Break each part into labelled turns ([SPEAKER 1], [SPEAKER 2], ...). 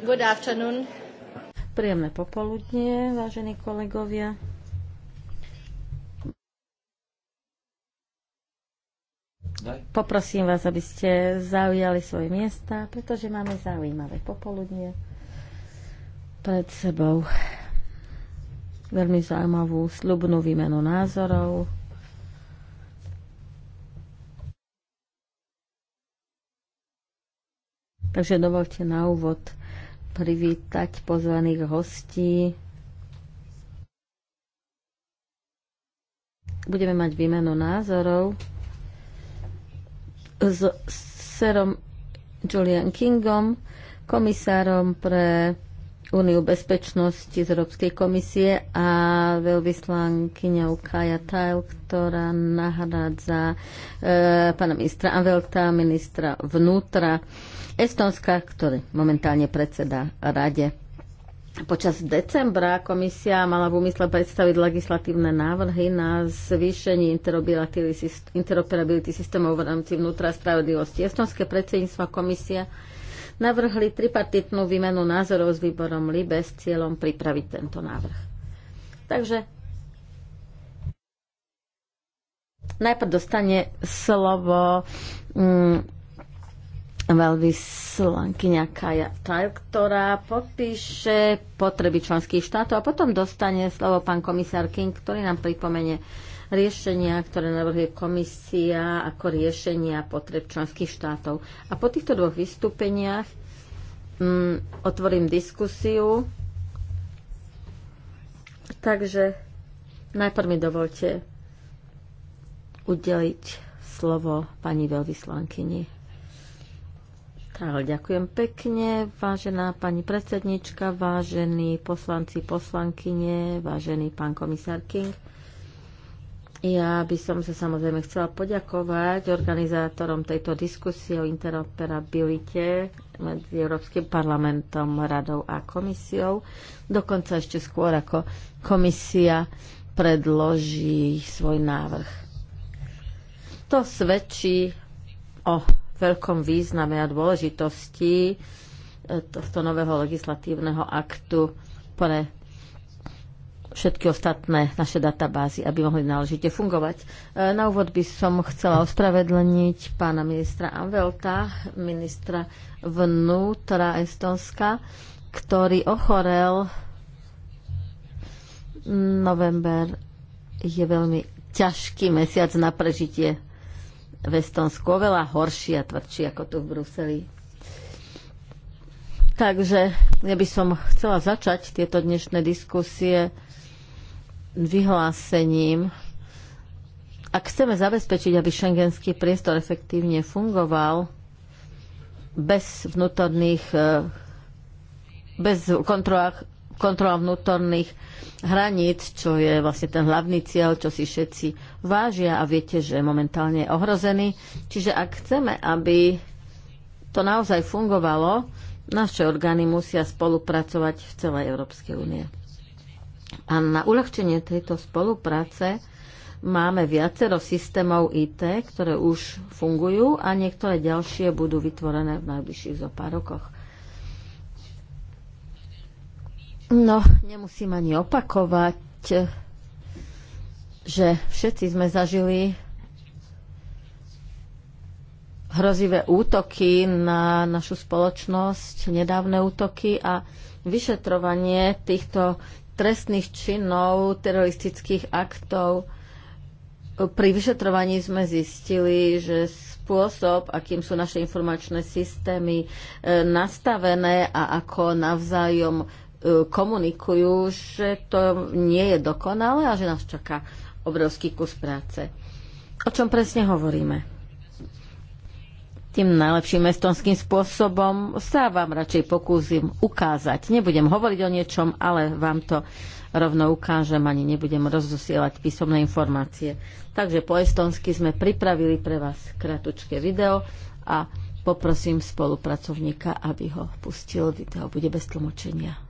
[SPEAKER 1] Good afternoon. Príjemné popoludnie, vážení kolegovia. Poprosím vás, aby ste zaujali svoje miesta, pretože máme zaujímavé popoludnie pred sebou. Veľmi zaujímavú slubnú výmenu názorov, Takže dovolte na úvod privítať pozvaných hostí. Budeme mať výmenu názorov s serom Julian Kingom, komisárom pre Úniu bezpečnosti z Európskej komisie a veľvyslankyňou Kaja Tajl, ktorá nahrádza e, eh, pána ministra Avelta, ministra vnútra. E, Estonska, ktorý momentálne predseda rade. Počas decembra komisia mala v úmysle predstaviť legislatívne návrhy na zvýšenie interoperability systémov v rámci vnútra spravodlivosti. Estonské predsedníctvo komisia navrhli tripartitnú výmenu názorov s výborom LIBE s cieľom pripraviť tento návrh. Takže najprv dostane slovo mm, veľvyslankyňa Kaja Tajl, ktorá popíše potreby členských štátov a potom dostane slovo pán komisár King, ktorý nám pripomene riešenia, ktoré navrhuje komisia ako riešenia potreb členských štátov. A po týchto dvoch vystúpeniach mm, otvorím diskusiu. Takže najprv mi dovolte udeliť slovo pani veľvyslankyni. Karol, ďakujem pekne, vážená pani predsednička, vážení poslanci, poslankyne, vážený pán komisár King. Ja by som sa samozrejme chcela poďakovať organizátorom tejto diskusie o interoperabilite medzi Európskym parlamentom, radou a komisiou. Dokonca ešte skôr, ako komisia predloží svoj návrh. To svedčí o veľkom význame a dôležitosti e, tohto nového legislatívneho aktu pre všetky ostatné naše databázy, aby mohli náležite fungovať. E, na úvod by som chcela ospravedlniť pána ministra Anvelta, ministra vnútra Estonska, ktorý ochorel november je veľmi ťažký mesiac na prežitie v Estonsku oveľa horší a tvrdší ako tu v Bruseli. Takže ja by som chcela začať tieto dnešné diskusie vyhlásením. Ak chceme zabezpečiť, aby šengenský priestor efektívne fungoval bez vnútorných eh, bez kontrolách kontrola vnútorných hraníc, čo je vlastne ten hlavný cieľ, čo si všetci vážia a viete, že momentálne je ohrozený. Čiže ak chceme, aby to naozaj fungovalo, naše orgány musia spolupracovať v celej Európskej únie. A na uľahčenie tejto spolupráce máme viacero systémov IT, ktoré už fungujú a niektoré ďalšie budú vytvorené v najbližších zo pár rokoch. No, nemusím ani opakovať, že všetci sme zažili hrozivé útoky na našu spoločnosť, nedávne útoky a vyšetrovanie týchto trestných činov, teroristických aktov. Pri vyšetrovaní sme zistili, že spôsob, akým sú naše informačné systémy e, nastavené a ako navzájom E, komunikujú, že to nie je dokonalé a že nás čaká obrovský kus práce. O čom presne hovoríme? Tým najlepším estonským spôsobom sa vám radšej pokúsim ukázať. Nebudem hovoriť o niečom, ale vám to rovno ukážem, ani nebudem rozosielať písomné informácie. Takže po estonsky sme pripravili pre vás kratučké video a poprosím spolupracovníka, aby ho pustil. Video bude bez tlmočenia.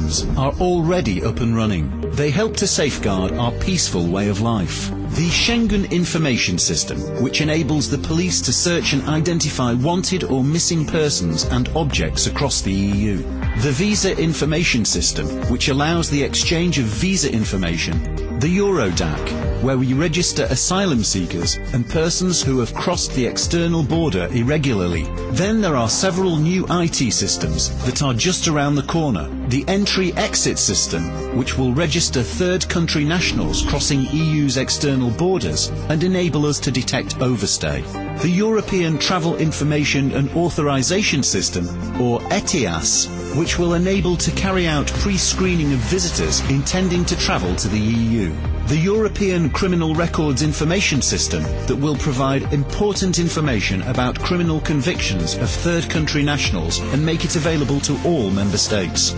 [SPEAKER 2] systems are already up and running. They help to safeguard our peaceful way of life. The Schengen Information System, which enables the police to search and identify wanted or missing persons and objects across the EU. The Visa Information System, which allows the exchange of visa information the Eurodac, where we register asylum seekers and persons who have crossed the external border irregularly. Then there are several new IT systems that are just around the corner. The entry-exit system, which will register third country nationals crossing EU's external borders and enable us to detect overstay. The European Travel Information and Authorization System, or ETIAS, which will enable to carry out pre-screening of visitors intending to travel to the EU the European Criminal Records Information System that will provide important information about criminal convictions of third country nationals and make it available to all member states.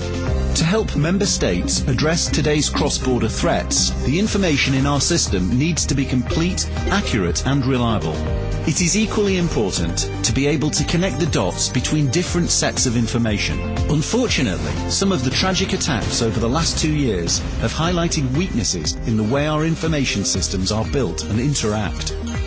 [SPEAKER 2] To help member states address today's cross-border threats, the information in our system needs to be complete, accurate and reliable. It is equally important to be able to connect the dots between different sets of information. Unfortunately, some of the tragic attacks over the last two years have highlighted weaknesses in the way our information systems are built and interact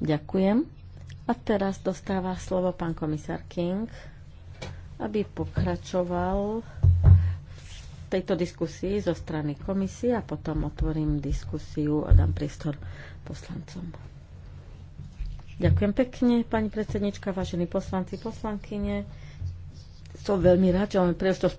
[SPEAKER 1] Ďakujem. A teraz dostáva slovo pán komisár King, aby pokračoval v tejto diskusii zo strany komisie a potom otvorím diskusiu a dám priestor poslancom. Ďakujem pekne, pani predsednička, vážení poslanci, poslankyne som veľmi rád, že máme príležitosť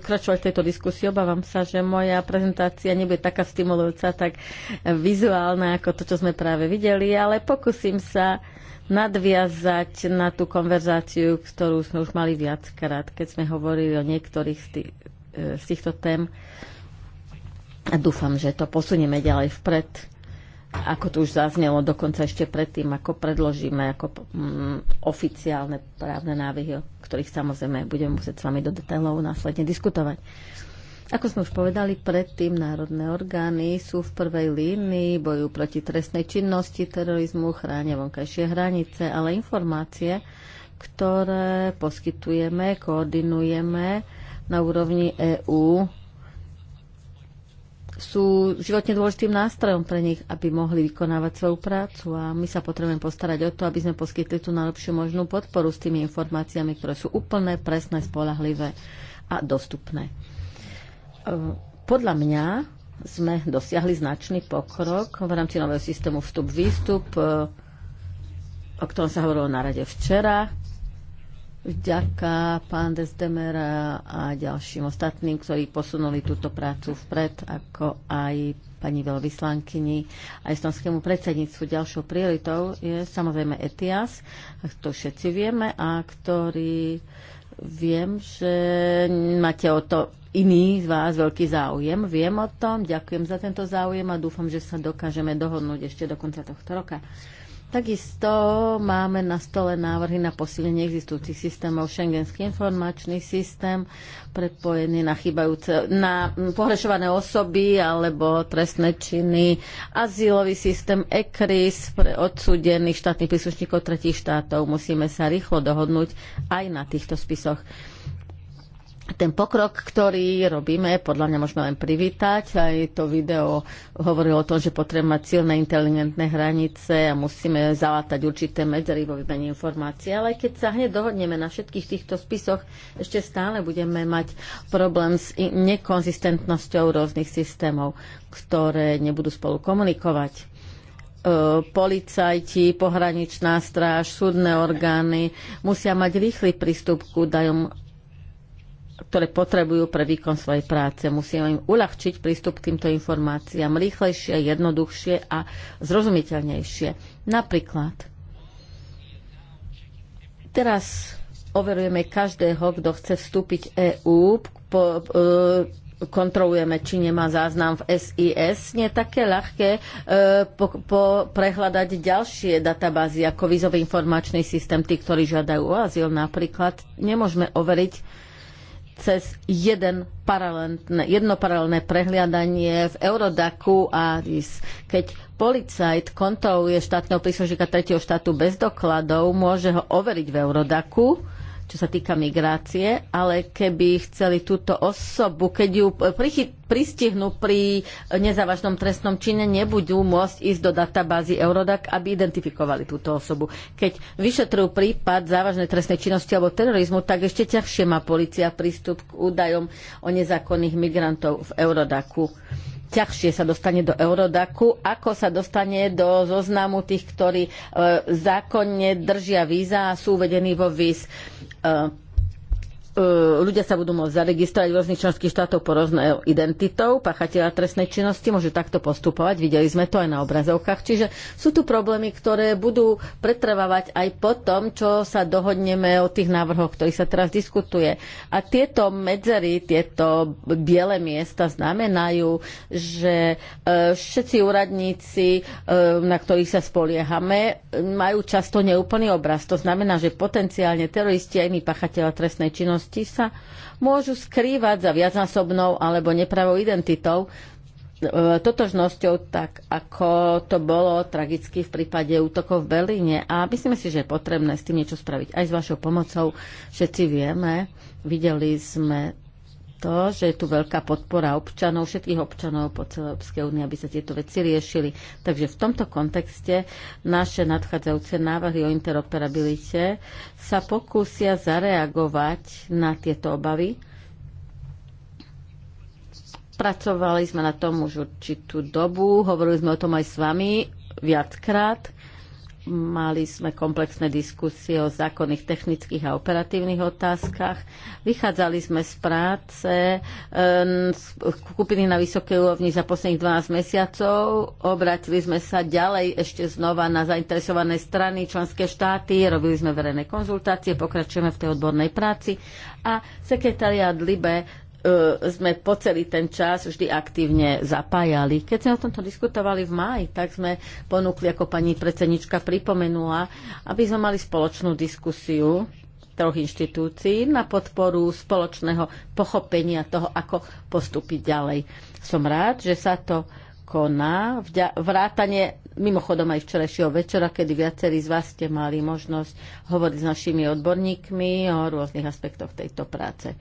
[SPEAKER 1] pokračovať tejto diskusii. Obávam sa, že moja prezentácia nebude taká stimulujúca, tak vizuálna ako to, čo sme práve videli, ale pokúsim sa nadviazať na tú konverzáciu, ktorú sme už mali viackrát, keď sme hovorili o niektorých z, tých, e, z týchto tém. A dúfam, že to posunieme ďalej vpred ako to už zaznelo, dokonca ešte predtým, ako predložíme ako mm, oficiálne právne návyhy, o ktorých samozrejme budeme musieť s vami do detailov následne diskutovať. Ako sme už povedali, predtým národné orgány sú v prvej línii, bojujú proti trestnej činnosti, terorizmu, chránia vonkajšie hranice, ale informácie, ktoré poskytujeme, koordinujeme na úrovni EÚ, sú životne dôležitým nástrojom pre nich, aby mohli vykonávať svoju prácu a my sa potrebujeme postarať o to, aby sme poskytli tú najlepšiu možnú podporu s tými informáciami, ktoré sú úplné, presné, spolahlivé a dostupné. E, podľa mňa sme dosiahli značný pokrok v rámci nového systému vstup-výstup, e, o ktorom sa hovorilo na rade včera. Vďaka pán Desdemera a ďalším ostatným, ktorí posunuli túto prácu vpred, ako aj pani veľvyslankyni a estonskému predsedníctvu. Ďalšou prioritou je samozrejme ETIAS, to všetci vieme, a ktorý viem, že máte o to iný z vás veľký záujem. Viem o tom, ďakujem za tento záujem a dúfam, že sa dokážeme dohodnúť ešte do konca tohto roka. Takisto máme na stole návrhy na posilnenie existujúcich systémov Schengenský informačný systém prepojený na chybajúce, na pohrešované osoby alebo trestné činy, azylový systém ECRIS pre odsúdených štátnych príslušníkov tretich štátov. Musíme sa rýchlo dohodnúť aj na týchto spisoch ten pokrok, ktorý robíme, podľa mňa môžeme len privítať. Aj to video hovorilo o tom, že potrebujeme mať silné inteligentné hranice a musíme zalátať určité medzery vo vybení informácií. Ale keď sa hneď dohodneme na všetkých týchto spisoch, ešte stále budeme mať problém s nekonzistentnosťou rôznych systémov, ktoré nebudú spolu komunikovať e, policajti, pohraničná stráž, súdne orgány musia mať rýchly prístup k údajom ktoré potrebujú pre výkon svojej práce. Musíme im uľahčiť prístup k týmto informáciám rýchlejšie, jednoduchšie a zrozumiteľnejšie. Napríklad, teraz overujeme každého, kto chce vstúpiť EÚ, po, e, kontrolujeme, či nemá záznam v SIS. Nie je také ľahké e, po, po prehľadať ďalšie databázy ako vízový informačný systém, tí, ktorí žiadajú o azyl napríklad. Nemôžeme overiť cez jeden paralelné, jedno paralelné prehliadanie v Eurodaku a RIS. Keď policajt kontroluje štátneho príslušníka tretieho štátu bez dokladov, môže ho overiť v Eurodaku, čo sa týka migrácie, ale keby chceli túto osobu, keď ju pristihnú pri nezávažnom trestnom čine, nebudú môcť ísť do databázy Eurodac, aby identifikovali túto osobu. Keď vyšetrujú prípad závažnej trestnej činnosti alebo terorizmu, tak ešte ťažšie má policia prístup k údajom o nezákonných migrantov v Eurodacu ťažšie sa dostane do Eurodaku, ako sa dostane do zoznamu tých, ktorí e, zákonne držia víza a sú uvedení vo víz uh, E, ľudia sa budú môcť zaregistrovať v rôznych členských štátoch po rôznou identitou, pachateľa trestnej činnosti môže takto postupovať, videli sme to aj na obrazovkách, čiže sú tu problémy, ktoré budú pretrvávať aj po tom, čo sa dohodneme o tých návrhoch, ktorých sa teraz diskutuje. A tieto medzery, tieto biele miesta znamenajú, že e, všetci úradníci, e, na ktorých sa spoliehame, majú často neúplný obraz. To znamená, že potenciálne teroristi a iní pachateľa trestnej činnosti spoločnosti sa môžu skrývať za viacnásobnou alebo nepravou identitou, e, totožnosťou, tak ako to bolo tragicky v prípade útokov v Berlíne. A myslíme si, že je potrebné s tým niečo spraviť. Aj s vašou pomocou všetci vieme, videli sme to, že je tu veľká podpora občanov, všetkých občanov po celej Európskej únie, aby sa tieto veci riešili. Takže v tomto kontexte naše nadchádzajúce návrhy o interoperabilite sa pokúsia zareagovať na tieto obavy. Pracovali sme na tom už určitú dobu, hovorili sme o tom aj s vami viackrát Mali sme komplexné diskusie o zákonných technických a operatívnych otázkach. Vychádzali sme z práce ehm, skupiny na vysokej úrovni za posledných 12 mesiacov. Obratili sme sa ďalej ešte znova na zainteresované strany, členské štáty. Robili sme verejné konzultácie, pokračujeme v tej odbornej práci. A sekretariát Libe E, sme po celý ten čas vždy aktívne zapájali. Keď sme o tomto diskutovali v máji, tak sme ponúkli, ako pani predsednička pripomenula, aby sme mali spoločnú diskusiu troch inštitúcií na podporu spoločného pochopenia toho, ako postúpiť ďalej. Som rád, že sa to koná. Vrátanie mimochodom aj včerajšieho večera, kedy viacerí z vás ste mali možnosť hovoriť s našimi odborníkmi o rôznych aspektoch tejto práce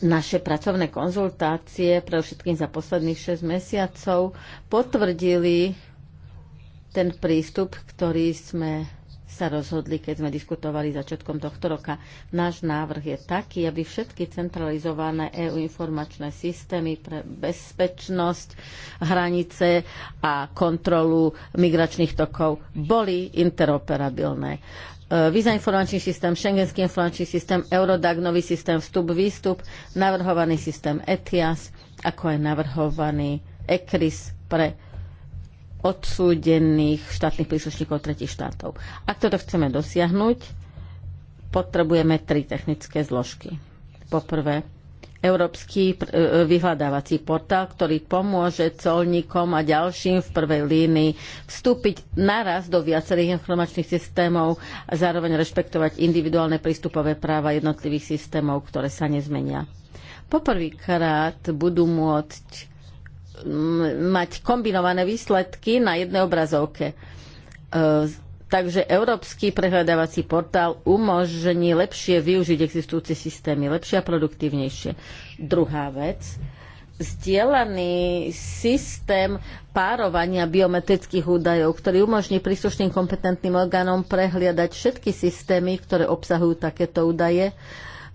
[SPEAKER 1] naše pracovné konzultácie, pre všetkým za posledných 6 mesiacov, potvrdili ten prístup, ktorý sme sa rozhodli, keď sme diskutovali začiatkom tohto roka. Náš návrh je taký, aby všetky centralizované EU informačné systémy pre bezpečnosť, hranice a kontrolu migračných tokov boli interoperabilné. Viza informačný systém, Schengenský informačný systém, Eurodag, nový systém vstup-výstup, navrhovaný systém ETIAS, ako aj navrhovaný ECRIS pre odsúdených štátnych príslušníkov tretich štátov. Ak toto chceme dosiahnuť, potrebujeme tri technické zložky. Poprvé, európsky e, e, vyhľadávací portál, ktorý pomôže colníkom a ďalším v prvej línii vstúpiť naraz do viacerých informačných systémov a zároveň rešpektovať individuálne prístupové práva jednotlivých systémov, ktoré sa nezmenia. Poprvýkrát budú môcť mať kombinované výsledky na jednej obrazovke e, Takže Európsky prehľadávací portál umožní lepšie využiť existujúce systémy, lepšie a produktívnejšie. Druhá vec, zdieľaný systém párovania biometrických údajov, ktorý umožní príslušným kompetentným orgánom prehliadať všetky systémy, ktoré obsahujú takéto údaje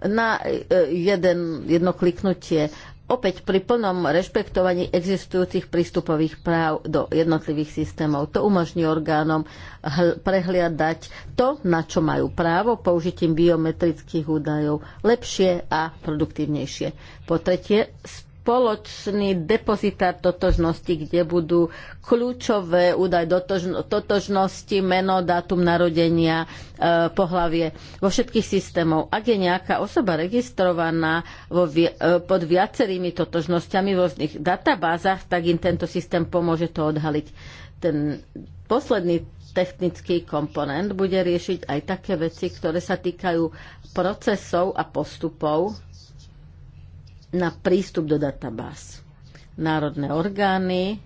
[SPEAKER 1] na e, jeden, jedno kliknutie opäť pri plnom rešpektovaní existujúcich prístupových práv do jednotlivých systémov. To umožní orgánom prehliadať to, na čo majú právo použitím biometrických údajov lepšie a produktívnejšie. Po tretie, spoločný depozitár totožnosti, kde budú kľúčové údaj totožnosti, meno, dátum narodenia, e, pohlavie vo všetkých systémov. Ak je nejaká osoba registrovaná vo, e, pod viacerými totožnosťami v rôznych databázach, tak im tento systém pomôže to odhaliť. Ten posledný technický komponent bude riešiť aj také veci, ktoré sa týkajú procesov a postupov na prístup do databáz. Národné orgány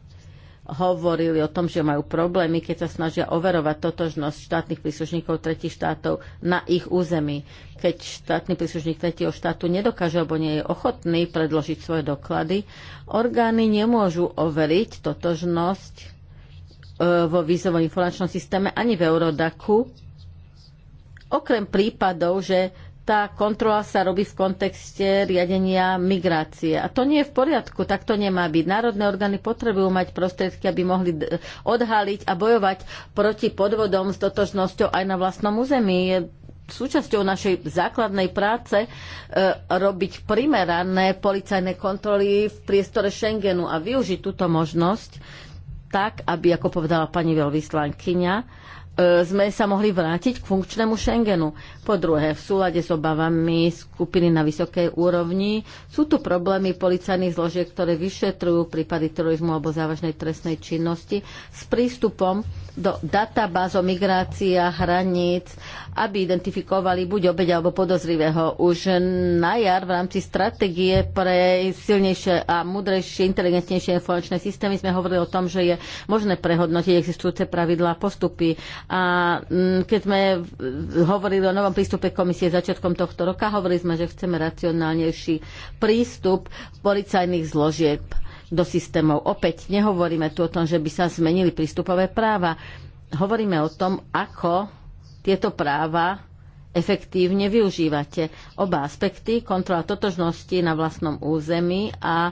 [SPEAKER 1] hovorili o tom, že majú problémy, keď sa snažia overovať totožnosť štátnych príslušníkov tretich štátov na ich území. Keď štátny príslušník tretieho štátu nedokáže alebo nie je ochotný predložiť svoje doklady, orgány nemôžu overiť totožnosť e, vo vízovom informačnom systéme ani v Eurodaku, okrem prípadov, že tá kontrola sa robí v kontexte riadenia migrácie. A to nie je v poriadku, tak to nemá byť. Národné orgány potrebujú mať prostriedky, aby mohli odhaliť a bojovať proti podvodom s totožnosťou aj na vlastnom území. Je súčasťou našej základnej práce e, robiť primerané policajné kontroly v priestore Schengenu a využiť túto možnosť tak, aby, ako povedala pani veľvyslankyňa, E, sme sa mohli vrátiť k funkčnému Schengenu. Po druhé, v súlade s obavami skupiny na vysokej úrovni sú tu problémy policajných zložiek, ktoré vyšetrujú prípady terorizmu alebo závažnej trestnej činnosti s prístupom do databáz o migrácii a hraníc aby identifikovali buď obeď alebo podozrivého. Už na jar v rámci stratégie pre silnejšie a múdrejšie, inteligentnejšie informačné systémy sme hovorili o tom, že je možné prehodnotiť existujúce pravidlá a postupy. A mm, keď sme hovorili o novom prístupe komisie začiatkom tohto roka, hovorili sme, že chceme racionálnejší prístup policajných zložieb do systémov. Opäť nehovoríme tu o tom, že by sa zmenili prístupové práva. Hovoríme o tom, ako tieto práva efektívne využívate. Oba aspekty, kontrola totožnosti na vlastnom území a e,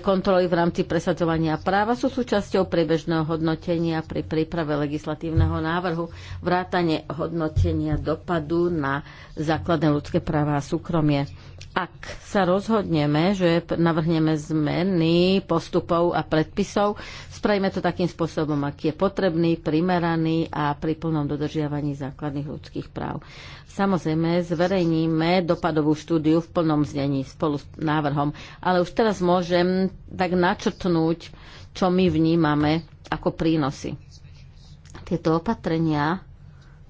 [SPEAKER 1] kontroly v rámci presadzovania práva sú súčasťou priebežného hodnotenia pri príprave legislatívneho návrhu, vrátane hodnotenia dopadu na základné ľudské práva a súkromie ak sa rozhodneme, že navrhneme zmeny postupov a predpisov, spravíme to takým spôsobom, aký je potrebný, primeraný a pri plnom dodržiavaní základných ľudských práv. Samozrejme, zverejníme dopadovú štúdiu v plnom znení spolu s návrhom, ale už teraz môžem tak načrtnúť, čo my vnímame ako prínosy. Tieto opatrenia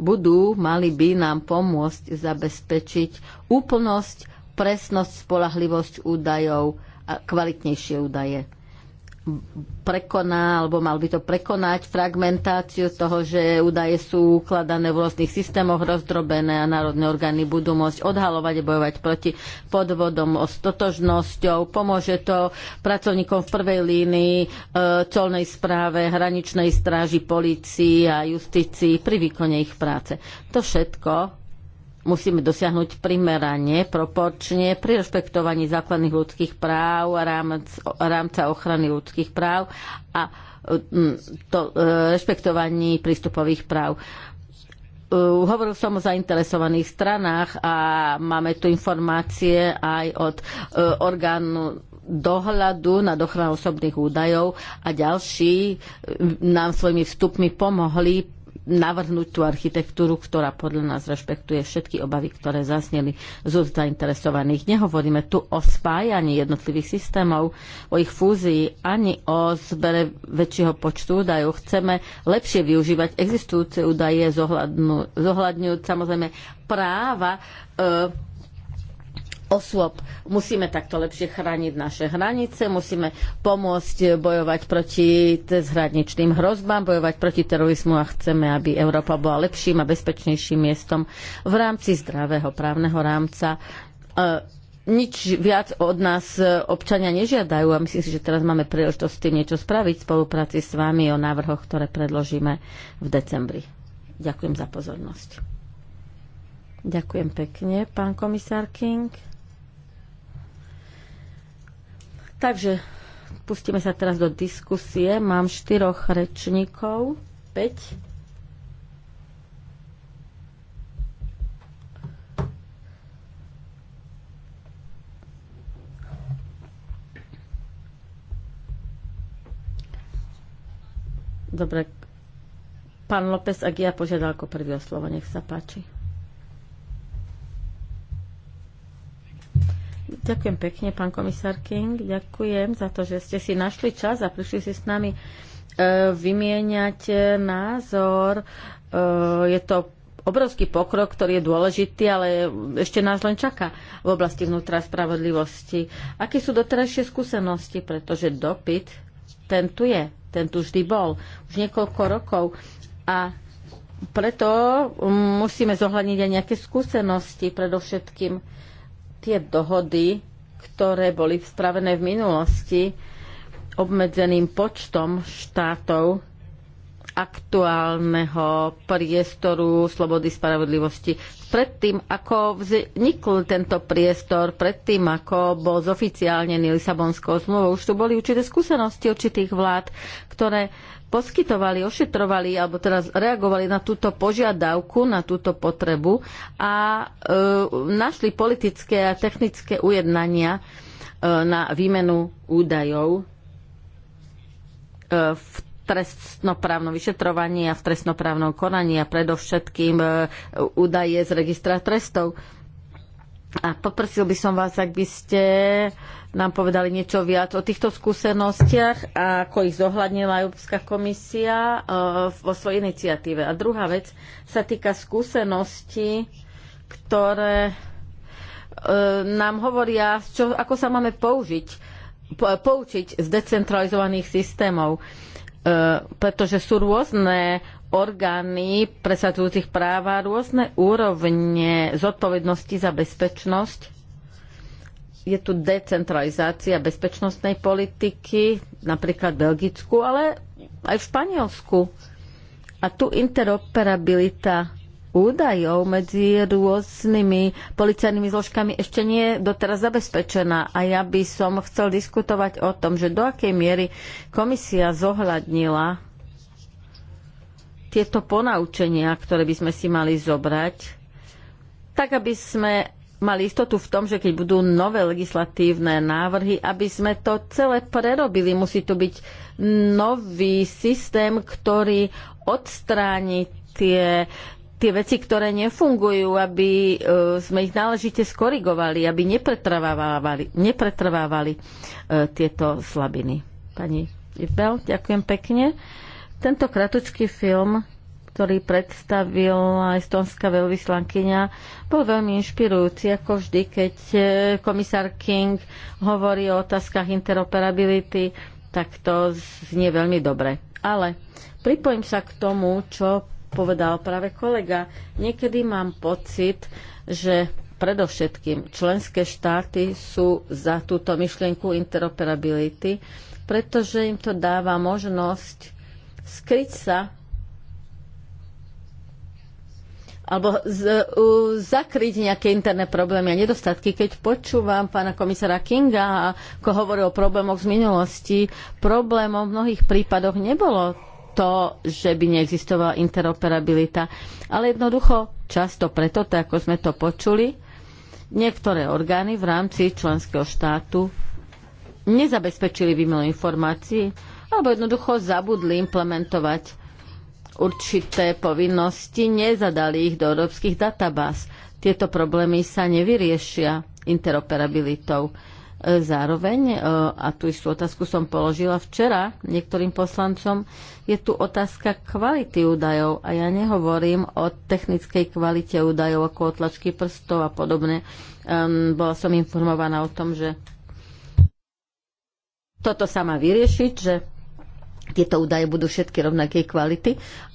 [SPEAKER 1] budú, mali by nám pomôcť zabezpečiť úplnosť presnosť, spolahlivosť údajov a kvalitnejšie údaje prekoná, alebo mal by to prekonať fragmentáciu toho, že údaje sú ukladané v rôznych systémoch, rozdrobené a národné orgány budú môcť odhalovať a bojovať proti podvodom s totožnosťou. Pomôže to pracovníkom v prvej línii, e, colnej správe, hraničnej stráži, polícii a justícii pri výkone ich práce. To všetko musíme dosiahnuť primerane, proporčne pri rešpektovaní základných ľudských práv a rámec, rámca ochrany ľudských práv a mm, to, e, rešpektovaní prístupových práv. E, hovoril som o zainteresovaných stranách a máme tu informácie aj od e, orgánu dohľadu nad ochranou osobných údajov a ďalší nám svojimi vstupmi pomohli navrhnúť tú architektúru, ktorá podľa nás rešpektuje všetky obavy, ktoré zasneli z úst zainteresovaných. Nehovoríme tu o spájaní jednotlivých systémov, o ich fúzii, ani o zbere väčšieho počtu údajov. Chceme lepšie využívať existujúce údaje, zohľadňujúc samozrejme práva e, osôb. Musíme takto lepšie chrániť naše hranice, musíme pomôcť bojovať proti zhraničným hrozbám, bojovať proti terorizmu a chceme, aby Európa bola lepším a bezpečnejším miestom v rámci zdravého právneho rámca. E, nič viac od nás občania nežiadajú a myslím si, že teraz máme príležitosť s tým niečo spraviť v spolupráci s vami o návrhoch, ktoré predložíme v decembri. Ďakujem za pozornosť. Ďakujem pekne, pán komisár King. Takže pustíme sa teraz do diskusie. Mám štyroch rečníkov. Peť. Dobre. Pán López ja požiadal ako prvý o slovo. Nech sa páči. Ďakujem pekne, pán komisár King. Ďakujem za to, že ste si našli čas a prišli si s nami e, vymieňať názor. E, je to obrovský pokrok, ktorý je dôležitý, ale ešte nás len čaká v oblasti vnútra spravodlivosti. Aké sú doterajšie skúsenosti? Pretože dopyt, ten tu je, ten tu vždy bol, už niekoľko rokov. A preto musíme zohľadniť aj nejaké skúsenosti, predovšetkým tie dohody, ktoré boli spravené v minulosti obmedzeným počtom štátov aktuálneho priestoru slobody spravodlivosti. Predtým, ako vznikol tento priestor, predtým, ako bol zoficiálnený Lisabonskou zmluvou, už tu boli určité skúsenosti určitých vlád, ktoré poskytovali, ošetrovali alebo teraz reagovali na túto požiadavku, na túto potrebu a e, našli politické a technické ujednania e, na výmenu údajov e, v trestnoprávnom vyšetrovaní a v trestnoprávnom konaní a predovšetkým e, údaje z registra trestov. A poprosil by som vás, ak by ste nám povedali niečo viac o týchto skúsenostiach a ako ich zohľadnila Európska komisia eh, vo svojej iniciatíve. A druhá vec sa týka skúseností, ktoré eh, nám hovoria, čo, ako sa máme použiť, poučiť z decentralizovaných systémov eh, pretože sú rôzne orgány presadzujúcich práva rôzne úrovne zodpovednosti za bezpečnosť. Je tu decentralizácia bezpečnostnej politiky, napríklad v Belgicku, ale aj v Španielsku. A tu interoperabilita údajov medzi rôznymi policajnými zložkami ešte nie je doteraz zabezpečená. A ja by som chcel diskutovať o tom, že do akej miery komisia zohľadnila tieto ponaučenia, ktoré by sme si mali zobrať, tak aby sme mali istotu v tom, že keď budú nové legislatívne návrhy, aby sme to celé prerobili. Musí to byť nový systém, ktorý odstráni tie, tie veci, ktoré nefungujú, aby e, sme ich náležite skorigovali, aby nepretrvávali, nepretrvávali e, tieto slabiny. Pani Ibel, ďakujem pekne. Tento kratočký film, ktorý predstavila estonská veľvyslankyňa, bol veľmi inšpirujúci, ako vždy, keď e, komisár King hovorí o otázkach interoperability, tak to znie veľmi dobre. Ale pripojím sa k tomu, čo povedal práve kolega. Niekedy mám pocit, že predovšetkým členské štáty sú za túto myšlienku interoperability, pretože im to dáva možnosť skryť sa alebo z, uh, zakryť nejaké interné problémy a nedostatky. Keď počúvam pána komisára Kinga, ako hovorí o problémoch z minulosti, problémom v mnohých prípadoch nebolo to, že by neexistovala interoperabilita, ale jednoducho často preto, tak ako sme to počuli, niektoré orgány v rámci členského štátu nezabezpečili výmenu informácií alebo jednoducho zabudli implementovať určité povinnosti, nezadali ich do európskych databáz. Tieto problémy sa nevyriešia interoperabilitou. E, zároveň, e, a tu istú otázku som položila včera niektorým poslancom, je tu otázka kvality údajov a ja nehovorím o technickej kvalite údajov ako otlačky prstov a podobne. bola som informovaná o tom, že toto sa má vyriešiť, že tieto údaje budú všetky rovnakej kvality,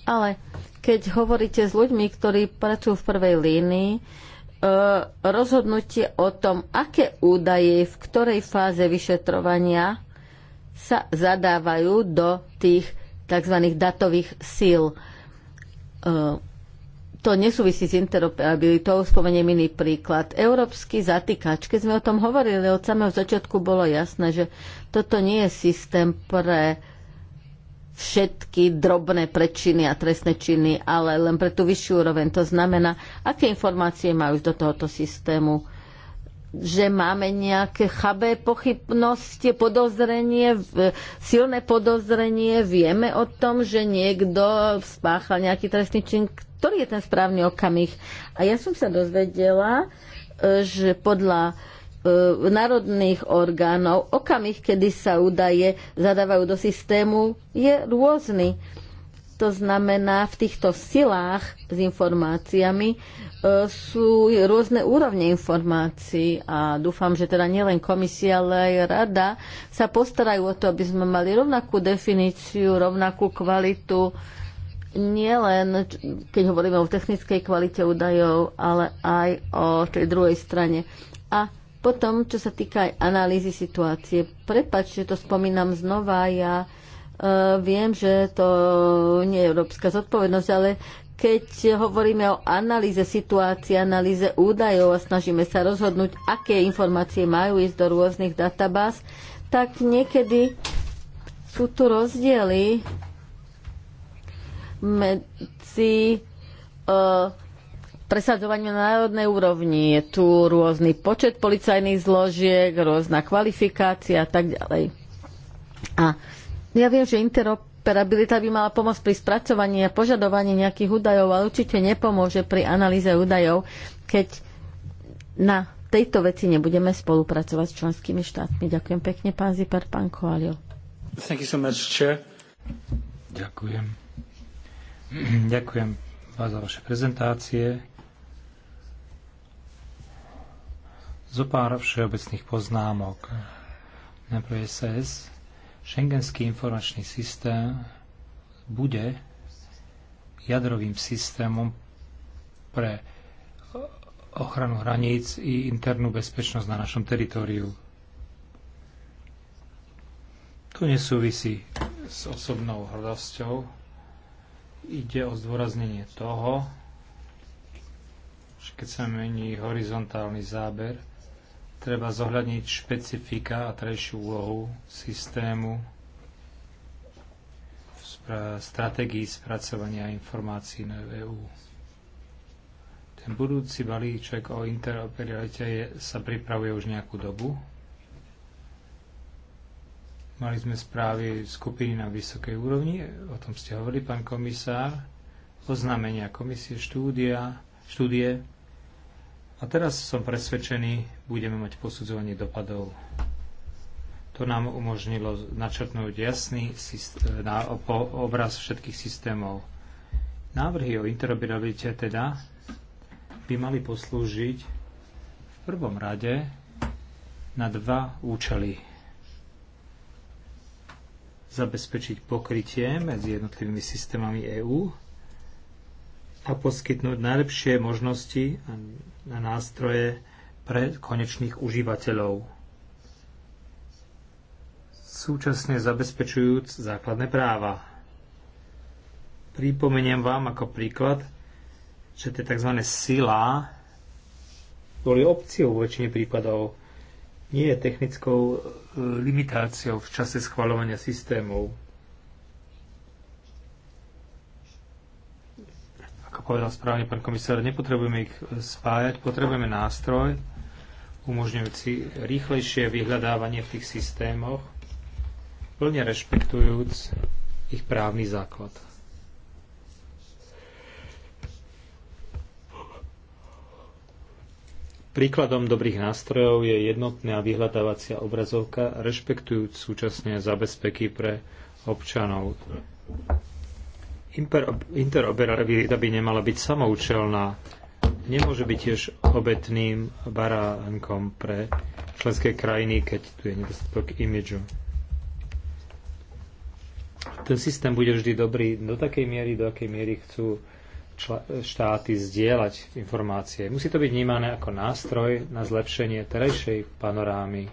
[SPEAKER 1] ale keď hovoríte s ľuďmi, ktorí pracujú v prvej línii, e, rozhodnutie o tom, aké údaje v ktorej fáze vyšetrovania sa zadávajú do tých tzv. datových síl. E, to nesúvisí s interoperabilitou, spomeniem iný príklad. Európsky zatýkač, keď sme o tom hovorili od samého začiatku, bolo jasné, že toto nie je systém pre všetky drobné prečiny a trestné činy, ale len pre tú vyššiu úroveň. To znamená, aké informácie majú do tohoto systému? že máme nejaké chabé pochybnosti, podozrenie, silné podozrenie, vieme o tom, že niekto spáchal nejaký trestný čin, ktorý je ten správny okamih. A ja som sa dozvedela, e, že podľa E, národných orgánov. Okamih, kedy sa údaje zadávajú do systému, je rôzny. To znamená, v týchto silách s informáciami e, sú rôzne úrovne informácií a dúfam, že teda nielen komisia, ale aj rada sa postarajú o to, aby sme mali rovnakú definíciu, rovnakú kvalitu, nielen keď hovoríme o technickej kvalite údajov, ale aj o tej druhej strane. A potom, čo sa týka aj analýzy situácie, prepač, že to spomínam znova, ja e, viem, že to nie je európska zodpovednosť, ale keď hovoríme o analýze situácie, analýze údajov a snažíme sa rozhodnúť, aké informácie majú ísť do rôznych databáz, tak niekedy sú tu rozdiely medzi e, presadzovaniu na národnej úrovni. Je tu rôzny počet policajných zložiek, rôzna kvalifikácia a tak ďalej. A ja viem, že interoperabilita by mala pomôcť pri spracovaní a požadovaní nejakých údajov, ale určite nepomôže pri analýze údajov, keď na tejto veci nebudeme spolupracovať s členskými štátmi. Ďakujem pekne, pán Ziper, pán Koalio. So
[SPEAKER 3] much, Ďakujem. Ďakujem vás za vaše prezentácie. Zopár všeobecných poznámok. Najprv SS, Schengenský informačný systém bude jadrovým systémom pre ochranu hraníc i internú bezpečnosť na našom teritoriu. To nesúvisí s osobnou hrdosťou. Ide o zdôraznenie toho, že keď sa mení horizontálny záber, Treba zohľadniť špecifika a trejšiu úlohu systému v stratégii spracovania informácií na EU. Ten budúci balíček o interoperabilite je, sa pripravuje už nejakú dobu. Mali sme správy skupiny na vysokej úrovni, o tom ste hovorili, pán komisár, oznámenia komisie, štúdia, štúdie, a teraz som presvedčený, budeme mať posudzovanie dopadov. To nám umožnilo načrtnúť jasný na obraz všetkých systémov. Návrhy o interoperabilite teda by mali poslúžiť v prvom rade na dva účely. Zabezpečiť pokrytie medzi jednotlivými systémami EÚ a poskytnúť najlepšie možnosti na nástroje pre konečných užívateľov, súčasne zabezpečujúc základné práva. Pripomeniem vám ako príklad, že tie tzv. sila boli opciou vo väčšine prípadov, nie je technickou e, limitáciou v čase schvaľovania systémov. povedal správne pán komisár, nepotrebujeme ich spájať, potrebujeme nástroj, umožňujúci rýchlejšie vyhľadávanie v tých systémoch, plne rešpektujúc ich právny základ. Príkladom dobrých nástrojov je jednotná vyhľadávacia obrazovka, rešpektujúc súčasne zabezpeky pre občanov interoperabilita by nemala byť samoučelná. Nemôže byť tiež obetným baránkom pre členské krajiny, keď tu je nedostatok imidžu. Ten systém bude vždy dobrý do takej miery, do akej miery chcú štáty zdieľať informácie. Musí to byť vnímané ako nástroj na zlepšenie terajšej panorámy.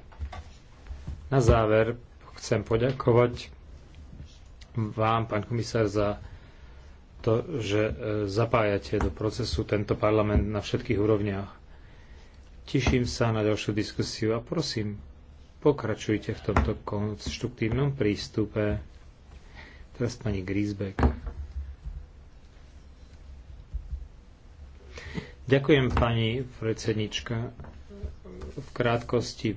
[SPEAKER 3] Na záver chcem poďakovať vám, pán komisár, za to, že e, zapájate do procesu tento parlament na všetkých úrovniach. Teším sa na ďalšiu diskusiu a prosím, pokračujte v tomto konštruktívnom prístupe. Teraz pani Griesbeck. Ďakujem, pani predsednička. V krátkosti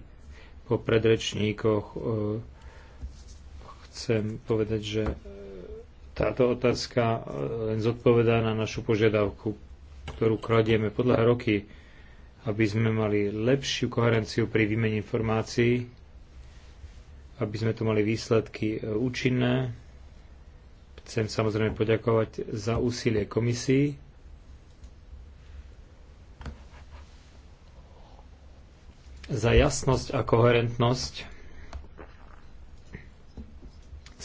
[SPEAKER 3] po predrečníkoch e, chcem povedať, že táto otázka e, len zodpovedá na našu požiadavku, ktorú kladieme podľa roky, aby sme mali lepšiu koherenciu pri výmene informácií, aby sme tu mali výsledky e, účinné. Chcem samozrejme poďakovať za úsilie komisii, za jasnosť a koherentnosť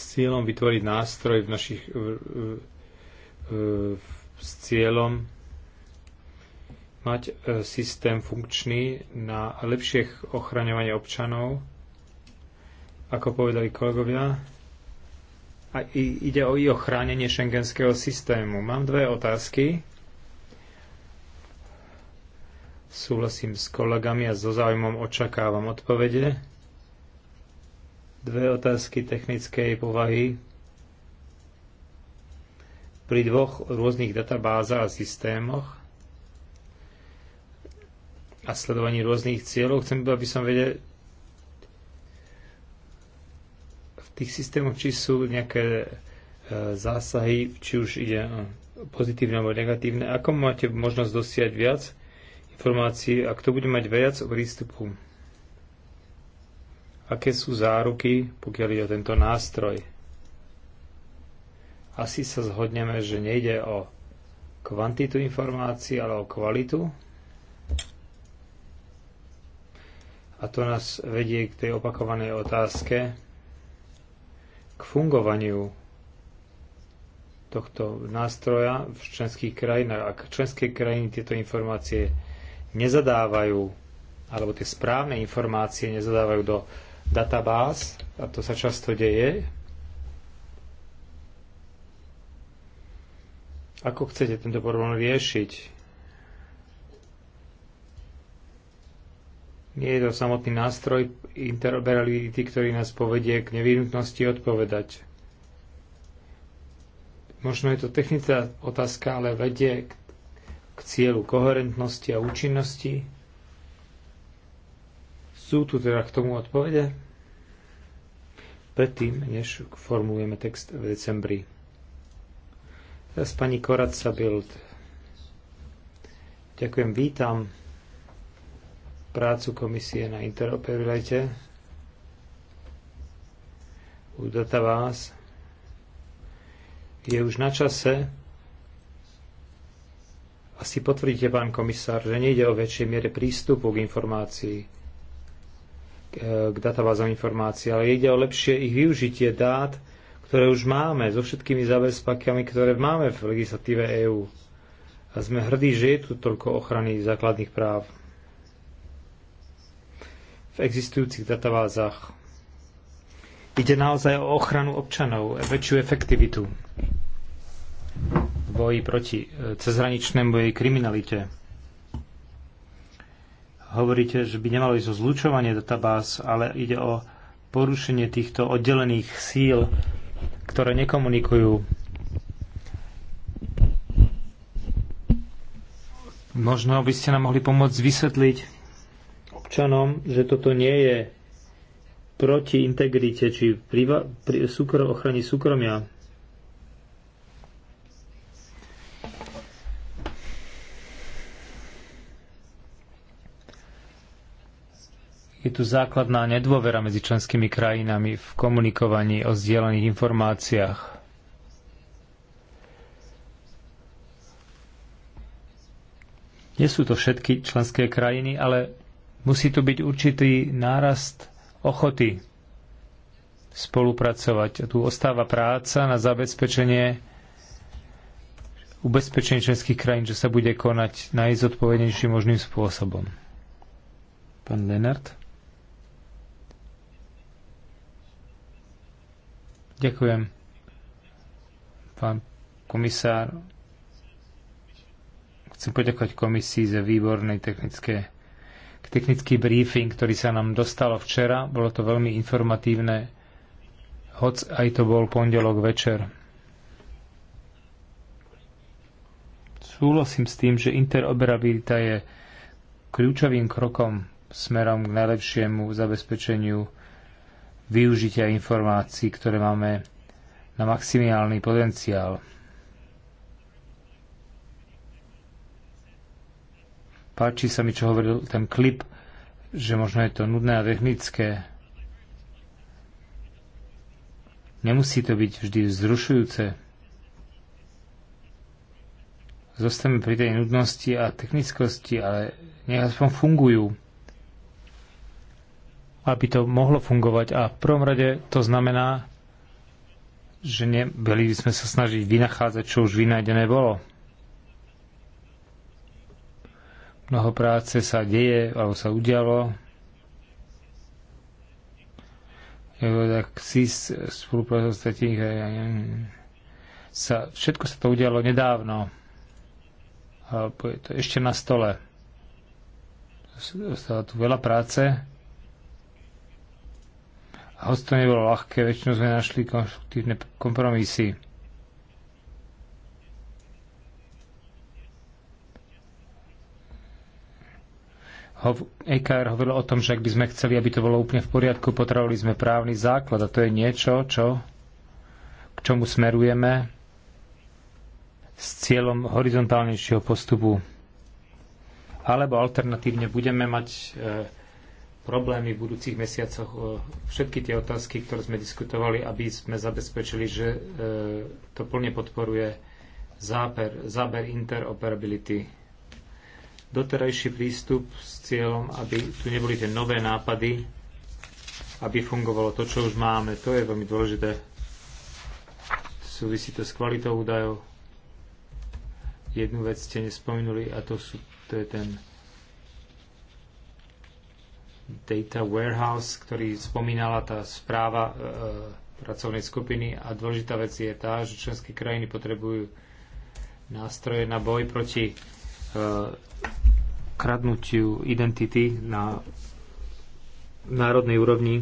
[SPEAKER 3] s cieľom vytvoriť nástroj v našich s cieľom mať e, systém funkčný na lepšie ochraňovanie občanov, ako povedali kolegovia. A ide o i ochránenie šengenského systému. Mám dve otázky. Súhlasím s kolegami a so záujmom očakávam odpovede. Dve otázky technickej povahy. Pri dvoch rôznych databázach a systémoch a sledovaní rôznych cieľov. Chcem aby som vedel v tých systémoch, či sú nejaké e, zásahy, či už ide pozitívne alebo negatívne. Ako máte možnosť dosiať viac informácií, a to bude mať viac o prístupu? Aké sú záruky, pokiaľ ide o tento nástroj? Asi sa zhodneme, že nejde o kvantitu informácií, ale o kvalitu. A to nás vedie k tej opakovanej otázke, k fungovaniu tohto nástroja v členských krajinách. Ak členské krajiny tieto informácie nezadávajú, alebo tie správne informácie nezadávajú do databáz, a to sa často deje. Ako chcete tento problém riešiť? Nie je to samotný nástroj interoperability, ktorý nás povedie k nevyhnutnosti odpovedať. Možno je to technická otázka, ale vedie k cieľu koherentnosti a účinnosti sú tu teda k tomu odpovede? Predtým, než formulujeme text v decembri. Teraz pani Koradca Bild. Ďakujem, vítam prácu komisie na interoperabilite. U vás. je už na čase, asi potvrdíte, pán komisár, že nejde o väčšej miere prístupu k informácii E, k databázam informácií, ale ide o lepšie ich využitie dát, ktoré už máme, so všetkými zabezpakami, ktoré máme v legislatíve EÚ. A sme hrdí, že je tu toľko ochrany základných práv v existujúcich databázach. Ide naozaj o ochranu občanov, väčšiu efektivitu v boji proti e, cezhraničnému jej kriminalite. Hovoríte, že by nemalo ísť o zlučovanie databáz, ale ide o porušenie týchto oddelených síl, ktoré nekomunikujú. Možno by ste nám mohli pomôcť vysvetliť občanom, že toto nie je proti integrite či pri, pri súkro, ochrane súkromia Je tu základná nedôvera medzi členskými krajinami v komunikovaní o zdieľaných informáciách. Nie sú to všetky členské krajiny, ale musí tu byť určitý nárast ochoty spolupracovať. A tu ostáva práca na zabezpečenie ubezpečenie členských krajín, že sa bude konať najzodpovednejším možným spôsobom. Pán Lenart? Ďakujem. Pán komisár, chcem poďakovať komisii za výborný technické, technický briefing, ktorý sa nám dostalo včera. Bolo to veľmi informatívne, hoc aj to bol pondelok večer. Súhlasím s tým, že interoperabilita je kľúčovým krokom smerom k najlepšiemu zabezpečeniu využitia informácií, ktoré máme na maximálny potenciál. Páči sa mi, čo hovoril ten klip, že možno je to nudné a technické. Nemusí to byť vždy vzrušujúce. Zostaneme pri tej nudnosti a technickosti, ale nech aspoň fungujú aby to mohlo fungovať. A v prvom rade to znamená, že nebeli by sme sa snažiť vynachádzať, čo už vynájdené bolo. Mnoho práce sa deje, alebo sa udialo. Tak SIS, spolupráca sa, všetko sa to udialo nedávno. Alebo je to ešte na stole. Stáva tu veľa práce Hoď to nebolo ľahké, väčšinou sme našli konstruktívne kompromisy. Hov, EKR hovoril o tom, že ak by sme chceli, aby to bolo úplne v poriadku, potrebovali sme právny základ a to je niečo, čo, k čomu smerujeme s cieľom horizontálnejšieho postupu. Alebo alternatívne budeme mať e, problémy v budúcich mesiacoch, všetky tie otázky, ktoré sme diskutovali, aby sme zabezpečili, že e, to plne podporuje záber, záber interoperability. Doterajší prístup s cieľom, aby tu neboli tie nové nápady, aby fungovalo to, čo už máme, to je veľmi dôležité. Súvisí to s kvalitou údajov. Jednu vec ste nespomenuli a to, sú, to je ten Data Warehouse, ktorý spomínala tá správa e, e, pracovnej skupiny a dôležitá vec je tá, že členské krajiny potrebujú nástroje na boj proti e, kradnutiu identity na národnej úrovni.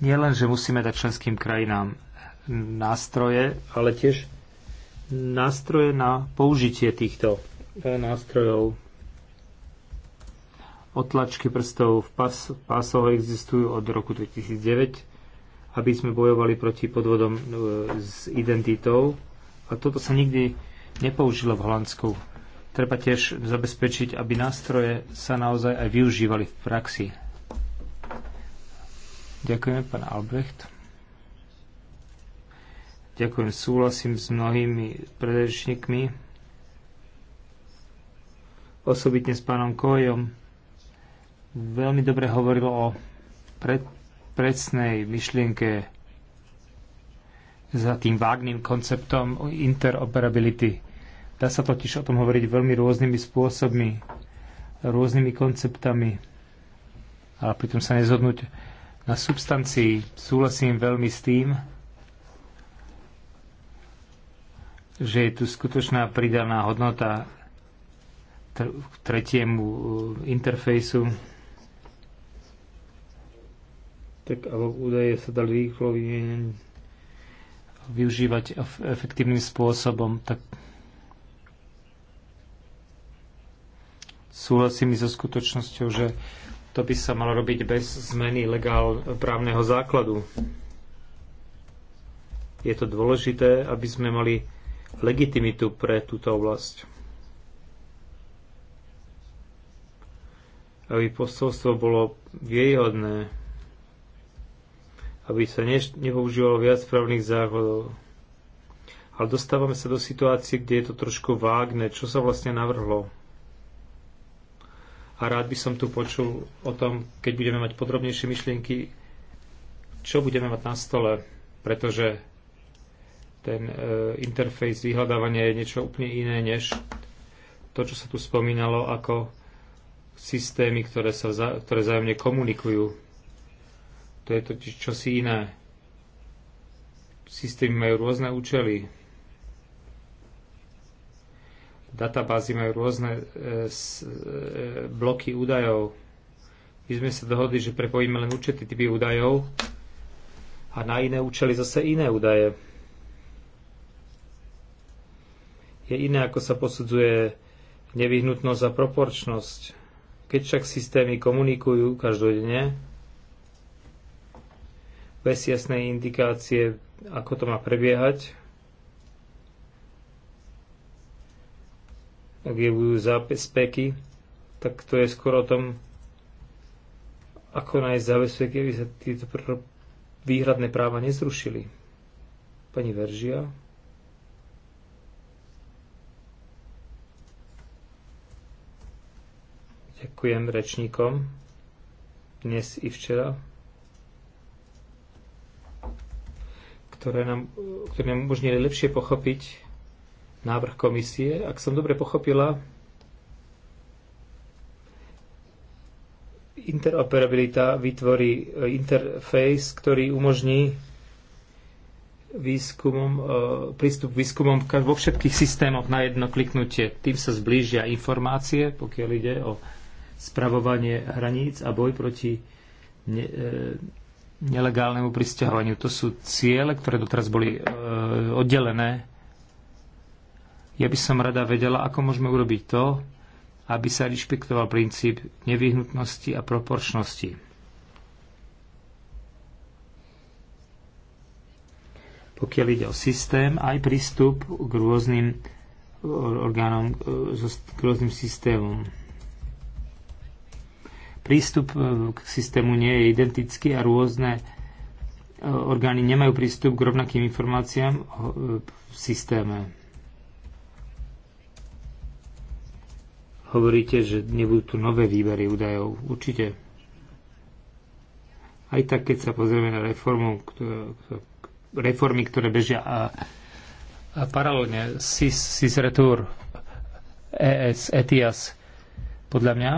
[SPEAKER 3] Nie len, že musíme dať členským krajinám nástroje, ale tiež nástroje na použitie týchto e, nástrojov Otlačky prstov v pas, pásov existujú od roku 2009, aby sme bojovali proti podvodom e, s identitou. A toto sa nikdy nepoužilo v Holandsku. Treba tiež zabezpečiť, aby nástroje sa naozaj aj využívali v praxi. Ďakujeme, pán Albrecht. Ďakujem, súhlasím s mnohými predrečníkmi, osobitne s pánom Kojom veľmi dobre hovoril o pred, presnej myšlienke za tým vágným konceptom interoperability. Dá sa totiž o tom hovoriť veľmi rôznymi spôsobmi, rôznymi konceptami, ale pritom sa nezhodnúť na substancii. Súhlasím veľmi s tým, že je tu skutočná pridaná hodnota k tretiemu uh, interfejsu tak alebo údaje sa dali rýchlo využívať efektívnym spôsobom, tak súhlasím so skutočnosťou, že to by sa malo robiť bez zmeny legál právneho základu. Je to dôležité, aby sme mali legitimitu pre túto oblasť. Aby posolstvo bolo viejhodné aby sa ne, nepoužívalo viac správnych záhodov, Ale dostávame sa do situácie, kde je to trošku vágne, čo sa vlastne navrhlo. A rád by som tu počul o tom, keď budeme mať podrobnejšie myšlienky, čo budeme mať na stole, pretože ten e, interfejs vyhľadávania je niečo úplne iné než to, čo sa tu spomínalo ako systémy, ktoré, sa vzá, ktoré komunikujú to je totiž čosi iné. Systémy majú rôzne účely. Databázy majú rôzne e, s, e, bloky údajov. My sme sa dohodli, že prepojíme len určité typy údajov a na iné účely zase iné údaje. Je iné, ako sa posudzuje nevyhnutnosť a proporčnosť. Keď však systémy komunikujú každodenne, bez jasnej indikácie, ako to má prebiehať. Ak je budú zábezpeky, tak to je skoro o tom, ako nájsť zábezpeky, aby sa tieto výhradné práva nezrušili. Pani Veržia. Ďakujem rečníkom dnes i včera. ktoré nám, ktoré nám umožnili lepšie pochopiť návrh komisie. Ak som dobre pochopila, interoperabilita vytvorí e, interface, ktorý umožní výskumom, e, prístup k výskumom vo všetkých systémoch na jedno kliknutie. Tým sa zblížia informácie, pokiaľ ide o spravovanie hraníc a boj proti ne, e, nelegálnemu pristahovaniu. To sú ciele, ktoré doteraz boli e, oddelené. Ja by som rada vedela, ako môžeme urobiť to, aby sa rešpektoval princíp nevyhnutnosti a proporčnosti. Pokiaľ ide o systém, aj prístup k rôznym e, orgánom, e, k rôznym systémom prístup e, k systému nie je identický a rôzne e, orgány nemajú prístup k rovnakým informáciám e, v systéme. Hovoríte, že nebudú tu nové výbery údajov. Určite. Aj tak, keď sa pozrieme na reformu, ktoré, reformy, ktoré bežia a, a paralelne SIS, SIS Retour, ES, ETIAS, podľa mňa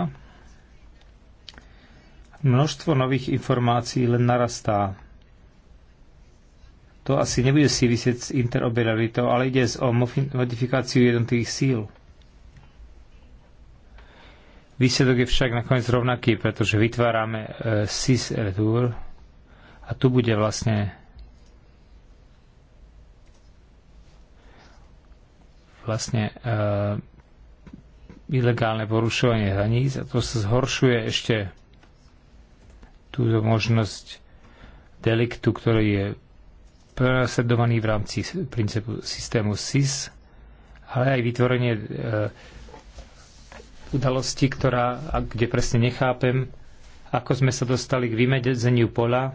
[SPEAKER 3] Množstvo nových informácií len narastá. To asi nebude súvisieť s interoperabilitou, ale ide o modifikáciu jednotlivých síl. Výsledok je však nakoniec rovnaký, pretože vytvárame e, SIS retour a tu bude vlastne vlastne e, ilegálne porušovanie hraníc a to sa zhoršuje ešte túto možnosť deliktu, ktorý je prenasledovaný v rámci princípu systému SIS, ale aj vytvorenie e, udalosti, ktorá, kde presne nechápem, ako sme sa dostali k vymedzeniu pola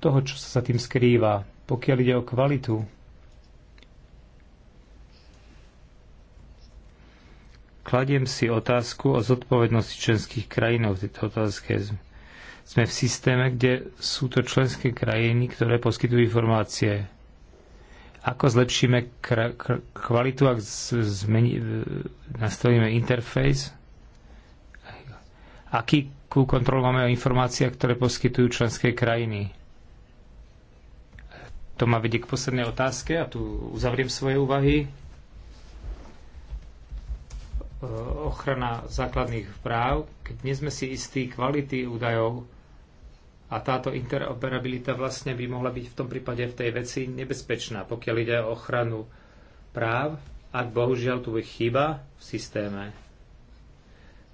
[SPEAKER 3] toho, čo sa tým skrýva. Pokiaľ ide o kvalitu Kladiem si otázku o zodpovednosti členských krajín v tejto otázke. Sme v systéme, kde sú to členské krajiny, ktoré poskytujú informácie. Ako zlepšíme kvalitu, ak zmeni- nastavíme interfejs? Aký kontrolu máme o informáciách, ktoré poskytujú členské krajiny? To ma vedie k poslednej otázke a tu uzavriem svoje úvahy Eh, ochrana základných práv, keď nie sme si istí kvality údajov a táto interoperabilita vlastne by mohla byť v tom prípade v tej veci nebezpečná, pokiaľ ide o ochranu práv, ak bohužiaľ tu je chyba v systéme.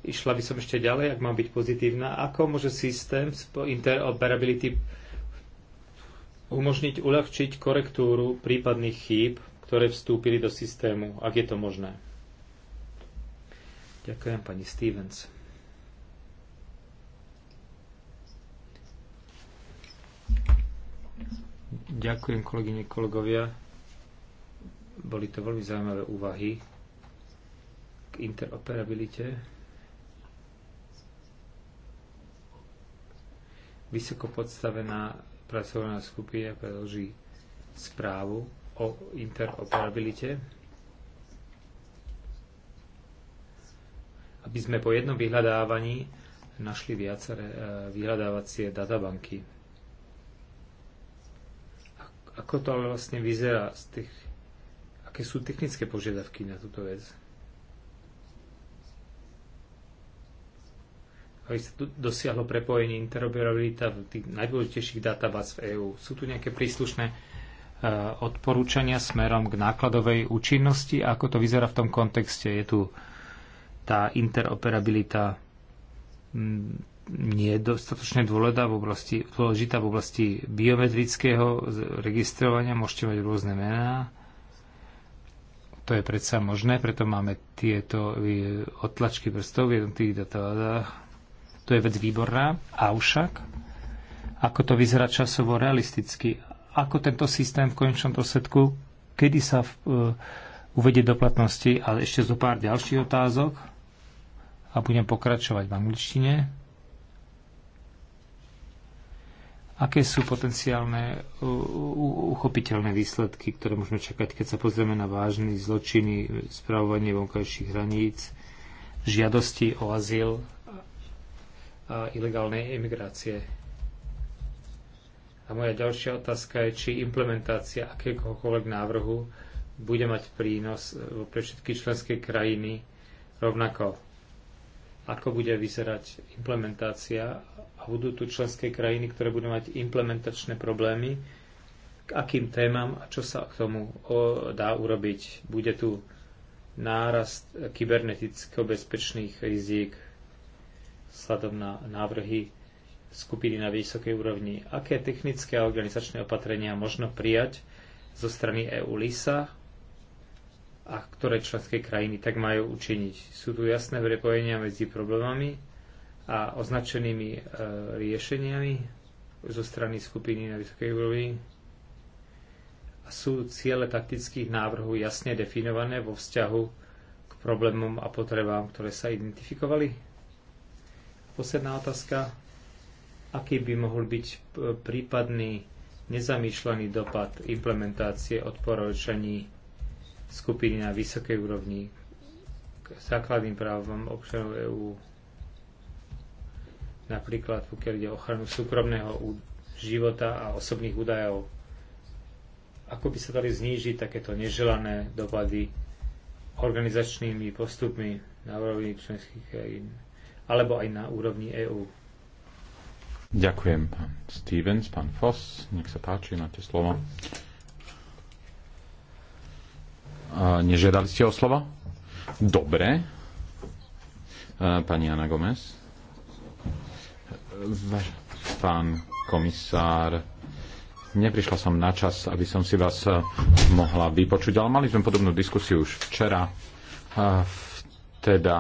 [SPEAKER 3] Išla by som ešte ďalej, ak mám byť pozitívna. Ako môže systém interoperability umožniť uľahčiť korektúru prípadných chýb, ktoré vstúpili do systému, ak je to možné? Ďakujem pani Stevens. Ďakujem kolegyne, kolegovia. Boli to veľmi zaujímavé úvahy k interoperabilite. Vysoko podstavená pracovná skupina predloží správu o interoperabilite. aby sme po jednom vyhľadávaní našli viaceré e, vyhľadávacie databanky. Ako to ale vlastne vyzerá z tých, aké sú technické požiadavky na túto vec? aby sa dosiahlo prepojenie interoperabilita v tých najdôležitejších databáz v EÚ. Sú tu nejaké príslušné e, odporúčania smerom k nákladovej účinnosti? Ako to vyzerá v tom kontexte? Je tu tá interoperabilita mm, nie je dostatočne dôležitá v oblasti, dôležitá v oblasti biometrického registrovania, môžete mať rôzne mená. To je predsa možné, preto máme tieto e, odtlačky prstov v jednotlivých databázach. To je vec výborná. Avšak, ako to vyzerá časovo realisticky, ako tento systém v konečnom dôsledku, kedy sa v, e, uvedie do platnosti, ale ešte zo pár ďalších otázok a budem pokračovať v angličtine. Aké sú potenciálne uchopiteľné výsledky, ktoré môžeme čakať, keď sa pozrieme na vážny zločiny, spravovanie vonkajších hraníc, žiadosti o azyl a ilegálnej emigrácie? A moja ďalšia otázka je, či implementácia akéhokoľvek návrhu bude mať prínos e, pre všetky členské krajiny rovnako ako bude vyzerať implementácia a budú tu členské krajiny, ktoré budú mať implementačné problémy, k akým témam a čo sa k tomu dá urobiť. Bude tu nárast kyberneticko-bezpečných rizík sladom na návrhy skupiny na vysokej úrovni. Aké technické a organizačné opatrenia možno prijať zo strany EU-LISA a ktoré členské krajiny tak majú učiniť. Sú tu jasné prepojenia medzi problémami a označenými e, riešeniami zo strany skupiny na vysokej úrovni a sú ciele taktických návrhov jasne definované vo vzťahu k problémom a potrebám, ktoré sa identifikovali? Posledná otázka. Aký by mohol byť e, prípadný nezamýšľaný dopad implementácie odporúčaní skupiny na vysokej úrovni k základným právom občanov EÚ, napríklad pokiaľ ide o ochranu súkromného života a osobných údajov. Ako by sa dali znížiť takéto neželané dopady organizačnými postupmi na úrovni členských krajín alebo aj na úrovni EÚ.
[SPEAKER 4] Ďakujem, pán Stevens, pán Foss. Nech sa páči, máte slovo. Nežiadali ste o slovo? Dobre. Pani Ana Gomez. Pán komisár, neprišla som na čas, aby som si vás e, mohla vypočuť, ale mali sme podobnú diskusiu už včera. Teda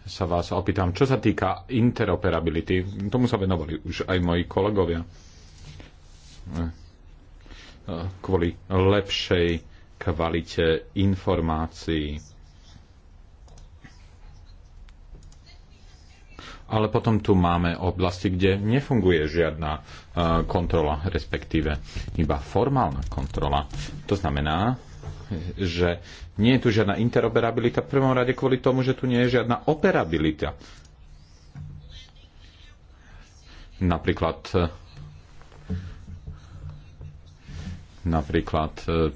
[SPEAKER 4] sa vás opýtam, čo sa týka interoperability, tomu sa venovali už aj moji kolegovia, e, e, kvôli lepšej kvalite informácií. Ale potom tu máme oblasti, kde nefunguje žiadna e, kontrola, respektíve iba formálna kontrola. To znamená, že nie je tu žiadna interoperabilita v prvom rade kvôli tomu, že tu nie je žiadna operabilita. Napríklad e, napríklad e,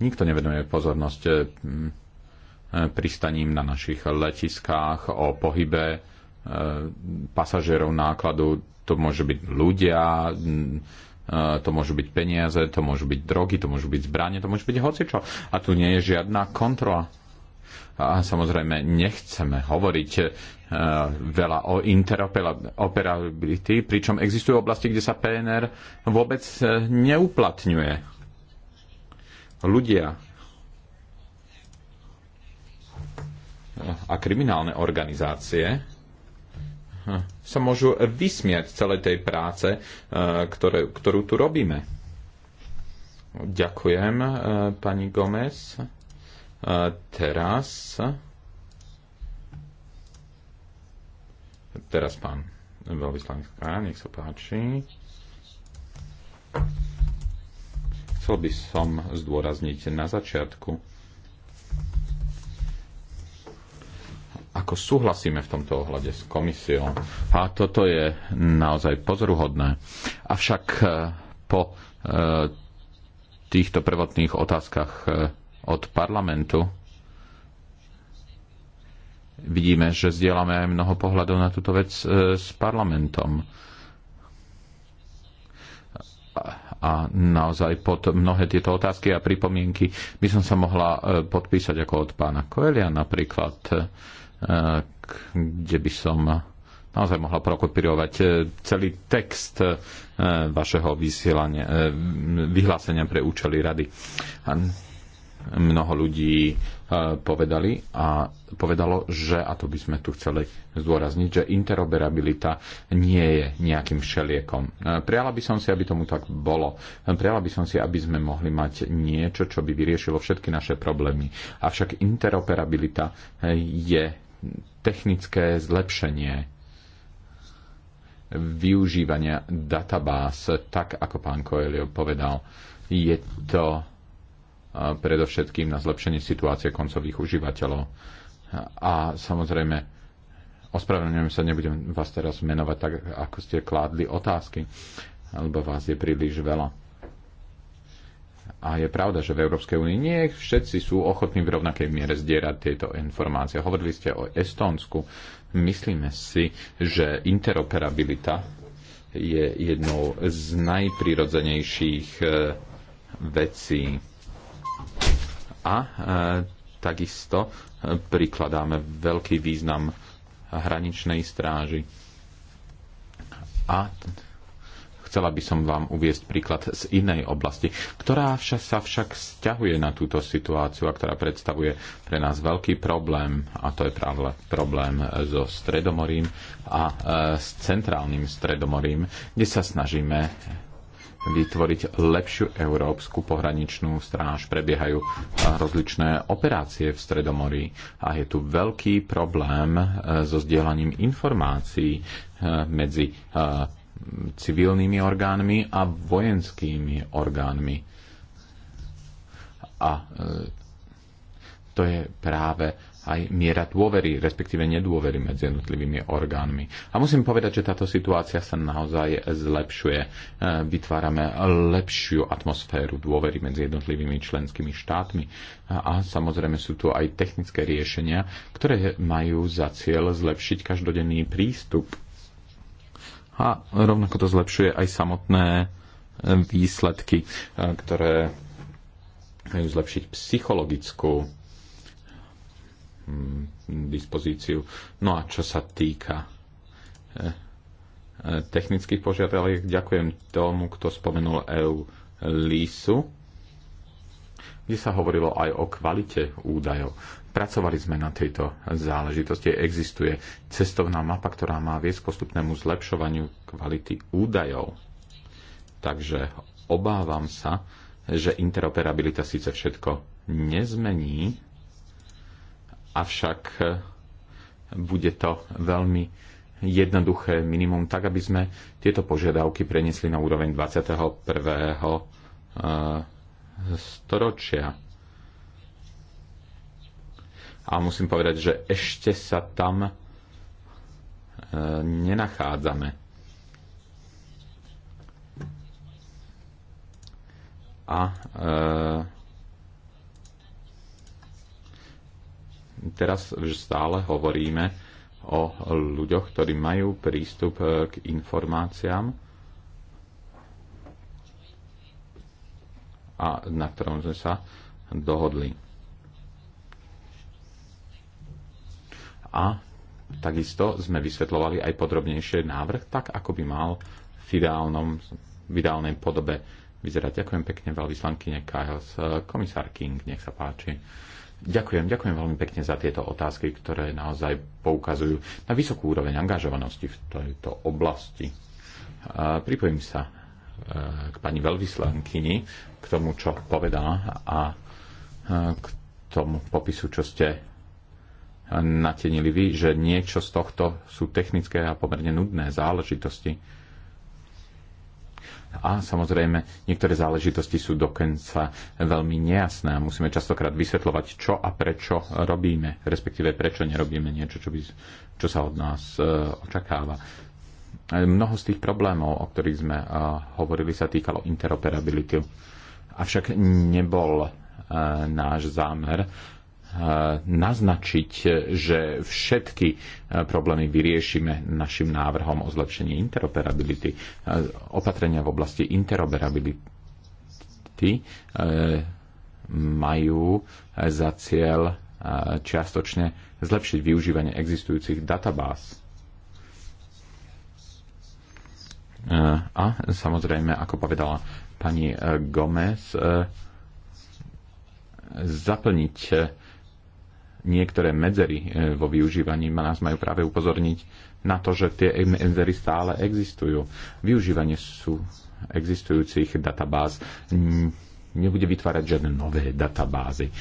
[SPEAKER 4] nikto nevenuje pozornosť eh, hm, eh, pristaním na našich letiskách, o pohybe eh, pasažierov nákladu. To môžu byť ľudia, hm, to môžu byť peniaze, to môžu byť drogy, to môžu byť zbranie, to môže byť hocičo. A tu nie je žiadna kontrola. A samozrejme, nechceme hovoriť veľa o interoperability, pričom existujú oblasti, kde sa PNR vôbec neuplatňuje ľudia a kriminálne organizácie hm, sa môžu vysmiať celej tej práce, eh, ktoré, ktorú tu robíme. Ďakujem, eh, pani Gomez. Eh, teraz... Teraz pán veľvyslanec nech sa páči chcel by som zdôrazniť na začiatku, ako súhlasíme v tomto ohľade s komisiou. A toto je naozaj pozoruhodné. Avšak e, po e, týchto prvotných otázkach e, od parlamentu vidíme, že zdieľame aj mnoho pohľadov na túto vec s parlamentom a naozaj pod mnohé tieto otázky a pripomienky by som sa mohla e, podpísať ako od pána Koelia napríklad, e, kde by som naozaj mohla prokopírovať e, celý text vašeho vysielania, vyhlásenia pre účely rady. A mnoho ľudí E, povedali a povedalo, že, a to by sme tu chceli zdôrazniť, že interoperabilita nie je nejakým všeliekom. E, Priala by som si, aby tomu tak bolo. E, Priala by som si, aby sme mohli mať niečo, čo by vyriešilo všetky naše problémy. Avšak interoperabilita je technické zlepšenie využívania databáz, tak ako pán Coelho povedal. Je to predovšetkým na zlepšenie situácie koncových užívateľov. A samozrejme, ospravedlňujem sa, nebudem vás teraz menovať tak, ako ste kládli otázky, lebo vás je príliš veľa. A je pravda, že v Európskej únii nie všetci sú ochotní v rovnakej miere zdierať tieto informácie. Hovorili ste o Estónsku. Myslíme si, že interoperabilita je jednou z najprirodzenejších eh, vecí a e, takisto e, prikladáme veľký význam hraničnej stráži. A chcela by som vám uviesť príklad z inej oblasti, ktorá však sa však vzťahuje na túto situáciu a ktorá predstavuje pre nás veľký problém, a to je práve problém so Stredomorím a e, s centrálnym Stredomorím, kde sa snažíme vytvoriť lepšiu európsku pohraničnú stráž. Prebiehajú rozličné operácie v Stredomorí a je tu veľký problém eh, so zdieľaním informácií eh, medzi eh, civilnými orgánmi a vojenskými orgánmi. A to je práve aj miera dôvery, respektíve nedôvery medzi jednotlivými orgánmi. A musím povedať, že táto situácia sa naozaj zlepšuje. E, vytvárame lepšiu atmosféru dôvery medzi jednotlivými členskými štátmi. A samozrejme sú tu aj technické riešenia, ktoré majú za cieľ zlepšiť každodenný prístup. A rovnako to zlepšuje aj samotné e, výsledky, e, ktoré majú zlepšiť psychologickú Mm, dispozíciu. No a čo sa týka e, e, technických požiadaviek, ďakujem tomu, kto spomenul EU LISu, kde sa hovorilo aj o kvalite údajov. Pracovali sme na tejto záležitosti. Existuje cestovná mapa, ktorá má viesť postupnému zlepšovaniu kvality údajov. Takže obávam sa, že interoperabilita síce všetko nezmení, avšak e, bude to veľmi jednoduché minimum, tak aby sme tieto požiadavky preniesli na úroveň 21. E, storočia. A musím povedať, že ešte sa tam e, nenachádzame. A e, teraz stále hovoríme o ľuďoch, ktorí majú prístup k informáciám a na ktorom sme sa dohodli. A takisto sme vysvetlovali aj podrobnejšie návrh, tak ako by mal v, ideálnom, v ideálnej podobe vyzerať. Ďakujem pekne veľvyslankyne Kajos. Komisár King, nech sa páči. Ďakujem, ďakujem veľmi pekne za tieto otázky, ktoré naozaj poukazujú na vysokú úroveň angažovanosti v tejto oblasti. Pripojím sa e, k pani veľvyslankyni, k tomu, čo povedala a e, k tomu popisu, čo ste natenili vy, že niečo z tohto sú technické a pomerne nudné záležitosti a samozrejme, niektoré záležitosti sú dokonca veľmi nejasné a musíme častokrát vysvetľovať, čo a prečo robíme, respektíve prečo nerobíme niečo, čo, by, čo sa od nás e, očakáva. E, mnoho z tých problémov, o ktorých sme e, hovorili, sa týkalo interoperability. Avšak nebol e, náš zámer naznačiť, že všetky e, problémy vyriešime našim návrhom o zlepšení interoperability. E, opatrenia v oblasti interoperability e, majú za cieľ čiastočne zlepšiť využívanie existujúcich databáz. A samozrejme, ako povedala pani Gomez, zaplniť niektoré medzery e, vo využívaní nás majú práve upozorniť na to, že tie medzery stále existujú. Využívanie sú existujúcich databáz nebude vytvárať žiadne nové databázy.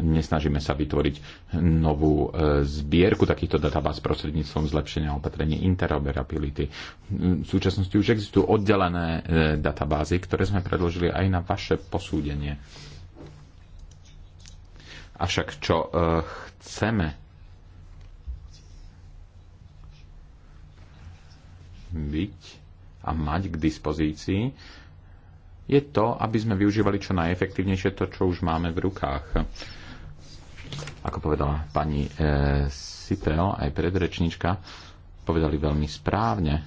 [SPEAKER 4] Nesnažíme sa vytvoriť novú e, zbierku takýchto databáz prostredníctvom zlepšenia opatrenia interoperability. V súčasnosti už existujú oddelené e, databázy, ktoré sme predložili aj na vaše posúdenie Avšak čo e, chceme byť a mať k dispozícii, je to, aby sme využívali čo najefektívnejšie to, čo už máme v rukách. Ako povedala pani e, Sipel, aj predrečnička, povedali veľmi správne, e,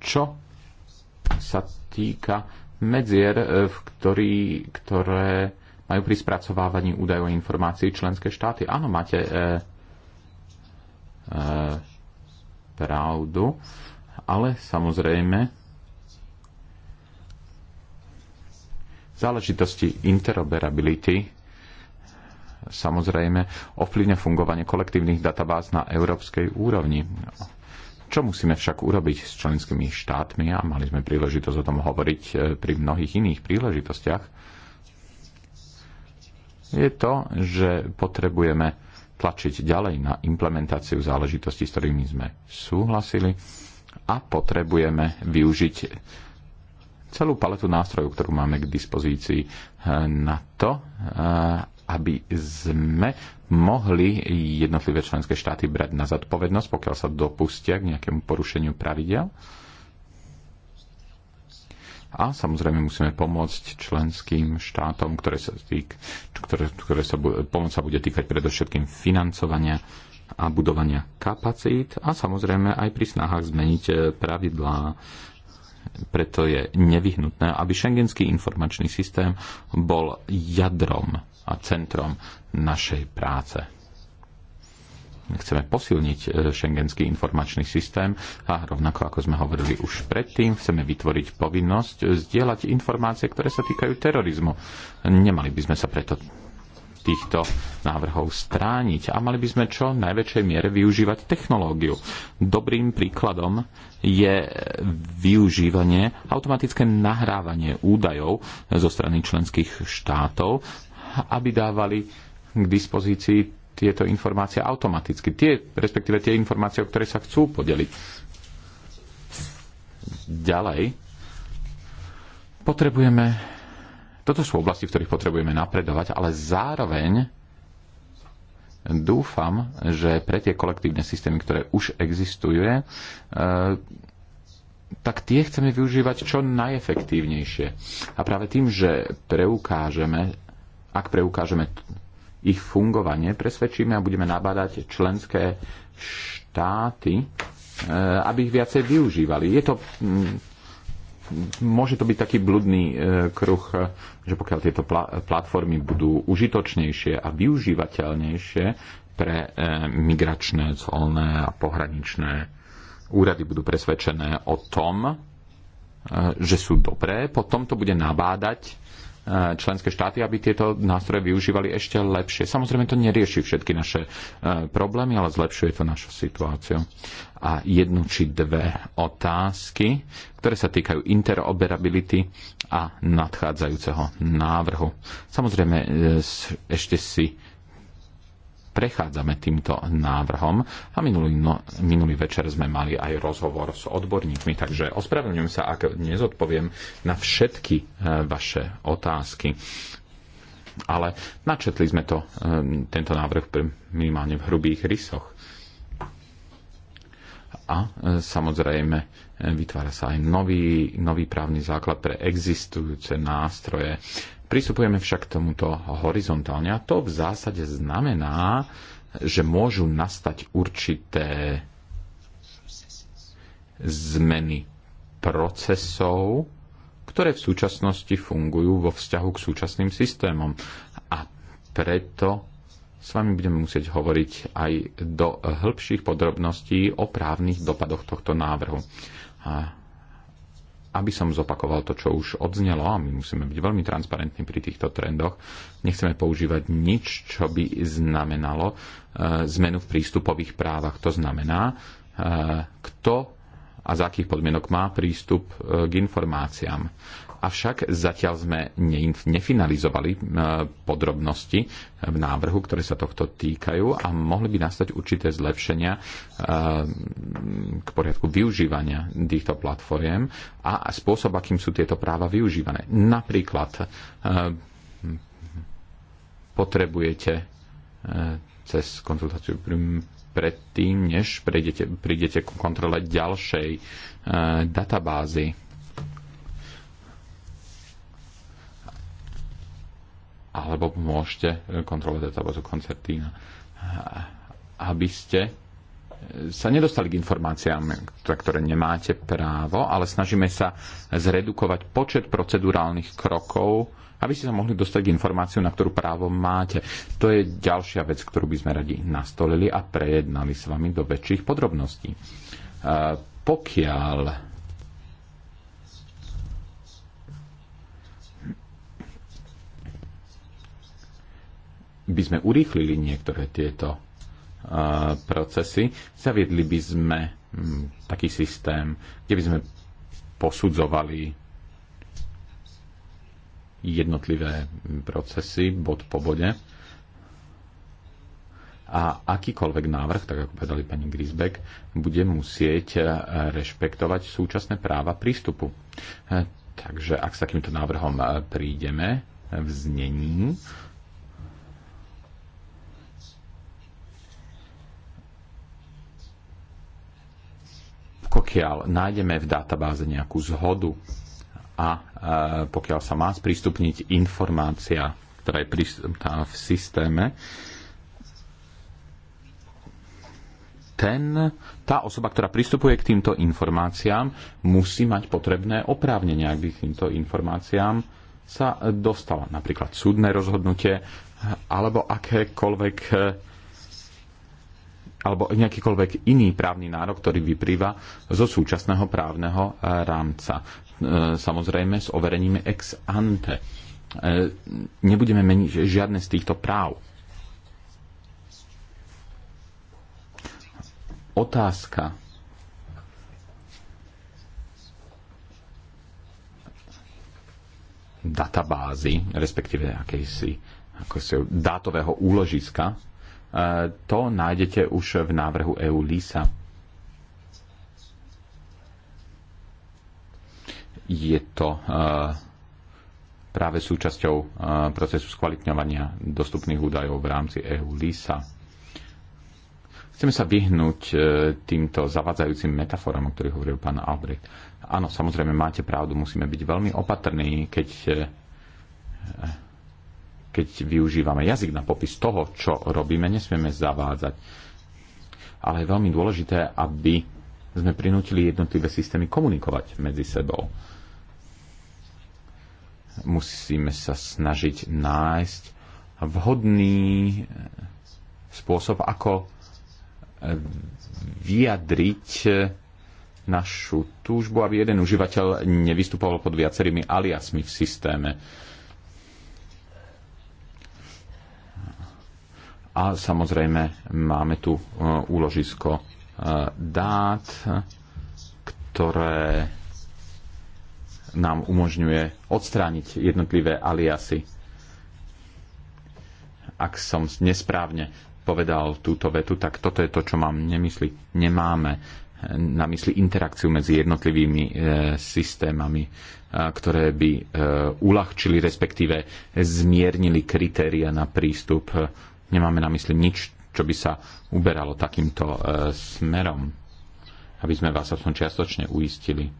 [SPEAKER 4] čo sa týka medzier, e, v ktorý, ktoré majú pri spracovávaní údajov a informácií členské štáty. Áno, máte e, e, pravdu, ale samozrejme záležitosti interoperability samozrejme ovplyvňa fungovanie kolektívnych databáz na európskej úrovni. Čo musíme však urobiť s členskými štátmi, a mali sme príležitosť o tom hovoriť e, pri mnohých iných príležitostiach, je to, že potrebujeme tlačiť ďalej na implementáciu záležitostí, s ktorými sme súhlasili a potrebujeme využiť celú paletu nástrojov, ktorú máme k dispozícii eh, na to, eh, aby sme mohli jednotlivé členské štáty brať na zodpovednosť, pokiaľ sa dopustia k nejakému porušeniu pravidel a samozrejme musíme pomôcť členským štátom, ktoré sa, týk, ktoré, ktoré sa bude, pomoc sa bude týkať predovšetkým financovania a budovania kapacít a samozrejme aj pri snahách zmeniť e, pravidlá. Preto je nevyhnutné, aby šengenský informačný systém bol jadrom a centrom našej práce. Chceme posilniť e, šengenský informačný systém a rovnako ako sme hovorili už predtým, chceme vytvoriť povinnosť e, zdieľať informácie, ktoré sa týkajú terorizmu. Nemali by sme sa preto týchto návrhov strániť a mali by sme čo najväčšej miere využívať technológiu. Dobrým príkladom je využívanie, automatické nahrávanie údajov zo strany členských štátov, aby dávali k dispozícii tieto informácie automaticky. Tie, respektíve tie informácie, o ktoré sa chcú podeliť. Ďalej, potrebujeme, toto sú oblasti, v ktorých potrebujeme napredovať, ale zároveň dúfam, že pre tie kolektívne systémy, ktoré už existuje, e, tak tie chceme využívať čo najefektívnejšie. A práve tým, že preukážeme, ak preukážeme ich fungovanie presvedčíme a budeme nabádať členské štáty, e, aby ich viacej využívali. Je to, mm, môže to byť taký bludný e, kruh, že pokiaľ tieto platformy budú užitočnejšie a využívateľnejšie pre e, migračné, colné a pohraničné úrady budú presvedčené o tom, že sú dobré, potom to bude nabádať E, členské štáty, aby tieto nástroje využívali ešte lepšie. Samozrejme, to nerieši všetky naše e, problémy, ale zlepšuje to našu situáciu. A jednu či dve otázky, ktoré sa týkajú interoperability a nadchádzajúceho návrhu. Samozrejme, e, ešte si prechádzame týmto návrhom a minulý, no, minulý večer sme mali aj rozhovor s odborníkmi, takže ospravedlňujem sa, ak nezodpoviem na všetky e, vaše otázky. Ale načetli sme to, e, tento návrh minimálne v hrubých rysoch. A e, samozrejme vytvára sa aj nový, nový právny základ pre existujúce nástroje Pristupujeme však k tomuto horizontálne a to v zásade znamená, že môžu nastať určité zmeny procesov, ktoré v súčasnosti fungujú vo vzťahu k súčasným systémom. A preto s vami budeme musieť hovoriť aj do hĺbších podrobností o právnych dopadoch tohto návrhu. A aby som zopakoval to, čo už odznelo, a my musíme byť veľmi transparentní pri týchto trendoch, nechceme používať nič, čo by znamenalo e, zmenu v prístupových právach. To znamená, e, kto a za akých podmienok má prístup e, k informáciám avšak zatiaľ sme nefinalizovali e, podrobnosti e, v návrhu, ktoré sa tohto týkajú a mohli by nastať určité zlepšenia e, k poriadku využívania týchto platform a spôsob, akým sú tieto práva využívané. Napríklad potrebujete cez konzultáciu predtým, než prídete, prídete ku kontrole ďalšej e, databázy alebo môžete eh, kontrolovať databázu koncertína, aby ste eh, sa nedostali k informáciám, ktoré nemáte právo, ale snažíme sa zredukovať počet procedurálnych krokov, aby ste sa mohli dostať k informáciu, na ktorú právo máte. To je ďalšia vec, ktorú by sme radi nastolili a prejednali s vami do väčších podrobností. Eh, pokiaľ by sme urýchlili niektoré tieto procesy, zaviedli by sme taký systém, kde by sme posudzovali jednotlivé procesy bod po bode a akýkoľvek návrh, tak ako povedali pani Grisbeck, bude musieť e, rešpektovať súčasné práva prístupu. E, takže ak s takýmto návrhom e, prídeme v znení, pokiaľ nájdeme v databáze nejakú zhodu a e, pokiaľ sa má sprístupniť informácia, ktorá je prístupná v systéme, ten, tá osoba, ktorá pristupuje k týmto informáciám, musí mať potrebné ak aby k týmto informáciám sa dostala. Napríklad súdne rozhodnutie alebo akékoľvek e, alebo nejakýkoľvek iný právny nárok, ktorý vyplýva zo súčasného právneho e, rámca. E, samozrejme s overením ex ante. E, nebudeme meniť žiadne z týchto práv. Otázka databázy, respektíve akejsi, akejsi dátového úložiska to nájdete už v návrhu EU LISA. Je to e, práve súčasťou e, procesu skvalitňovania dostupných údajov v rámci EU LISA. Chceme sa vyhnúť e, týmto zavadzajúcim metaforám, o ktorých hovoril pán Albrecht. Áno, samozrejme, máte pravdu, musíme byť veľmi opatrní, keď keď využívame jazyk na popis toho, čo robíme, nesmieme zavádzať. Ale je veľmi dôležité, aby sme prinútili jednotlivé systémy komunikovať medzi sebou. Musíme sa snažiť nájsť vhodný spôsob, ako eh, vyjadriť eh, našu túžbu, aby jeden užívateľ nevystupoval pod viacerými aliasmi v systéme A samozrejme máme tu e, úložisko e, dát, ktoré nám umožňuje odstrániť jednotlivé aliasy. Ak som nesprávne povedal túto vetu, tak toto je to, čo mám nemysli. Nemáme e, na mysli interakciu medzi jednotlivými e, systémami, ktoré by e, uľahčili, respektíve zmiernili kritéria na prístup Nemáme na mysli nič, čo by sa uberalo takýmto e, smerom, aby sme vás aspoň čiastočne uistili, e,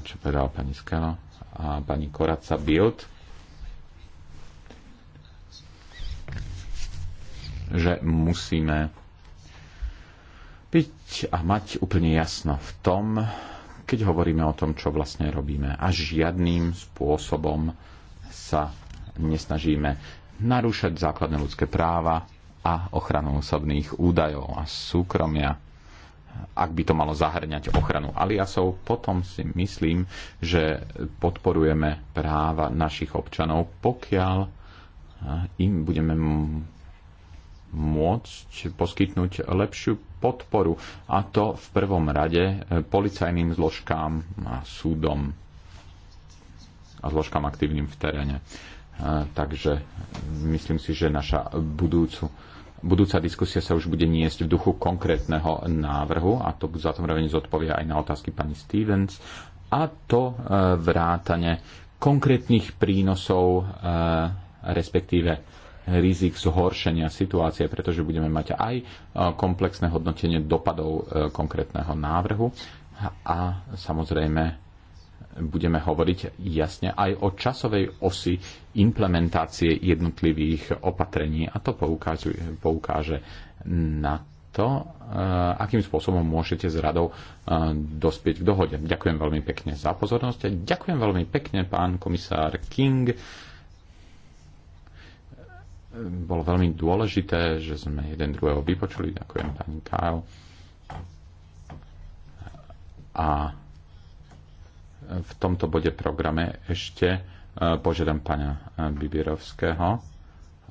[SPEAKER 4] čo povedala pani Skela a pani Koraca Bild, že musíme byť a mať úplne jasno v tom, keď hovoríme o tom, čo vlastne robíme. A žiadnym spôsobom sa nesnažíme narúšať základné ľudské práva a ochranu osobných údajov a súkromia. Ak by to malo zahrňať ochranu aliasov, potom si myslím, že podporujeme práva našich občanov, pokiaľ eh, im budeme môcť poskytnúť lepšiu podporu, a to v prvom rade eh, policajným zložkám a súdom a zložkám aktívnym v teréne. Takže myslím si, že naša budúcu, budúca diskusia sa už bude niesť v duchu konkrétneho návrhu a to zároveň zodpovie aj na otázky pani Stevens a to e, vrátane konkrétnych prínosov, e, respektíve rizik zhoršenia situácie, pretože budeme mať aj e, komplexné hodnotenie dopadov konkrétneho návrhu a samozrejme budeme hovoriť jasne aj o časovej osi implementácie jednotlivých opatrení a to poukáže, poukáže na to, e, akým spôsobom môžete s radou e, dospieť k dohode. Ďakujem veľmi pekne za pozornosť. A ďakujem veľmi pekne, pán komisár King. E, bolo veľmi dôležité, že sme jeden druhého vypočuli. Ďakujem, pani Kyle. A v tomto bode programe ešte e, požiadam pána e, Bibirovského,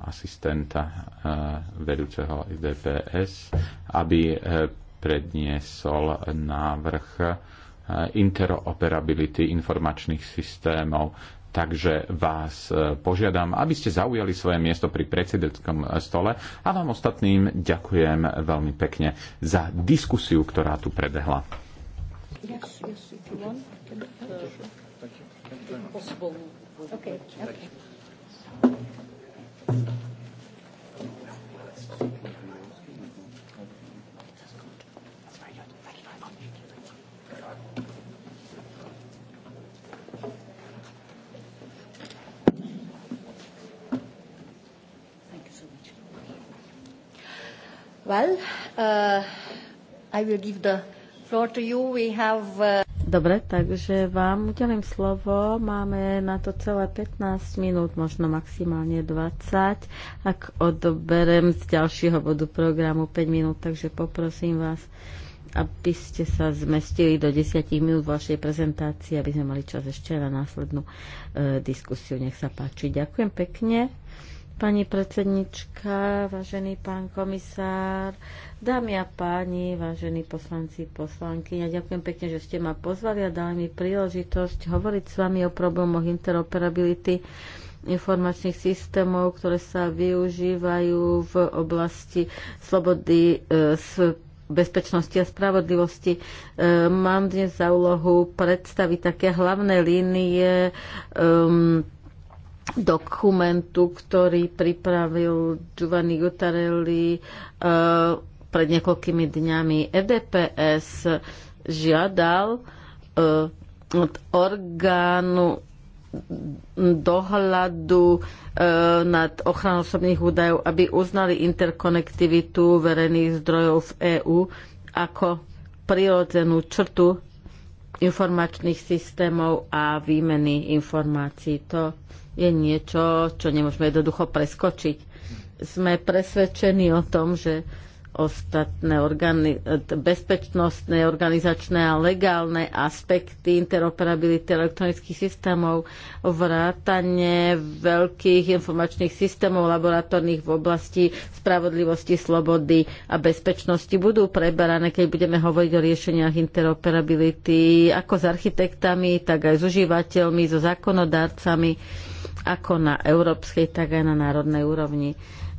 [SPEAKER 4] asistenta e, vedúceho IDPS, aby predniesol návrh interoperability informačných systémov. Takže vás požiadam, aby ste zaujali svoje miesto pri predsedeckom stole a vám ostatným ďakujem veľmi pekne za diskusiu, ktorá tu prebehla.
[SPEAKER 1] Yes, yes, possible. Okay. Thank okay. Well, uh, I will give the floor to you. We have uh... Dobre, takže vám udelím slovo. Máme na to celé 15 minút, možno maximálne 20. Ak odoberem z ďalšieho bodu programu 5 minút, takže poprosím vás, aby ste sa zmestili do 10 minút vašej prezentácie, aby sme mali čas ešte na následnú e, diskusiu. Nech sa páči. Ďakujem pekne. Pani predsednička, vážený pán komisár, dámy a páni, vážení poslanci, poslanky, ja ďakujem pekne, že ste ma pozvali a dali mi príležitosť hovoriť s vami o problémoch interoperability informačných systémov, ktoré sa využívajú v oblasti slobody e, s bezpečnosti a spravodlivosti. E, mám dnes za úlohu predstaviť také hlavné línie um, dokumentu, ktorý pripravil Giovanni Guttarelli e, pred niekoľkými dňami. EDPS žiadal e, od orgánu dohľadu e, nad ochranou osobných údajov, aby uznali interkonektivitu verejných zdrojov v EÚ ako prirodzenú črtu informačných systémov a výmeny informácií. To je niečo, čo nemôžeme jednoducho preskočiť. Sme presvedčení o tom, že ostatné organi- bezpečnostné, organizačné a legálne aspekty interoperability elektronických systémov, vrátanie veľkých informačných systémov laboratórnych v oblasti spravodlivosti, slobody a bezpečnosti budú preberané, keď budeme hovoriť o riešeniach interoperability ako s architektami, tak aj s užívateľmi, so zákonodárcami ako na európskej, tak aj na národnej úrovni.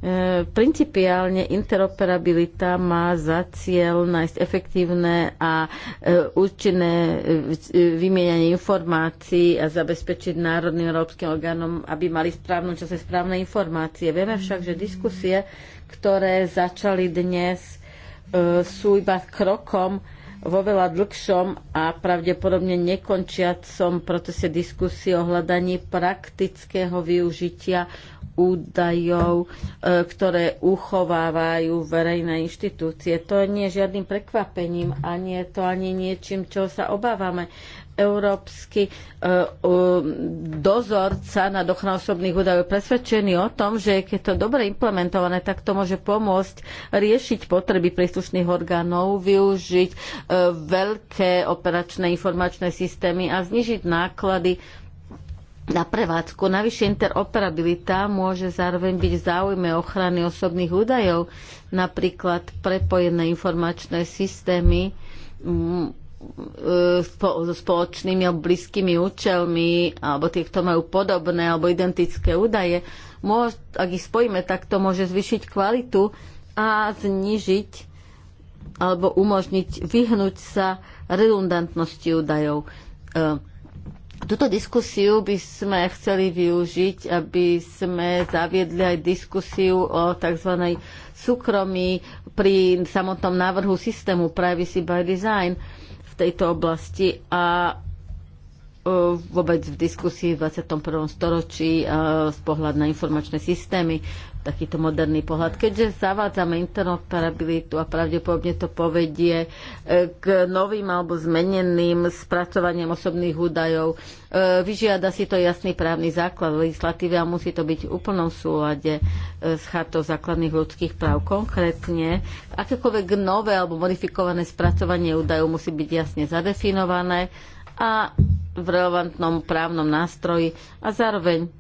[SPEAKER 1] E, principiálne interoperabilita má za cieľ nájsť efektívne a e, účinné e, vymieňanie informácií a zabezpečiť národným európskym orgánom, aby mali správnu čase správne informácie. Vieme však, že diskusie, ktoré začali dnes, e, sú iba krokom vo veľa dlhšom a pravdepodobne nekončiacom procese diskusie o hľadaní praktického využitia údajov, e, ktoré uchovávajú verejné inštitúcie. To nie je žiadnym prekvapením a nie je to ani niečím, čo sa obávame. Európsky e, e, dozorca nad ochranou osobných údajov je presvedčený o tom, že keď to dobre implementované, tak to môže pomôcť riešiť potreby príslušných orgánov, využiť e, veľké operačné informačné systémy a znižiť náklady na prevádzku. Navyše interoperabilita môže zároveň byť v záujme ochrany osobných údajov, napríklad prepojené informačné systémy E, so spoločnými alebo blízkymi účelmi, alebo tie, kto majú podobné alebo identické údaje, môž, ak ich spojíme, tak to môže zvyšiť kvalitu a znižiť alebo umožniť vyhnúť sa redundantnosti údajov. E, Tuto diskusiu by sme chceli využiť, aby sme zaviedli aj diskusiu o tzv. súkromí pri samotnom návrhu systému Privacy by Design v tejto oblasti a E, vôbec v diskusii v 21. storočí z e, pohľad na informačné systémy, takýto moderný pohľad. Keďže zavádzame interoperabilitu a pravdepodobne to povedie e, k novým alebo zmeneným spracovaniem osobných údajov, vyžiada si to jasný právny základ legislatívy a musí to byť v úplnom súlade s chartou základných ľudských práv. Konkrétne, akékoľvek nové alebo modifikované spracovanie údajov musí byť jasne zadefinované a v relevantnom právnom nástroji a zároveň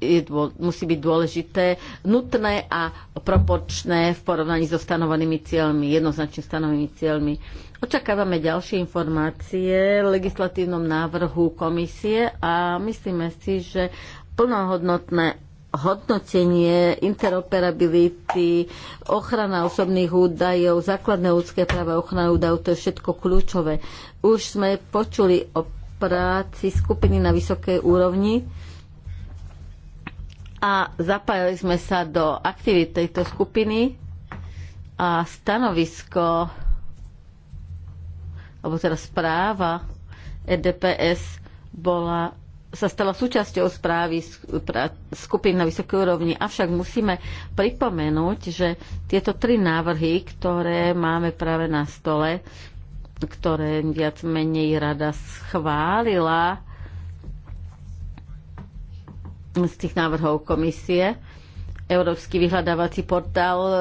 [SPEAKER 1] je, musí byť dôležité, nutné a proporčné v porovnaní so stanovanými cieľmi, jednoznačne stanovenými cieľmi. Očakávame ďalšie informácie v legislatívnom návrhu komisie a myslíme si, že plnohodnotné hodnotenie interoperability, ochrana osobných údajov, základné ľudské práva, ochrana údajov, to je všetko kľúčové. Už sme počuli o práci skupiny na vysokej úrovni a zapájali sme sa do aktivít tejto skupiny a stanovisko alebo teda správa EDPS bola sa stala súčasťou správy skupín na vysokej úrovni. Avšak musíme pripomenúť, že tieto tri návrhy, ktoré máme práve na stole, ktoré viac menej rada schválila z tých návrhov komisie, Európsky vyhľadávací portál, e,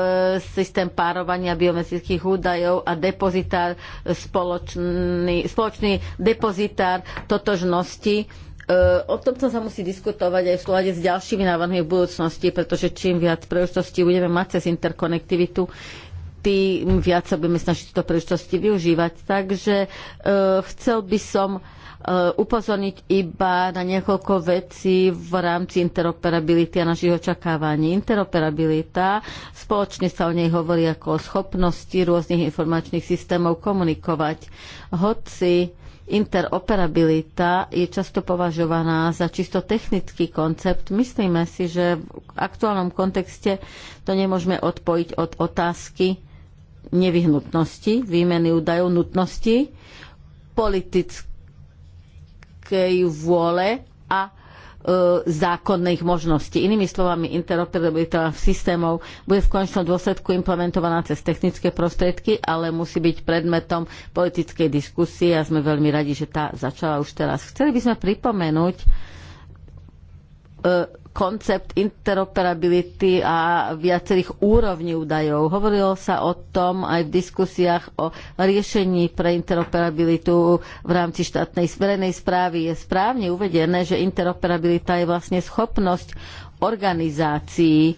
[SPEAKER 1] systém párovania biometrických údajov a depozitár, spoločný, spoločný depozitár totožnosti Eh, o tomto sa musí diskutovať aj v súlade s ďalšími návrhmi v budúcnosti, pretože čím viac príležitostí budeme mať cez interkonektivitu, tým viac sa budeme snažiť tieto príležitosti využívať. Takže eh, chcel by som e, upozorniť iba na niekoľko vecí v rámci interoperability a našich očakávaní. Interoperabilita, spoločne sa o nej hovorí ako o schopnosti rôznych informačných systémov komunikovať. Hoci Interoperabilita je často považovaná za čisto technický koncept. Myslíme si, že v aktuálnom kontexte to nemôžeme odpojiť od otázky nevyhnutnosti, výmeny údajov, nutnosti, politickej vôle a E, zákonných možností. Inými slovami, interoperabilita systémov bude v konečnom dôsledku implementovaná cez technické prostriedky, ale musí byť predmetom politickej diskusie a sme veľmi radi, že tá začala už teraz. Chceli by sme pripomenúť e, koncept interoperability a viacerých úrovní údajov. Hovorilo sa o tom aj v diskusiách o riešení pre interoperabilitu v rámci štátnej verejnej správy. Je správne uvedené, že interoperabilita je vlastne schopnosť organizácií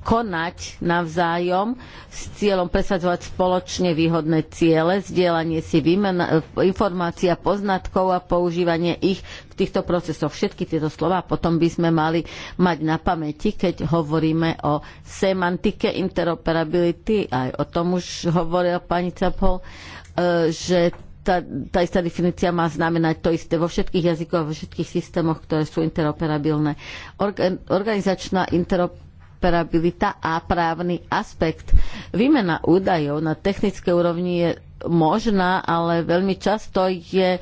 [SPEAKER 1] konať navzájom s cieľom presadzovať spoločne výhodné ciele, zdieľanie si výmena, informácií a poznatkov a používanie ich týchto procesoch. Všetky tieto slova potom by sme mali mať na pamäti, keď hovoríme o semantike interoperability. Aj o tom už hovorila pani Capol, e, že tá, tá istá definícia má znamenať to isté vo všetkých jazykoch a vo všetkých systémoch, ktoré sú interoperabilné. Orga, organizačná interoperabilita interoperabilita a právny aspekt. Výmena údajov na technické úrovni je možná, ale veľmi často je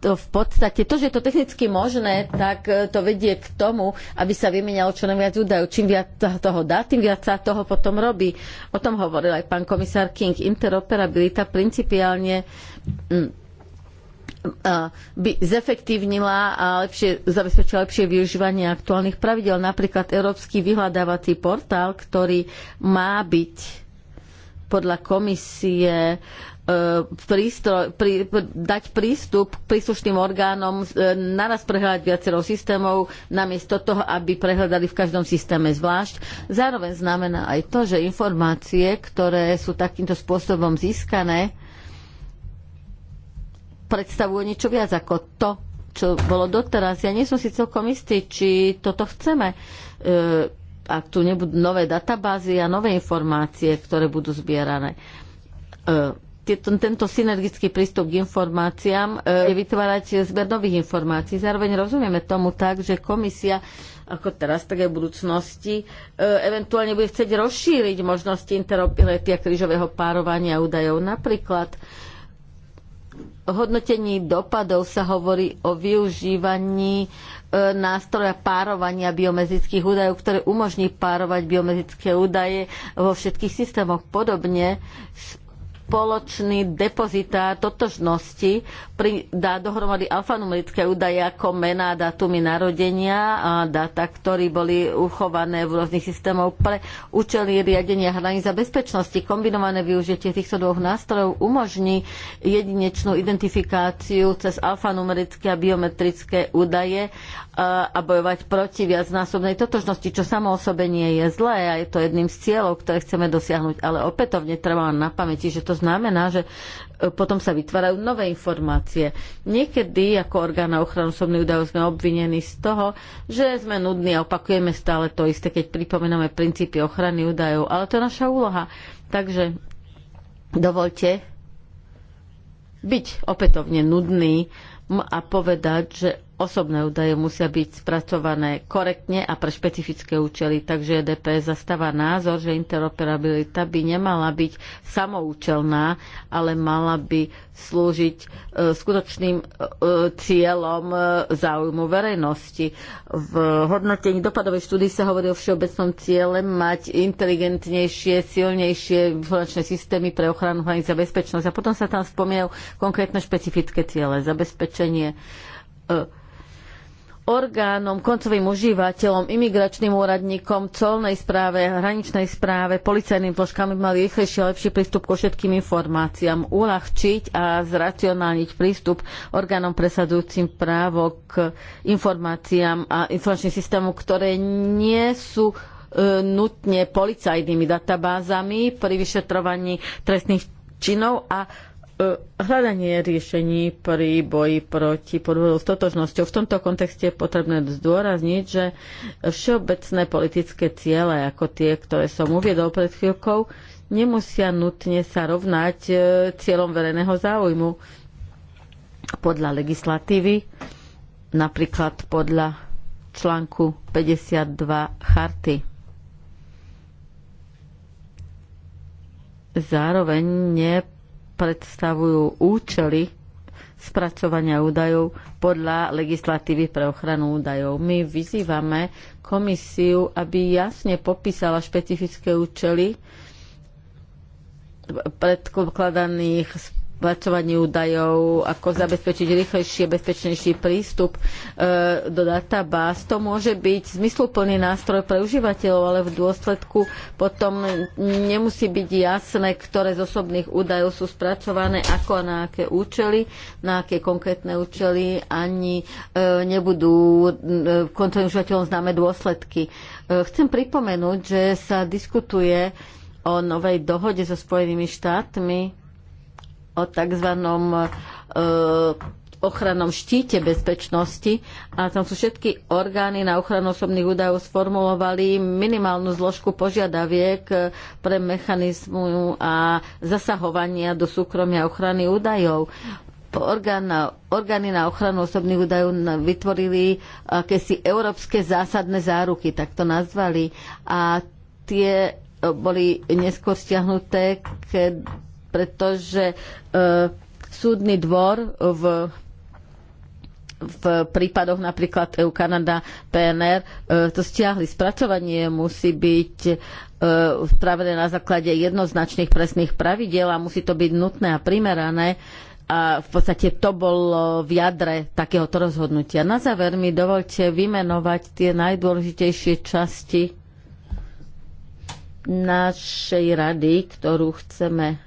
[SPEAKER 1] to v podstate, to, že je to technicky možné, tak e, to vedie k tomu, aby sa vymenalo čo najviac údajov. Čím viac toho dá, tým viac sa toho potom robí. O tom hovoril aj pán komisár King. Interoperabilita principiálne mm, by zefektívnila a lepšie, zabezpečila lepšie využívanie aktuálnych pravidel. Napríklad Európsky vyhľadávací portál, ktorý má byť podľa komisie E, prístroj, prí, dať prístup k príslušným orgánom, e, naraz prehľadať viacero systémov, namiesto toho, aby prehľadali v každom systéme zvlášť. Zároveň znamená aj to, že informácie, ktoré sú takýmto spôsobom získané, predstavujú niečo viac ako to, čo bolo doteraz. Ja nie som si celkom istý, či toto chceme. E, ak tu nebudú nové databázy a nové informácie, ktoré budú zbierané tieto, tento synergický prístup k informáciám e, je vytvárať zber nových informácií. Zároveň rozumieme tomu tak, že komisia ako teraz, tak aj v budúcnosti, e, eventuálne bude chcieť rozšíriť možnosti interoperability a krížového párovania údajov. Napríklad hodnotení dopadov sa hovorí o využívaní e, nástroja párovania biomezických údajov, ktoré umožní párovať biomezické údaje vo všetkých systémoch. Podobne spoločný depozitár totožnosti pri, dá dohromady alfanumerické údaje ako mená, datumy narodenia a data, ktoré boli uchované v rôznych systémoch pre účely riadenia hraníc a bezpečnosti. Kombinované využitie týchto dvoch nástrojov umožní jedinečnú identifikáciu cez alfanumerické a biometrické údaje a bojovať proti viacnásobnej totožnosti, čo samo o sebe nie je zlé a je to jedným z cieľov, ktoré chceme dosiahnuť. Ale opätovne treba na pamäti, že to znamená, že e, potom sa vytvárajú nové informácie. Niekedy ako orgán na ochranu osobných údajov sme obvinení z toho, že sme nudní a opakujeme stále to isté, keď pripomíname princípy ochrany údajov, ale to je naša úloha. Takže dovolte byť opätovne nudný a povedať, že osobné údaje musia byť spracované korektne a pre špecifické účely, takže e DPS zastáva názor, že interoperabilita by nemala byť samoučelná, ale mala by slúžiť e, skutočným e, cieľom záujmu verejnosti. V hodnotení dopadovej štúdie sa hovorí o všeobecnom ciele mať inteligentnejšie, silnejšie informačné systémy pre ochranu hraníc a bezpečnosť. A potom sa tam spomínajú konkrétne špecifické ciele, zabezpečenie orgánom, koncovým užívateľom, imigračným úradníkom, colnej správe, hraničnej správe, policajným zložkám by mali rýchlejšie a lepší prístup ku všetkým informáciám, uľahčiť a zracionálniť prístup orgánom presadzujúcim právo k informáciám a informačným systému, ktoré nie sú e, nutne policajnými databázami pri vyšetrovaní trestných činov a E, hľadanie riešení pri boji proti podvodu s totožnosťou. V tomto kontexte je potrebné zdôrazniť, že všeobecné politické ciele, ako tie, ktoré som uviedol pred chvíľkou, nemusia nutne sa rovnať e, cieľom verejného záujmu. Podľa legislatívy, napríklad podľa článku 52 charty zároveň predstavujú účely spracovania údajov podľa legislatívy pre ochranu údajov. My vyzývame komisiu, aby jasne popísala špecifické účely predkladaných spracovanie údajov, ako zabezpečiť rýchlejší a bezpečnejší prístup e, do databáz. To môže byť zmysluplný nástroj pre užívateľov, ale v dôsledku potom nemusí byť jasné, ktoré z osobných údajov sú spracované, ako a na aké účely, na aké konkrétne účely, ani e, nebudú e, koncovým užívateľom známe dôsledky. E, chcem pripomenúť, že sa diskutuje o novej dohode so Spojenými štátmi o tzv. E, ochrannom štíte bezpečnosti a tam sú všetky orgány na ochranu osobných údajov sformulovali minimálnu zložku požiadaviek pre mechanizmu a zasahovania do súkromia ochrany údajov. Orgán orgány na ochranu osobných údajov vytvorili akési európske zásadné záruky, tak to nazvali. A tie boli neskôr stiahnuté, keď pretože e, súdny dvor v v prípadoch napríklad EU Kanada PNR e, to stiahli. Spracovanie musí byť spravené e, na základe jednoznačných presných pravidel a musí to byť nutné a primerané. A v podstate to bolo v jadre takéhoto rozhodnutia. Na záver mi dovolte vymenovať tie najdôležitejšie časti našej rady, ktorú chceme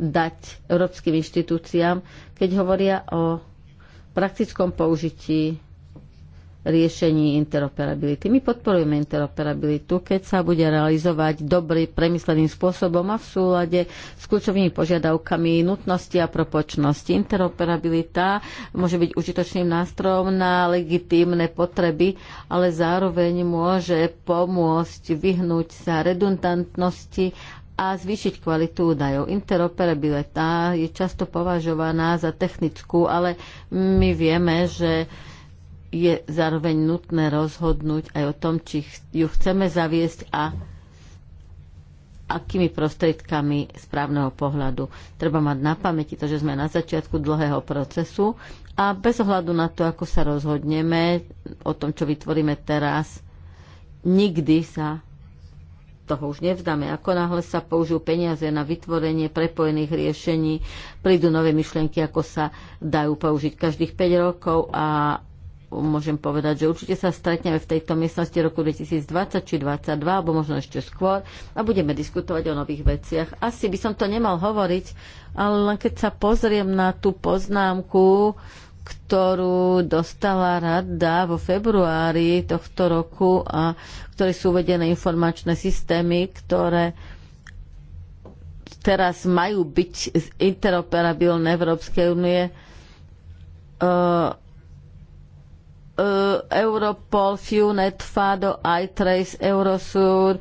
[SPEAKER 1] dať európskym inštitúciám, keď hovoria o praktickom použití riešení interoperability. My podporujeme interoperabilitu, keď sa bude realizovať dobrý, premysleným spôsobom a v súlade s kľúčovými požiadavkami nutnosti a propočnosti. Interoperabilita môže byť užitočným nástrojom na legitímne potreby, ale zároveň môže pomôcť vyhnúť sa redundantnosti a zvýšiť kvalitu údajov. Interoperabilita je často považovaná za technickú, ale my vieme, že je zároveň nutné rozhodnúť aj o tom, či ju chceme zaviesť a akými prostriedkami správneho pohľadu. Treba mať na pamäti to, že sme na začiatku dlhého procesu a bez ohľadu na to, ako sa rozhodneme o tom, čo vytvoríme teraz, nikdy sa toho už nevzdáme. Ako náhle sa použijú peniaze na vytvorenie prepojených riešení, prídu nové myšlienky, ako sa dajú použiť každých 5 rokov a môžem povedať, že určite sa stretneme v tejto miestnosti roku 2020 či 2022, alebo možno ešte skôr a budeme diskutovať o nových veciach. Asi by som to nemal hovoriť, ale len keď sa pozriem na tú poznámku, ktorú dostala rada vo februári tohto roku a ktoré sú uvedené informačné systémy, ktoré teraz majú byť interoperabilné Európskej únie. Uh, Europol, FUNET, FADO, iTrace, Eurosur,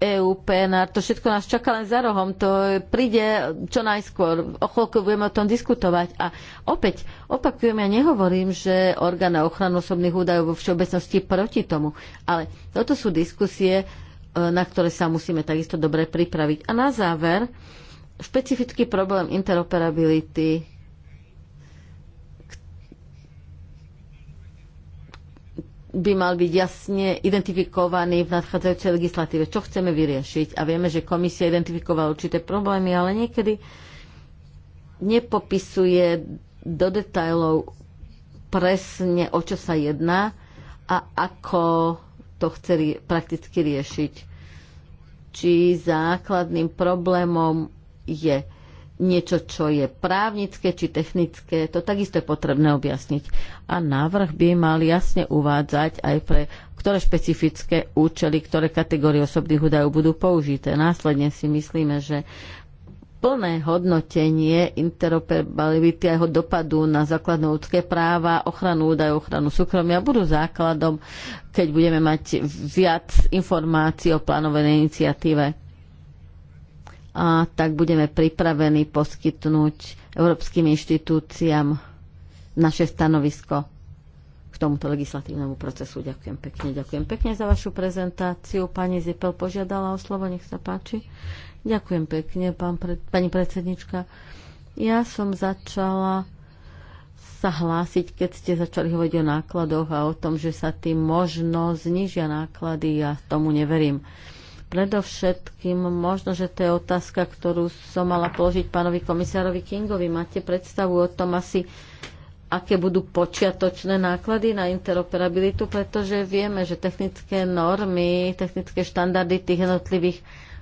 [SPEAKER 1] EUP, na to všetko nás čaká len za rohom. To príde čo najskôr. O chvíľku budeme o tom diskutovať. A opäť, opakujem, ja nehovorím, že orgán na ochranu osobných údajov vo všeobecnosti proti tomu. Ale toto sú diskusie, e, na ktoré sa musíme takisto dobre pripraviť. A na záver, špecifický problém interoperability by mal byť jasne identifikovaný v nadchádzajúcej legislatíve, čo chceme vyriešiť. A vieme, že komisia identifikovala určité problémy, ale niekedy nepopisuje do detajlov presne, o čo sa jedná a ako to chce prakticky riešiť. Či základným problémom je niečo, čo je právnické či technické, to takisto je potrebné objasniť. A návrh by mal jasne uvádzať aj pre ktoré špecifické účely, ktoré kategórie osobných údajov budú použité. Následne si myslíme, že plné hodnotenie interoperability a jeho dopadu na základné ľudské práva, ochranu údajov, ochranu súkromia budú základom, keď budeme mať viac informácií o plánovanej iniciatíve a tak budeme pripravení poskytnúť európskym inštitúciám naše stanovisko k tomuto legislatívnemu procesu. Ďakujem pekne. Ďakujem pekne za vašu prezentáciu. Pani Zipel požiadala o slovo, nech sa páči. Ďakujem pekne, pán pre, pani predsednička. Ja som začala sa hlásiť, keď ste začali hovoriť o nákladoch a o tom, že sa tým možno znižia náklady. Ja tomu neverím. Uh, Predovšetkým možno, že to je otázka, ktorú som mala položiť pánovi komisárovi Kingovi. Máte predstavu o tom asi, aké budú počiatočné náklady na interoperabilitu, pretože vieme, že technické normy, technické štandardy tých jednotlivých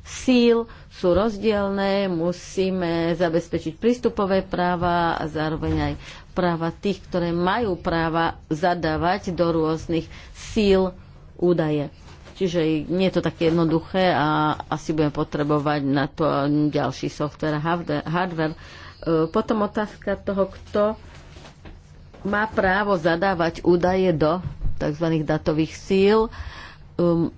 [SPEAKER 1] síl sú rozdielne, musíme zabezpečiť prístupové práva a zároveň aj práva tých, ktoré majú práva zadávať do rôznych síl údaje. Čiže nie je to také jednoduché a asi budeme potrebovať na to ďalší software a hardware. E, potom otázka toho, kto má právo zadávať údaje do tzv. datových síl. Ehm,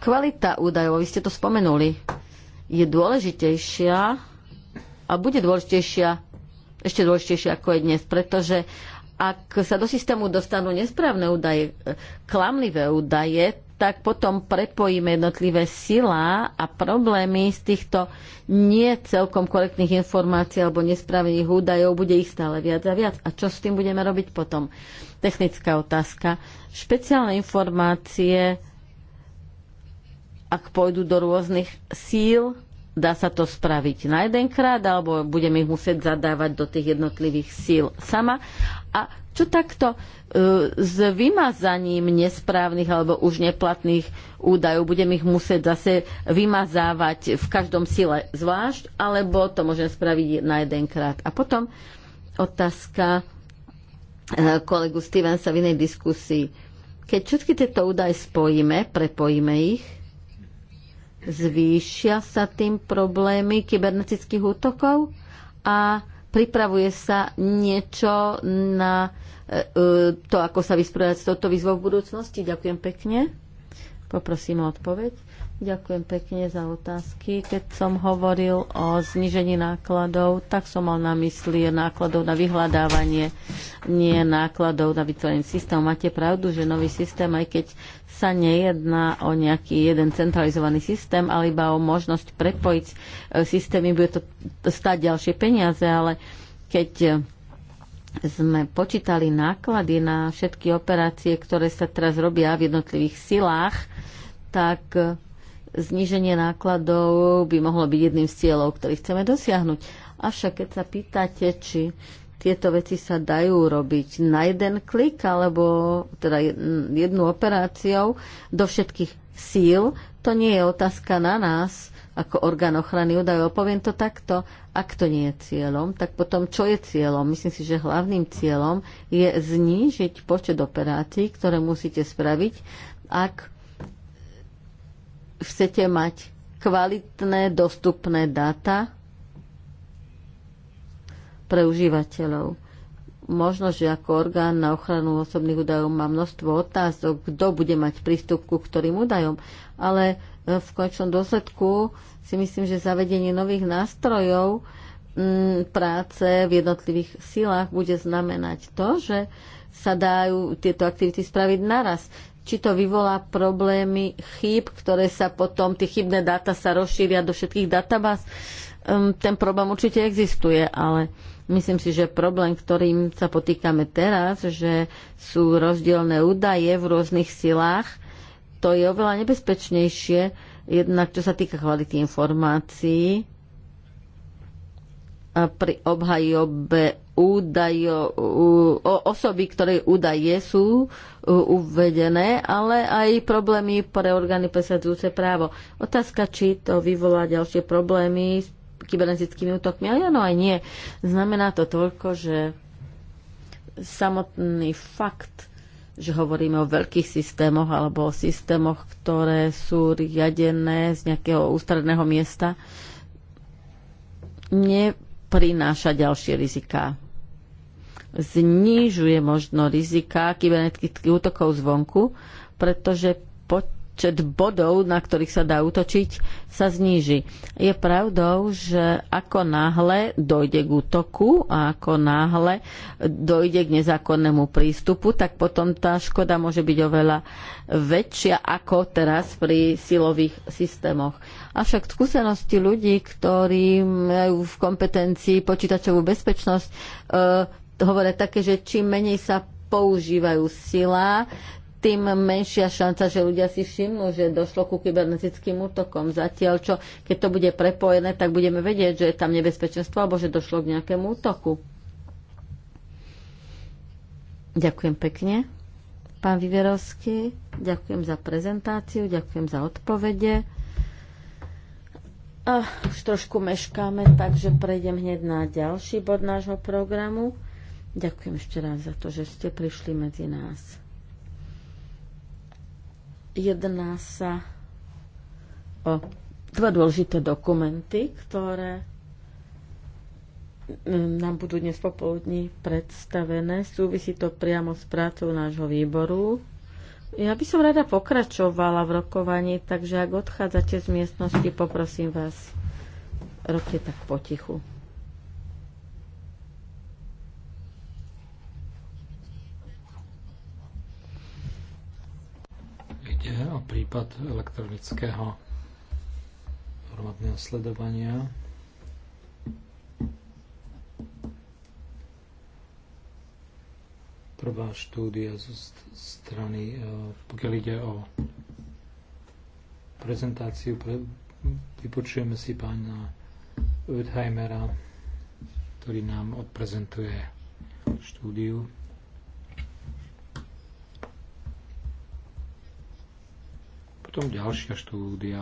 [SPEAKER 1] kvalita údajov, vy ste to spomenuli, je dôležitejšia a bude dôležitejšia ešte dôležitejšie ako je dnes, pretože ak sa do systému dostanú nesprávne údaje, klamlivé údaje, tak potom prepojíme jednotlivé sila a problémy z týchto nie celkom korektných informácií alebo nesprávnych údajov bude ich stále viac a viac. A čo s tým budeme robiť potom? Technická otázka. Špeciálne informácie, ak pôjdu do rôznych síl, Dá sa to spraviť na jedenkrát, alebo budeme ich musieť zadávať do tých jednotlivých síl sama. A čo takto e, s vymazaním nesprávnych alebo už neplatných údajov? Budem ich musieť zase vymazávať v každom sile zvlášť, alebo to môžem spraviť na jedenkrát. A potom otázka e, kolegu Stevensa v inej diskusii. Keď všetky tieto údaje spojíme, prepojíme ich, zvýšia sa tým problémy kybernetických útokov a pripravuje sa niečo na e, e, to, ako sa vysporiadať s touto výzvou v budúcnosti. Ďakujem pekne. Poprosím o odpoveď. Ďakujem pekne za otázky. Keď som hovoril o znižení nákladov, tak som mal na mysli nákladov na vyhľadávanie, nie nákladov na vytvorenie systému. Máte pravdu, že nový systém, aj keď sa nejedná o nejaký jeden centralizovaný systém, ale iba o možnosť prepojiť e, systémy. Bude to stať ďalšie peniaze, ale keď e, sme počítali náklady na všetky operácie, ktoré sa teraz robia v jednotlivých silách, tak e, zníženie nákladov by mohlo byť jedným z cieľov, ktorý chceme dosiahnuť. Avšak keď sa pýtate, či tieto veci sa dajú robiť na jeden klik alebo teda jednu operáciou do všetkých síl. To nie je otázka na nás ako orgán ochrany údajov. Poviem to takto, ak to nie je cieľom, tak potom čo je cieľom? Myslím si, že hlavným cieľom je znížiť počet operácií, ktoré musíte spraviť, ak chcete mať kvalitné, dostupné dáta pre užívateľov. Možno, že ako orgán na ochranu osobných údajov má množstvo otázok, kto bude mať prístup ku ktorým údajom, ale e, v končnom dôsledku si myslím, že zavedenie nových nástrojov mm, práce v jednotlivých silách bude znamenať to, že sa dajú tieto aktivity spraviť naraz. Či to vyvolá problémy chýb, ktoré sa potom, tie chybné dáta sa rozšíria do všetkých databáz, ten problém určite existuje, ale Myslím si, že problém, ktorým sa potýkame teraz, že sú rozdielne údaje v rôznych silách, to je oveľa nebezpečnejšie, jednak čo sa týka kvality informácií a pri obhajobe údajo, o osoby, ktoré údaje sú uvedené, ale aj problémy pre orgány presadzujúce právo. Otázka, či to vyvolá ďalšie problémy s kybernetickými útokmi. ale áno, aj nie. Znamená to toľko, že samotný fakt, že hovoríme o veľkých systémoch alebo o systémoch, ktoré sú riadené z nejakého ústredného miesta, neprináša ďalšie riziká. Znižuje možno rizika kybernetických útokov zvonku, pretože počet bodov, na ktorých sa dá útočiť, sa zníži. Je pravdou, že ako náhle dojde k útoku a ako náhle dojde k nezákonnému prístupu, tak potom tá škoda môže byť oveľa väčšia ako teraz pri silových systémoch. Avšak skúsenosti ľudí, ktorí majú v kompetencii počítačovú bezpečnosť, e, hovoria také, že čím menej sa používajú sila, tým menšia šanca, že ľudia si všimnú, že došlo ku kybernetickým útokom. Zatiaľ, čo keď to bude prepojené, tak budeme vedieť, že je tam nebezpečenstvo alebo že došlo k nejakému útoku. Ďakujem pekne. Pán Vyverovský. ďakujem za prezentáciu, ďakujem za odpovede. A už trošku meškáme, takže prejdem hneď na ďalší bod nášho programu. Ďakujem ešte raz za to, že ste prišli medzi nás. Jedná sa o dva dôležité dokumenty, ktoré mm, nám budú dnes popoludní predstavené. Súvisí to priamo s prácou nášho výboru. Ja by som rada pokračovala v rokovaní, takže ak odchádzate z miestnosti, poprosím vás, robte tak potichu.
[SPEAKER 3] Ide o prípad elektronického hromadného sledovania. Prvá štúdia zo strany, e, pokiaľ ide o prezentáciu, pre, vypočujeme si pána Utheimera, ktorý nám odprezentuje štúdiu. Potom ďalšia štúdia,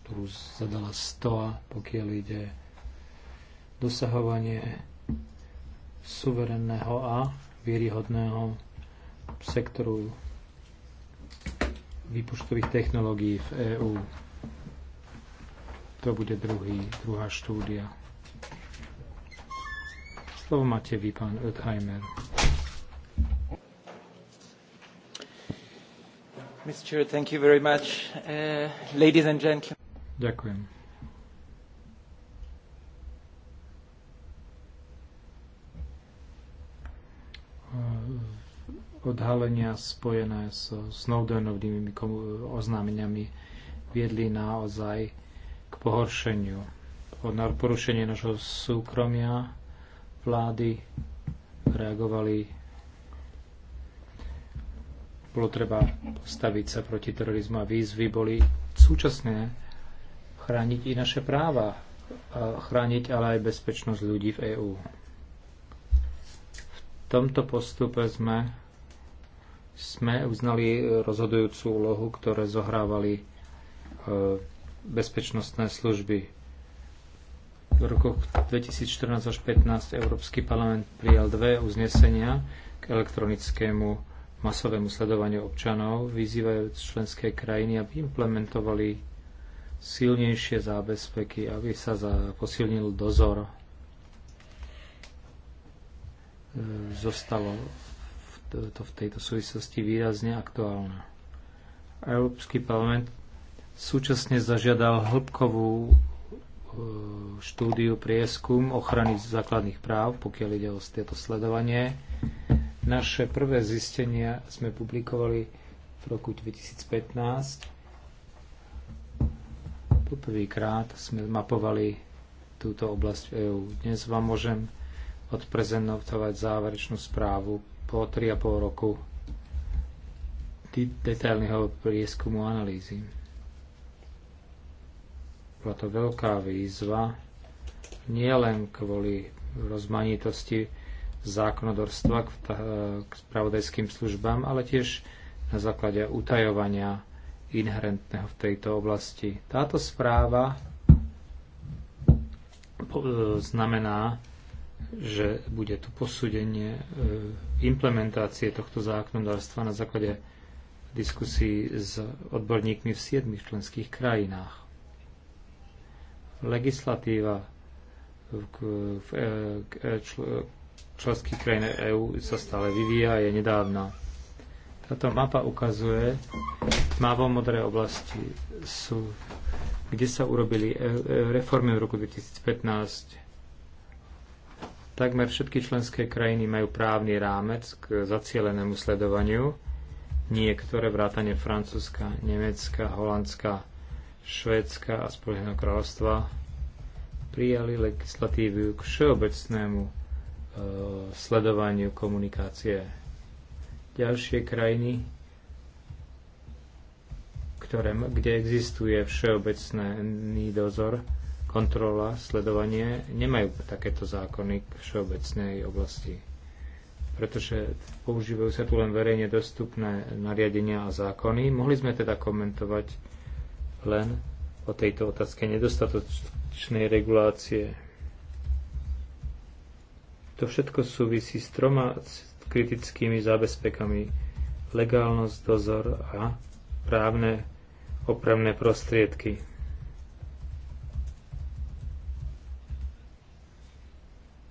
[SPEAKER 3] ktorú zadala STOA, pokiaľ ide dosahovanie suverenného a vieryhodného sektoru výpočtových technológií v EÚ. To bude druhý, druhá štúdia. Slovo máte vy, pán Oetheimer. Chair, uh, Ďakujem. Uh, odhalenia spojené so Snowdenovými oznámeniami viedli naozaj k pohoršeniu. Na porušenie našho súkromia vlády reagovali bolo treba postaviť sa proti terorizmu a výzvy boli súčasné chrániť i naše práva, a chrániť ale aj bezpečnosť ľudí v EÚ. V tomto postupe sme, sme uznali rozhodujúcu úlohu, ktoré zohrávali e, bezpečnostné služby. V rokoch 2014 až 2015 Európsky parlament prijal dve uznesenia k elektronickému masovému sledovaniu občanov, vyzývajúc členské krajiny, aby implementovali silnejšie zábezpeky, aby sa za, posilnil dozor. E, zostalo v, to v tejto súvislosti výrazne aktuálne. Európsky parlament súčasne zažiadal hĺbkovú e, štúdiu prieskum ochrany základných práv, pokiaľ ide o tieto sledovanie naše prvé zistenia sme publikovali v roku 2015. Poprvýkrát sme mapovali túto oblasť EÚ. Dnes vám môžem odprezentovať záverečnú správu po 3,5 roku detailného prieskumu analýzy. Bola to veľká výzva, nielen kvôli rozmanitosti zákonodorstva k, k spravodajským službám, ale tiež na základe utajovania inherentného v tejto oblasti. Táto správa znamená, že bude tu posúdenie e, implementácie tohto zákonodárstva na základe diskusí s odborníkmi v siedmých členských krajinách. Legislatíva e, e, členských krajín EÚ sa stále vyvíja a je nedávna. Táto mapa ukazuje mávo-modré oblasti sú, kde sa urobili e, e, reformy v roku 2015. Takmer všetky členské krajiny majú právny rámec k zacielenému sledovaniu. Niektoré vrátane Francúzska, Nemecka, Holandska, Švédska a Spojeného kráľovstva prijali legislatívu k všeobecnému Eh, sledovaniu komunikácie. Ďalšie krajiny, ktoré, kde existuje všeobecný dozor, kontrola, sledovanie, nemajú takéto zákony v všeobecnej oblasti. Pretože používajú sa tu len verejne dostupné nariadenia a zákony. Mohli sme teda komentovať len o tejto otázke nedostatočnej regulácie to všetko súvisí s troma kritickými zábezpekami. Legálnosť, dozor a právne opravné prostriedky.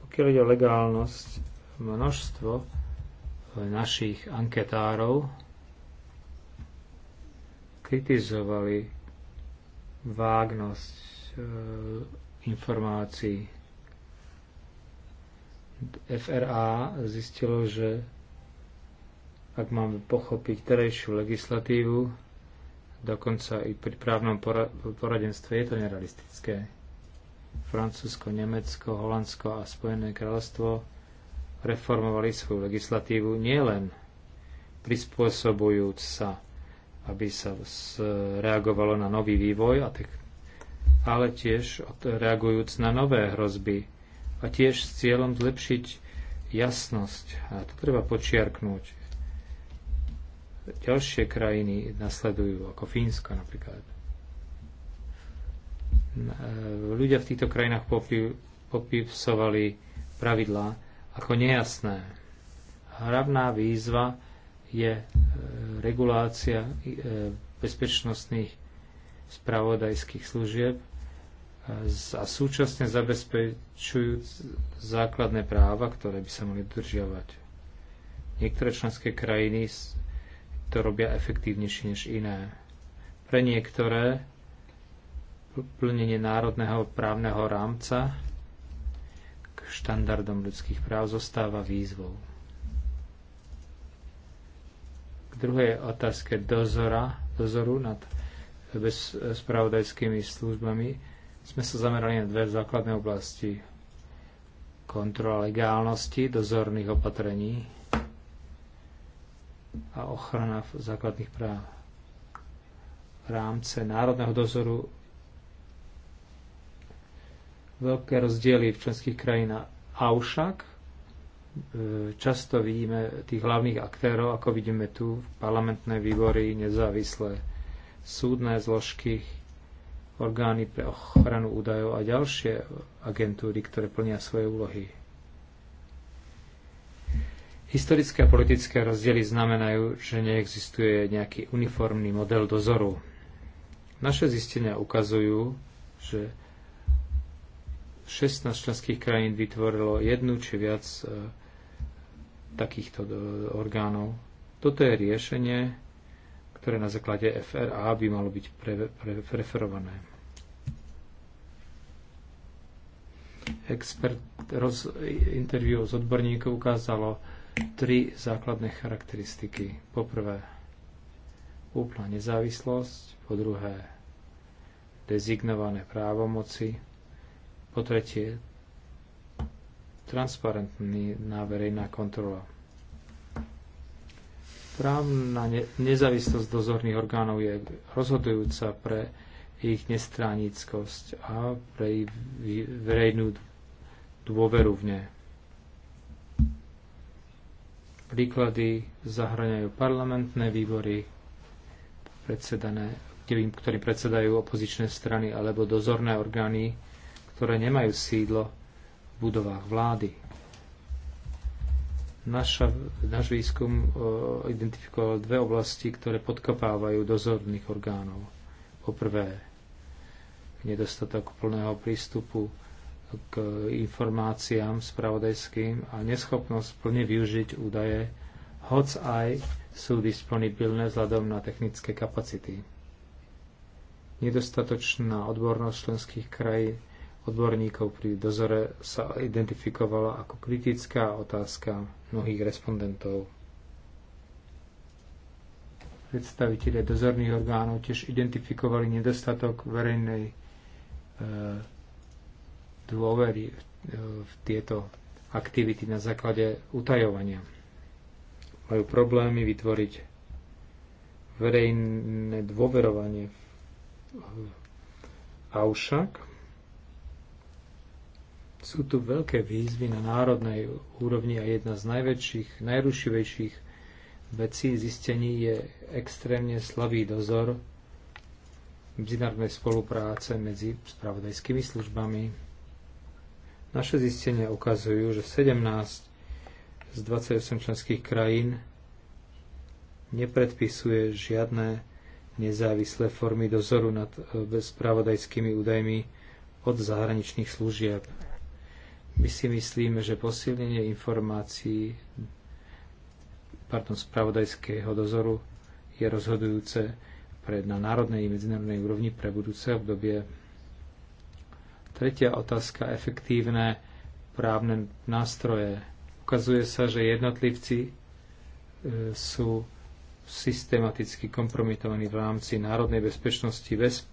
[SPEAKER 3] Pokiaľ ide o legálnosť, množstvo našich anketárov kritizovali vágnosť e, informácií FRA zistilo, že ak máme pochopiť terejšiu legislatívu, dokonca i pri právnom poradenstve je to nerealistické. Francúzsko, Nemecko, Holandsko a Spojené kráľovstvo reformovali svoju legislatívu nielen prispôsobujúc sa, aby sa reagovalo na nový vývoj, ale tiež reagujúc na nové hrozby a tiež s cieľom zlepšiť jasnosť. A to treba počiarknúť. Ďalšie krajiny nasledujú, ako Fínsko napríklad. E, ľudia v týchto krajinách popisovali pravidlá ako nejasné. Hlavná výzva je e, regulácia e, bezpečnostných spravodajských služieb a súčasne zabezpečujú základné práva, ktoré by sa mali dodržiavať. Niektoré členské krajiny to robia efektívnejšie než iné. Pre niektoré plnenie národného právneho rámca k štandardom ľudských práv zostáva výzvou. K druhej otázke dozora, dozoru nad spravodajskými službami sme sa zamerali na dve základné oblasti. Kontrola legálnosti, dozorných opatrení a ochrana základných práv. V rámce národného dozoru veľké rozdiely v členských krajinách. Avšak e, často vidíme tých hlavných aktérov, ako vidíme tu, parlamentné výbory, nezávislé súdne zložky, orgány pre ochranu údajov a ďalšie agentúry, ktoré plnia svoje úlohy. Historické a politické rozdiely znamenajú, že neexistuje nejaký uniformný model dozoru. Naše zistenia ukazujú, že 16 členských krajín vytvorilo jednu či viac e, takýchto orgánov. Toto je riešenie, ktoré na základe FRA by malo byť pre, pre, preferované. Expert roz, interview s odborníkov ukázalo tri základné charakteristiky. Poprvé, úplná nezávislosť, po druhé, dezignované právomoci, po tretie, transparentný verejná kontrola. Právna nezávislosť dozorných orgánov je rozhodujúca pre ich nestránickosť a pre ich verejnú dôveru v ne. Príklady zahraňajú parlamentné výbory, predsedané, ktorým predsedajú opozičné strany alebo dozorné orgány, ktoré nemajú sídlo v budovách vlády. Naša, náš výskum e, identifikoval dve oblasti, ktoré podkopávajú dozorných orgánov. Poprvé, nedostatok plného prístupu k informáciám spravodajským a neschopnosť plne využiť údaje, hoc aj sú disponibilné vzhľadom na technické kapacity. Nedostatočná odbornosť členských krajín odborníkov pri dozore sa identifikovala ako kritická otázka mnohých respondentov. Predstavitelia dozorných orgánov tiež identifikovali nedostatok verejnej e, dôvery v, e, v tieto aktivity na základe utajovania. Majú problémy vytvoriť verejné dôverovanie v, v, avšak sú tu veľké výzvy na národnej úrovni a jedna z najväčších, najrušivejších vecí zistení je extrémne slabý dozor medzinárodnej spolupráce medzi spravodajskými službami. Naše zistenia ukazujú, že 17 z 28 členských krajín nepredpisuje žiadne nezávislé formy dozoru nad e, spravodajskými údajmi od zahraničných služieb. My si myslíme, že posilnenie informácií pardon, spravodajského dozoru je rozhodujúce pre na národnej i medzinárodnej úrovni pre budúce obdobie. Tretia otázka, efektívne právne nástroje. Ukazuje sa, že jednotlivci e, sú systematicky kompromitovaní v rámci národnej bezpečnosti bez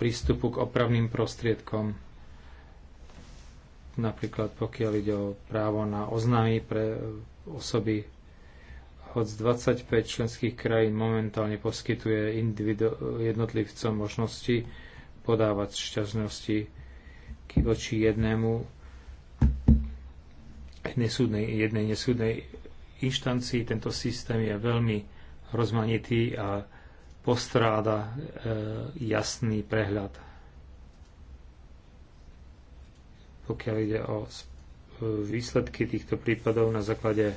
[SPEAKER 3] prístupu k opravným prostriedkom napríklad pokiaľ ide o právo na oznámy pre osoby, hoď 25 členských krajín momentálne poskytuje jednotlivcom možnosti podávať šťažnosti voči jednému jednej jednej nesúdnej inštancii. Tento systém je veľmi rozmanitý a postráda e, jasný prehľad pokiaľ ide o výsledky týchto prípadov na základe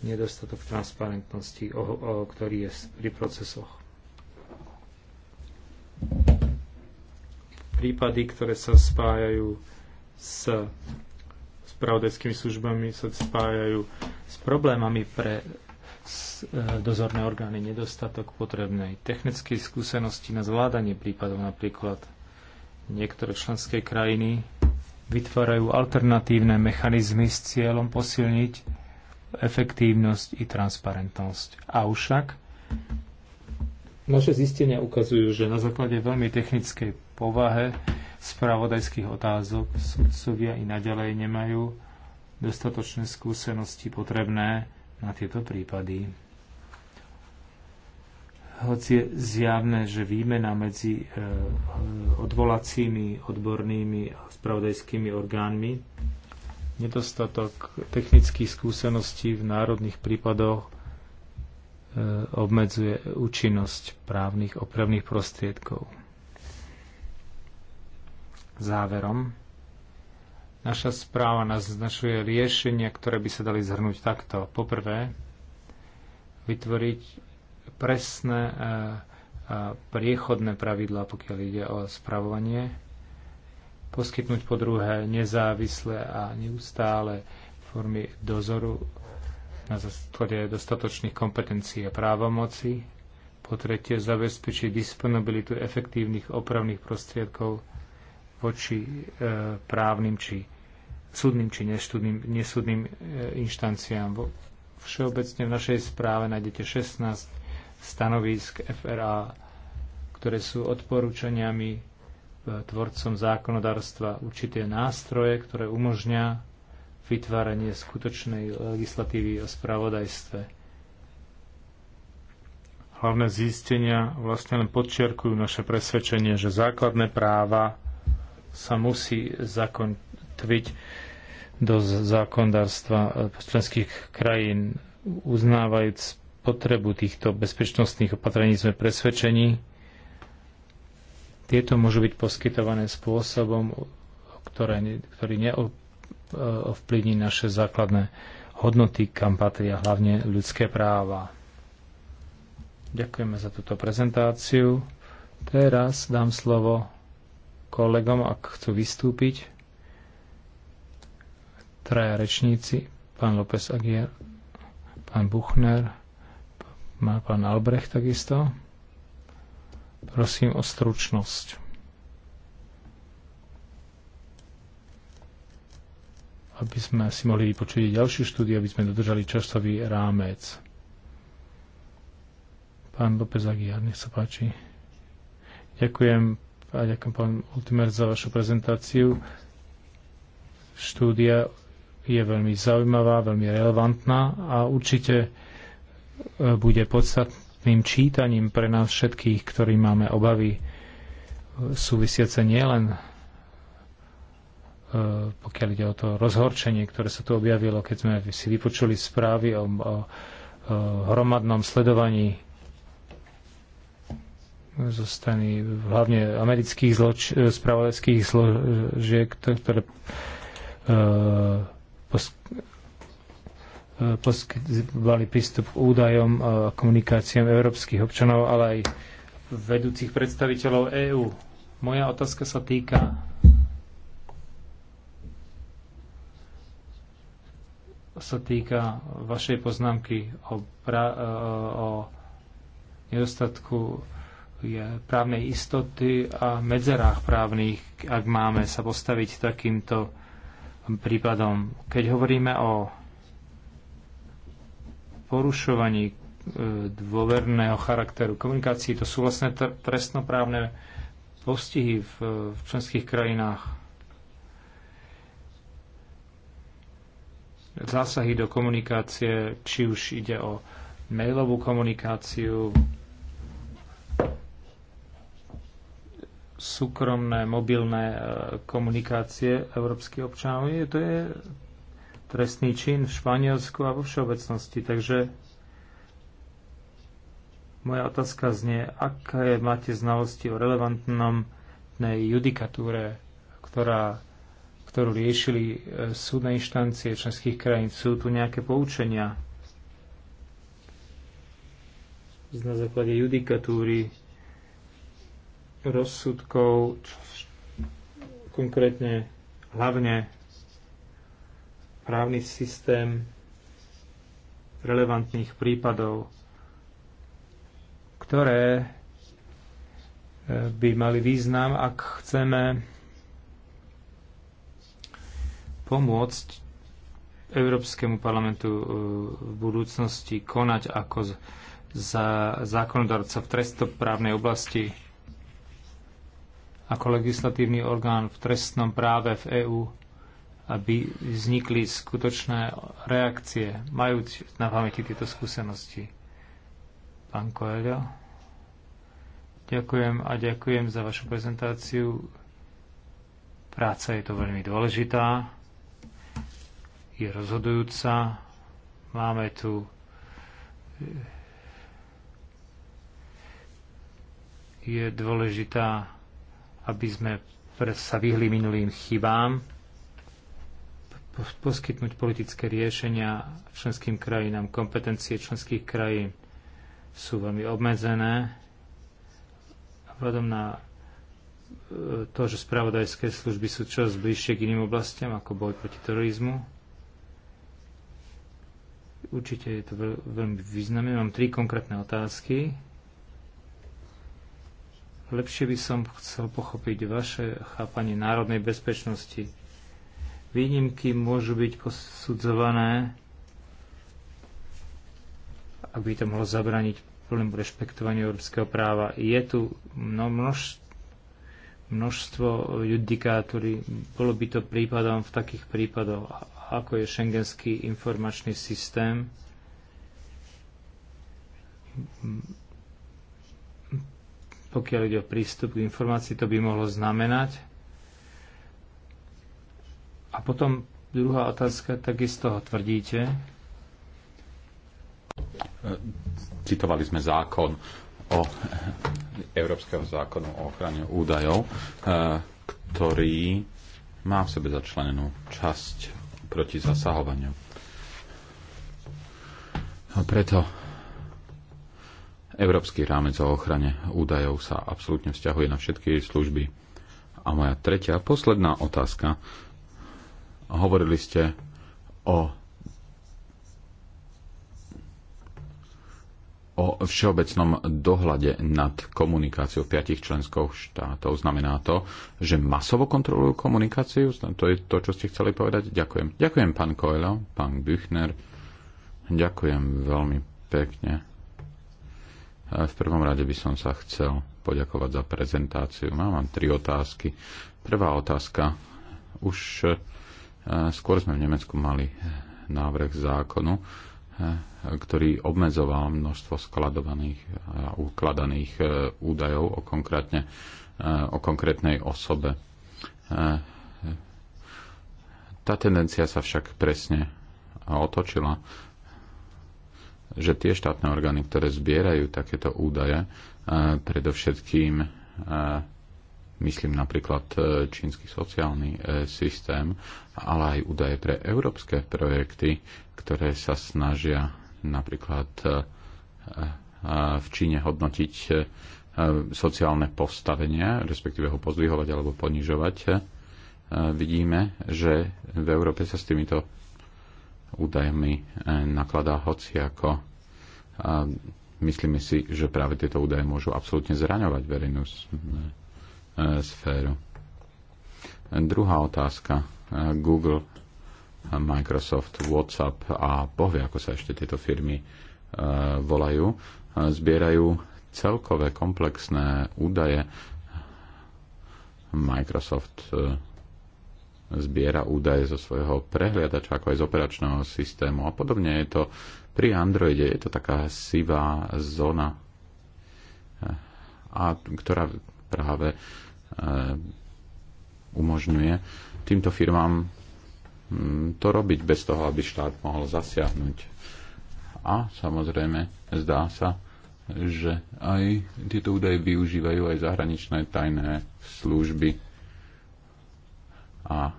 [SPEAKER 3] nedostatok transparentnosti, o, o, ktorý je pri procesoch. Prípady, ktoré sa spájajú s spravodajskými službami, sa spájajú s problémami pre e, dozorné orgány, nedostatok potrebnej technickej skúsenosti na zvládanie prípadov napríklad niektoré členské krajiny vytvárajú alternatívne mechanizmy s cieľom posilniť efektívnosť i transparentnosť. Avšak naše zistenia ukazujú, že na základe veľmi technickej povahe spravodajských otázok sudcovia i naďalej nemajú dostatočné skúsenosti potrebné na tieto prípady hoci je zjavné, že výmena medzi e, odvolacími, odbornými a spravodajskými orgánmi, nedostatok technických skúseností v národných prípadoch e, obmedzuje účinnosť právnych opravných prostriedkov. Záverom, naša správa naznačuje riešenia, ktoré by sa dali zhrnúť takto. Poprvé, vytvoriť presné e, e, priechodné pravidlá, pokiaľ ide o spravovanie, poskytnúť po druhé nezávislé a neustále formy dozoru na základe dostatočných kompetencií a právomoci, po tretie zabezpečiť disponibilitu efektívnych opravných prostriedkov voči e, právnym či súdnym či neštudným, nesúdnym e, inštanciám. Všeobecne v našej správe nájdete 16 stanovisk FRA, ktoré sú odporúčaniami e, tvorcom zákonodárstva určité nástroje, ktoré umožňa vytváranie skutočnej legislatívy o spravodajstve. Hlavné zistenia vlastne len podčiarkujú naše presvedčenie, že základné práva sa musí zakontviť do zákonodárstva e, členských krajín, uznávajúc potrebu týchto bezpečnostných opatrení sme presvedčení. Tieto môžu byť poskytované spôsobom, ktoré, ktorý neovplyvní eh, naše základné hodnoty, kam patria hlavne ľudské práva. Ďakujeme za túto prezentáciu. Teraz dám slovo kolegom, ak chcú vystúpiť. Traja rečníci, pán López Agier, pán Buchner, má pán Albrecht takisto. Prosím o stručnosť. aby sme si mohli vypočuť ďalšiu štúdiu, aby sme dodržali časový rámec. Pán López Aguiar, nech sa páči. Ďakujem a ďakujem pán Ultimer za vašu prezentáciu. Štúdia je veľmi zaujímavá, veľmi relevantná a určite bude podstatným čítaním pre nás všetkých, ktorí máme obavy e, súvisiace nielen e, pokiaľ ide o to rozhorčenie, ktoré sa tu objavilo, keď sme si vypočuli správy o, o, o hromadnom sledovaní zo strany hlavne amerických zloč- e, spravodajských zložiek, ktoré e, poskytovali prístup k údajom a komunikáciám európskych občanov, ale aj vedúcich predstaviteľov EÚ. Moja otázka sa týka sa týka vašej poznámky o, pra, e, o nedostatku právnej istoty a medzerách právnych, ak máme sa postaviť takýmto prípadom. Keď hovoríme o porušovaní e, dôverného charakteru komunikácií. To sú vlastne trestnoprávne postihy v, v členských krajinách. Zásahy do komunikácie, či už ide o mailovú komunikáciu, súkromné mobilné e, komunikácie európskych občanov. Je, to je trestný čin v Španielsku a vo všeobecnosti. Takže moja otázka znie, aké máte znalosti o relevantnom judikatúre, ktorá, ktorú riešili e, súdne inštancie členských krajín. Sú tu nejaké poučenia? Na základe judikatúry rozsudkov, konkrétne hlavne právny systém relevantných prípadov, ktoré e, by mali význam, ak chceme pomôcť Európskemu parlamentu e, v budúcnosti konať ako za zákonodarca v trestnoprávnej oblasti, ako legislatívny orgán v trestnom práve v EÚ aby vznikli skutočné reakcie, majúc na pamäti tieto skúsenosti. Pán Koelio, ďakujem a ďakujem za vašu prezentáciu. Práca je to veľmi dôležitá, je rozhodujúca. Máme tu je dôležitá, aby sme sa vyhli minulým chybám, poskytnúť politické riešenia členským krajinám. Kompetencie členských krajín sú veľmi obmedzené. Vzhľadom na e, to, že spravodajské služby sú čoraz bližšie k iným oblastiam, ako boj proti terorizmu. Určite je to veľ, veľmi významné. Mám tri konkrétne otázky. Lepšie by som chcel pochopiť vaše chápanie národnej bezpečnosti Výnimky môžu byť posudzované, ak by to mohlo zabraniť plnému rešpektovaniu európskeho práva. Je tu no, množ, množstvo judikátory, bolo by to prípadom v takých prípadoch, ako je šengenský informačný systém, pokiaľ ide o prístup k informácii, to by mohlo znamenať, a potom druhá otázka, takisto ho tvrdíte.
[SPEAKER 4] Citovali sme zákon o Európskeho zákonu o ochrane údajov, eh, ktorý má v sebe začlenenú časť proti zasahovaniu. A preto Európsky rámec o ochrane údajov sa absolútne vzťahuje na všetky služby. A moja tretia, posledná otázka Hovorili ste o o všeobecnom dohľade nad komunikáciou piatich členských štátov. Znamená to, že masovo kontrolujú komunikáciu? To je to, čo ste chceli povedať? Ďakujem. Ďakujem, pán Koelo, pán Büchner. Ďakujem veľmi pekne. V prvom rade by som sa chcel poďakovať za prezentáciu. Mám vám tri otázky. Prvá otázka. Už Skôr sme v Nemecku mali eh, návrh zákonu, eh, ktorý obmedzoval množstvo skladovaných eh, a ukladaných údajov o, konkrétne, o konkrétnej osobe. Tá tendencia sa však presne otočila, že tie štátne orgány, ktoré zbierajú takéto údaje, predovšetkým Myslím napríklad e, čínsky sociálny e, systém, ale aj údaje pre európske projekty, ktoré sa snažia napríklad e, v Číne hodnotiť sociálne postavenie, respektíve ho pozdvihovať alebo ponižovať, vidíme, že v Európe sa s týmito údajmi nakladá hoci ako. Myslíme si, že práve tieto údaje môžu absolútne zraňovať verejnú E, sféru. Druhá otázka. E, Google, e, Microsoft, WhatsApp a povie, ako sa ešte tieto firmy volajú, zbierajú celkové komplexné údaje. Microsoft zbiera údaje zo svojho prehliadača, ako aj z operačného systému. A podobne je to pri Androide. Je to taká sivá zóna, a ktorá práve Eh, umožňuje týmto firmám hm, to robiť bez toho, aby štát mohol zasiahnuť. A samozrejme zdá sa, že aj tieto údaje využívajú aj zahraničné tajné služby. A,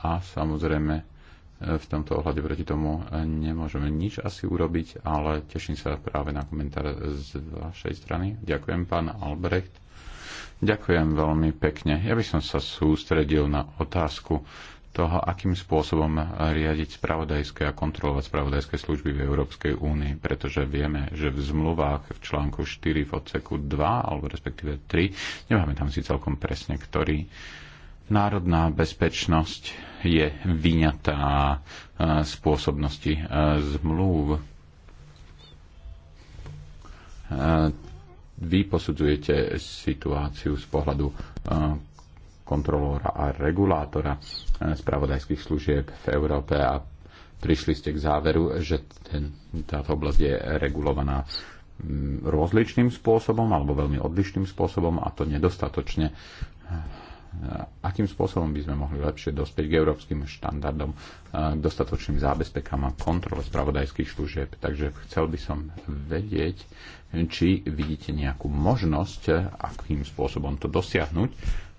[SPEAKER 4] a samozrejme v tomto ohľade proti tomu nemôžeme nič asi urobiť, ale teším sa práve na komentár z vašej strany. Ďakujem, pán Albrecht. Ďakujem veľmi pekne. Ja by som sa sústredil na otázku toho, akým spôsobom riadiť spravodajské a kontrolovať spravodajské služby v Európskej únii, pretože vieme, že v zmluvách v článku 4 v odseku 2, alebo respektíve 3, nemáme tam si celkom presne, ktorý Národná bezpečnosť je vyňatá e, z pôsobnosti e, zmluv. E, vy posudzujete situáciu z pohľadu kontrolóra a regulátora spravodajských služieb v Európe a prišli ste k záveru, že ten, táto oblasť je regulovaná rozličným spôsobom alebo veľmi odlišným spôsobom a to nedostatočne akým spôsobom by sme mohli lepšie dospieť k európskym štandardom, k dostatočným zábezpekám a kontrole spravodajských služieb. Takže chcel by som vedieť, či vidíte nejakú možnosť, akým spôsobom to dosiahnuť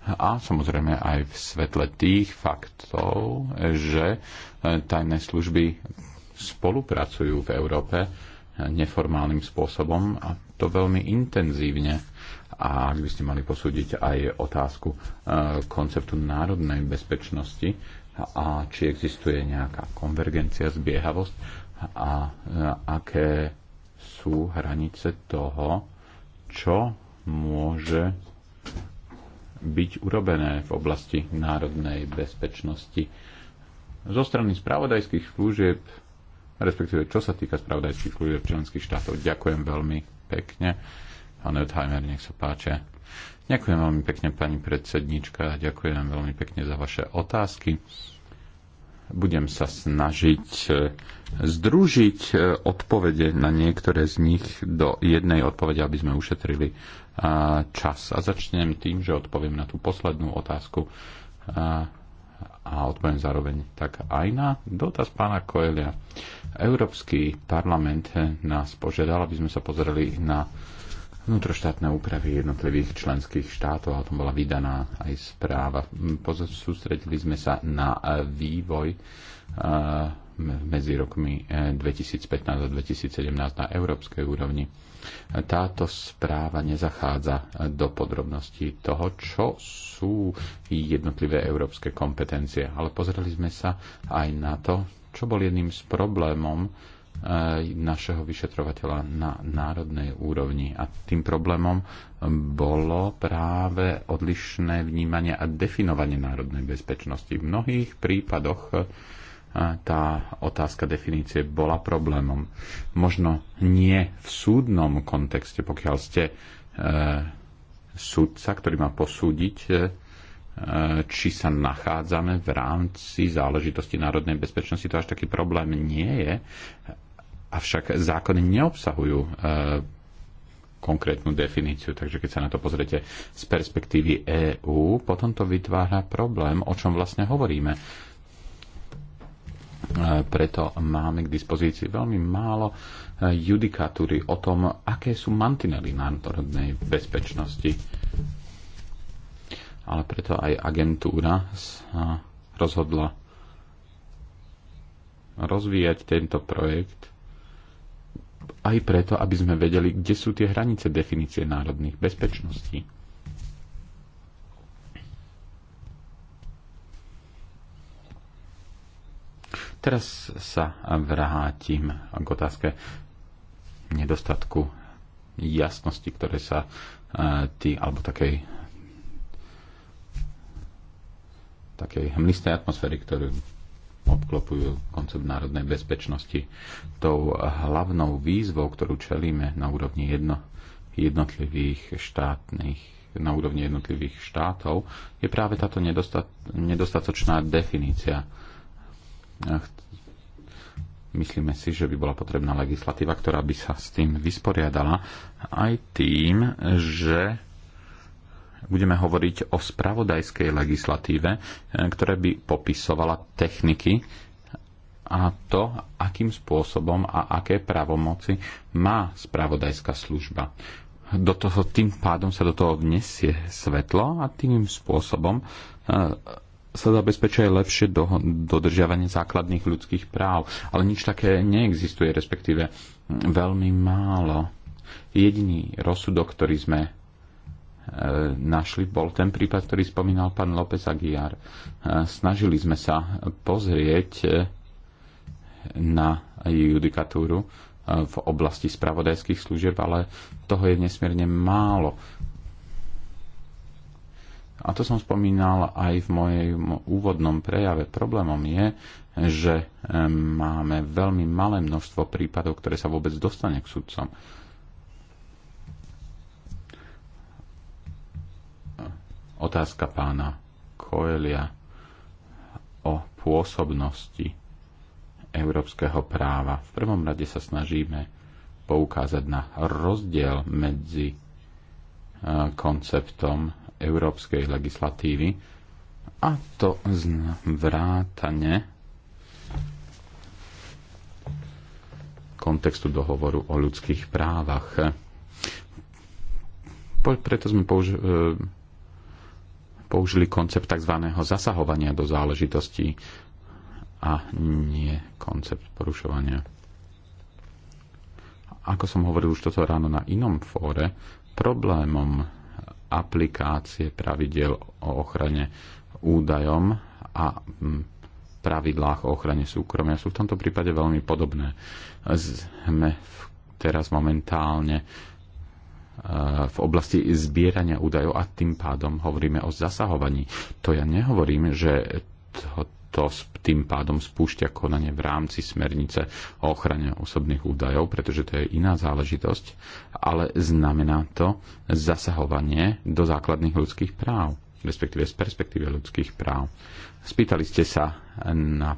[SPEAKER 4] a samozrejme aj v svetle tých faktov, že e, tajné služby spolupracujú v Európe neformálnym spôsobom a to veľmi intenzívne a ak by ste mali posúdiť aj otázku e, konceptu národnej bezpečnosti a či existuje nejaká konvergencia, zbiehavosť a e, aké sú hranice toho, čo môže byť urobené v oblasti národnej bezpečnosti zo strany spravodajských služieb, respektíve čo sa týka spravodajských služieb členských štátov. Ďakujem veľmi pekne. Pán Edheimer, nech sa páče. Ďakujem veľmi pekne, pani predsednička. Ďakujem veľmi pekne za vaše otázky. Budem sa snažiť e, združiť e, odpovede na niektoré z nich do jednej odpovede, aby sme ušetrili e, čas. A začnem tým, že odpoviem na tú poslednú otázku a odpoviem zároveň tak aj na dotaz pána Koelia. Európsky parlament nás požiadal, aby sme sa pozreli na vnútroštátne úpravy jednotlivých členských štátov, o tom bola vydaná aj správa. Sústredili sme sa na e, vývoj e, medzi rokmi 2015 e, a 2017 na európskej úrovni. Táto správa nezachádza do podrobností toho, čo sú jednotlivé európske kompetencie, ale pozreli sme sa aj na to, čo bol jedným z problémom, našeho vyšetrovateľa na národnej úrovni. A tým problémom bolo práve odlišné vnímanie a definovanie národnej bezpečnosti. V mnohých prípadoch e, tá otázka definície bola problémom. Možno nie v súdnom kontexte, pokiaľ ste e, ktorý má posúdiť e, či sa nachádzame v rámci záležitosti národnej bezpečnosti, to až taký problém nie je. Avšak zákony neobsahujú e, konkrétnu definíciu, takže keď sa na to pozriete z perspektívy EÚ, potom to vytvára problém, o čom vlastne hovoríme. E, preto máme k dispozícii veľmi málo e, judikatúry o tom, aké sú mantinely národnej bezpečnosti ale preto aj agentúra sa rozhodla rozvíjať tento projekt aj preto, aby sme vedeli, kde sú tie hranice definície národných bezpečností. Teraz sa vrátim k otázke nedostatku jasnosti, ktoré sa eh, tý, alebo takej takej hmlistej atmosféry, ktorú obklopujú koncept národnej bezpečnosti. Tou hlavnou výzvou, ktorú čelíme na úrovni jedno, jednotlivých štátnych na úrovni jednotlivých štátov, je práve táto nedostat, nedostatočná definícia. Myslíme si, že by bola potrebná legislatíva, ktorá by sa s tým vysporiadala aj tým, že budeme hovoriť o spravodajskej legislatíve, e, ktorá by popisovala techniky a to, akým spôsobom a aké pravomoci má spravodajská služba. Do toho, tým pádom sa do toho vnesie svetlo a tým spôsobom e, sa zabezpečuje lepšie do, dodržiavanie základných ľudských práv. Ale nič také neexistuje, respektíve veľmi málo. Jediný rozsudok, ktorý sme našli, bol ten prípad, ktorý spomínal pán López Aguiar. E, snažili sme sa pozrieť e, na judikatúru e, v oblasti spravodajských služieb, ale toho je nesmierne málo. A to som spomínal aj v mojej úvodnom prejave. Problémom je, že máme veľmi malé množstvo prípadov, ktoré sa vôbec dostane k sudcom. otázka pána Koelia o pôsobnosti európskeho práva. V prvom rade sa snažíme poukázať na rozdiel medzi e, konceptom európskej legislatívy a to vrátane kontextu dohovoru o ľudských právach. Preto sme použ- e, použili koncept tzv. zasahovania do záležitostí a nie koncept porušovania. Ako som hovoril už toto ráno na inom fóre, problémom aplikácie pravidel o ochrane údajom a mm, pravidlách o ochrane súkromia sú v tomto prípade veľmi podobné. Sme teraz momentálne v oblasti zbierania údajov a tým pádom hovoríme o zasahovaní. To ja nehovorím, že to, to tým pádom spúšťa konanie v rámci smernice o ochrane osobných údajov, pretože to je iná záležitosť, ale znamená to zasahovanie do základných ľudských práv, respektíve z perspektíve ľudských práv. Spýtali ste sa na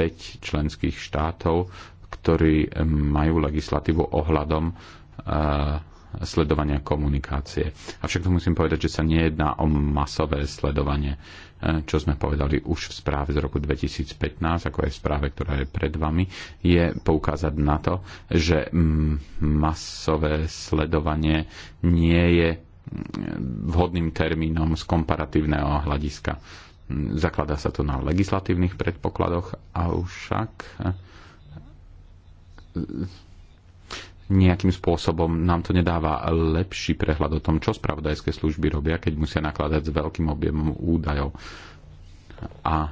[SPEAKER 4] 5 členských štátov, ktorí majú legislatívu ohľadom eh, sledovania komunikácie. Avšak to musím povedať, že sa nejedná o masové sledovanie, e, čo sme povedali už v správe z roku 2015, ako aj v správe, ktorá je pred vami, je poukázať na to, že mm, masové sledovanie nie je mm, vhodným termínom z komparatívneho hľadiska. Mm, zakladá sa to na legislatívnych predpokladoch, avšak. E, nejakým spôsobom nám to nedáva lepší prehľad o tom, čo spravodajské služby robia, keď musia nakladať s veľkým objemom údajov. A e,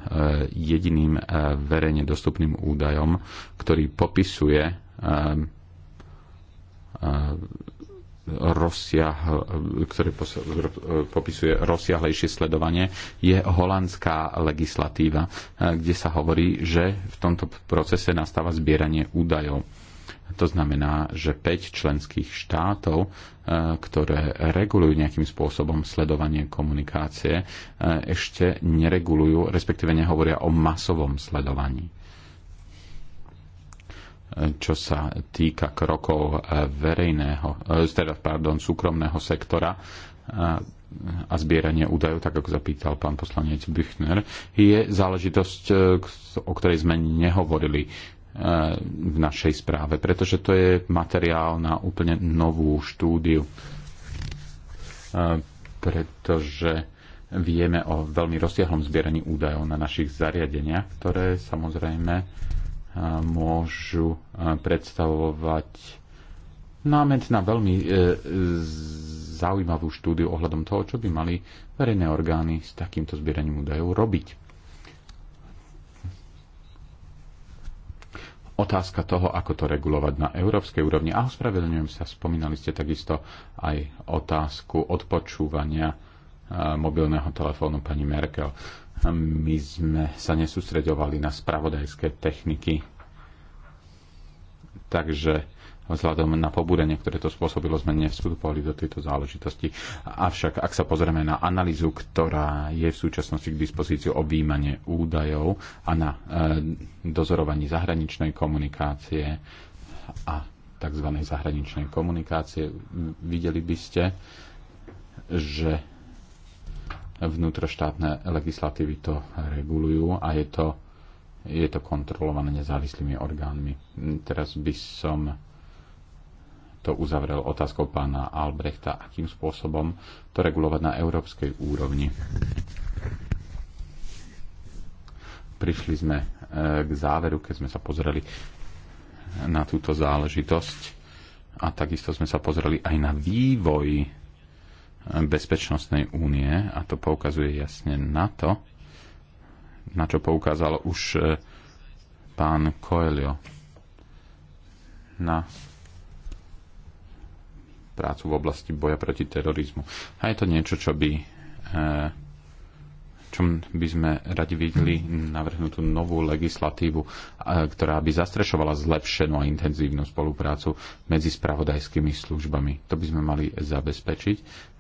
[SPEAKER 4] jediným e, verejne dostupným údajom, ktorý popisuje e, rozsiah, ktorý popisuje rozsiahlejšie sledovanie, je holandská legislatíva, kde sa hovorí, že v tomto procese nastáva zbieranie údajov to znamená, že 5 členských štátov, e, ktoré regulujú nejakým spôsobom sledovanie komunikácie, e, ešte neregulujú, respektíve nehovoria o masovom sledovaní e, čo sa týka krokov verejného, teda, pardon, súkromného sektora a zbieranie údajov, tak ako zapýtal pán poslanec Büchner, je záležitosť, o ktorej sme nehovorili v našej správe, pretože to je materiál na úplne novú štúdiu, e, pretože vieme o veľmi rozsiahlom zbieraní údajov na našich zariadeniach, ktoré samozrejme e, môžu e, predstavovať námed na veľmi zaujímavú štúdiu ohľadom toho, čo by mali verejné orgány s takýmto zbieraním údajov robiť. otázka toho, ako to regulovať na európskej úrovni. A ospravedlňujem sa, spomínali ste takisto aj otázku odpočúvania e, mobilného telefónu pani Merkel. My sme sa nesústredovali na spravodajské techniky, takže vzhľadom na pobúrenie, ktoré to spôsobilo, sme nevstupovali do tejto záležitosti. Avšak, ak sa pozrieme na analýzu, ktorá je v súčasnosti k dispozícii o výmane údajov a na e, dozorovaní zahraničnej komunikácie a tzv. zahraničnej komunikácie, videli by ste, že vnútroštátne legislatívy to regulujú a je to, je to kontrolované nezávislými orgánmi. Teraz by som to uzavrel otázkou pána Albrechta, akým spôsobom to regulovať na európskej úrovni. Prišli sme e, k záveru, keď sme sa pozreli na túto záležitosť a takisto sme sa pozreli aj na vývoj e, bezpečnostnej únie a to poukazuje jasne na to, na čo poukázal už e, pán Coelho na prácu v oblasti boja proti terorizmu. A je to niečo, čo by eh, čom by sme radi videli navrhnutú novú legislatívu, eh, ktorá by zastrešovala zlepšenú a intenzívnu spoluprácu medzi spravodajskými službami. To by sme mali zabezpečiť,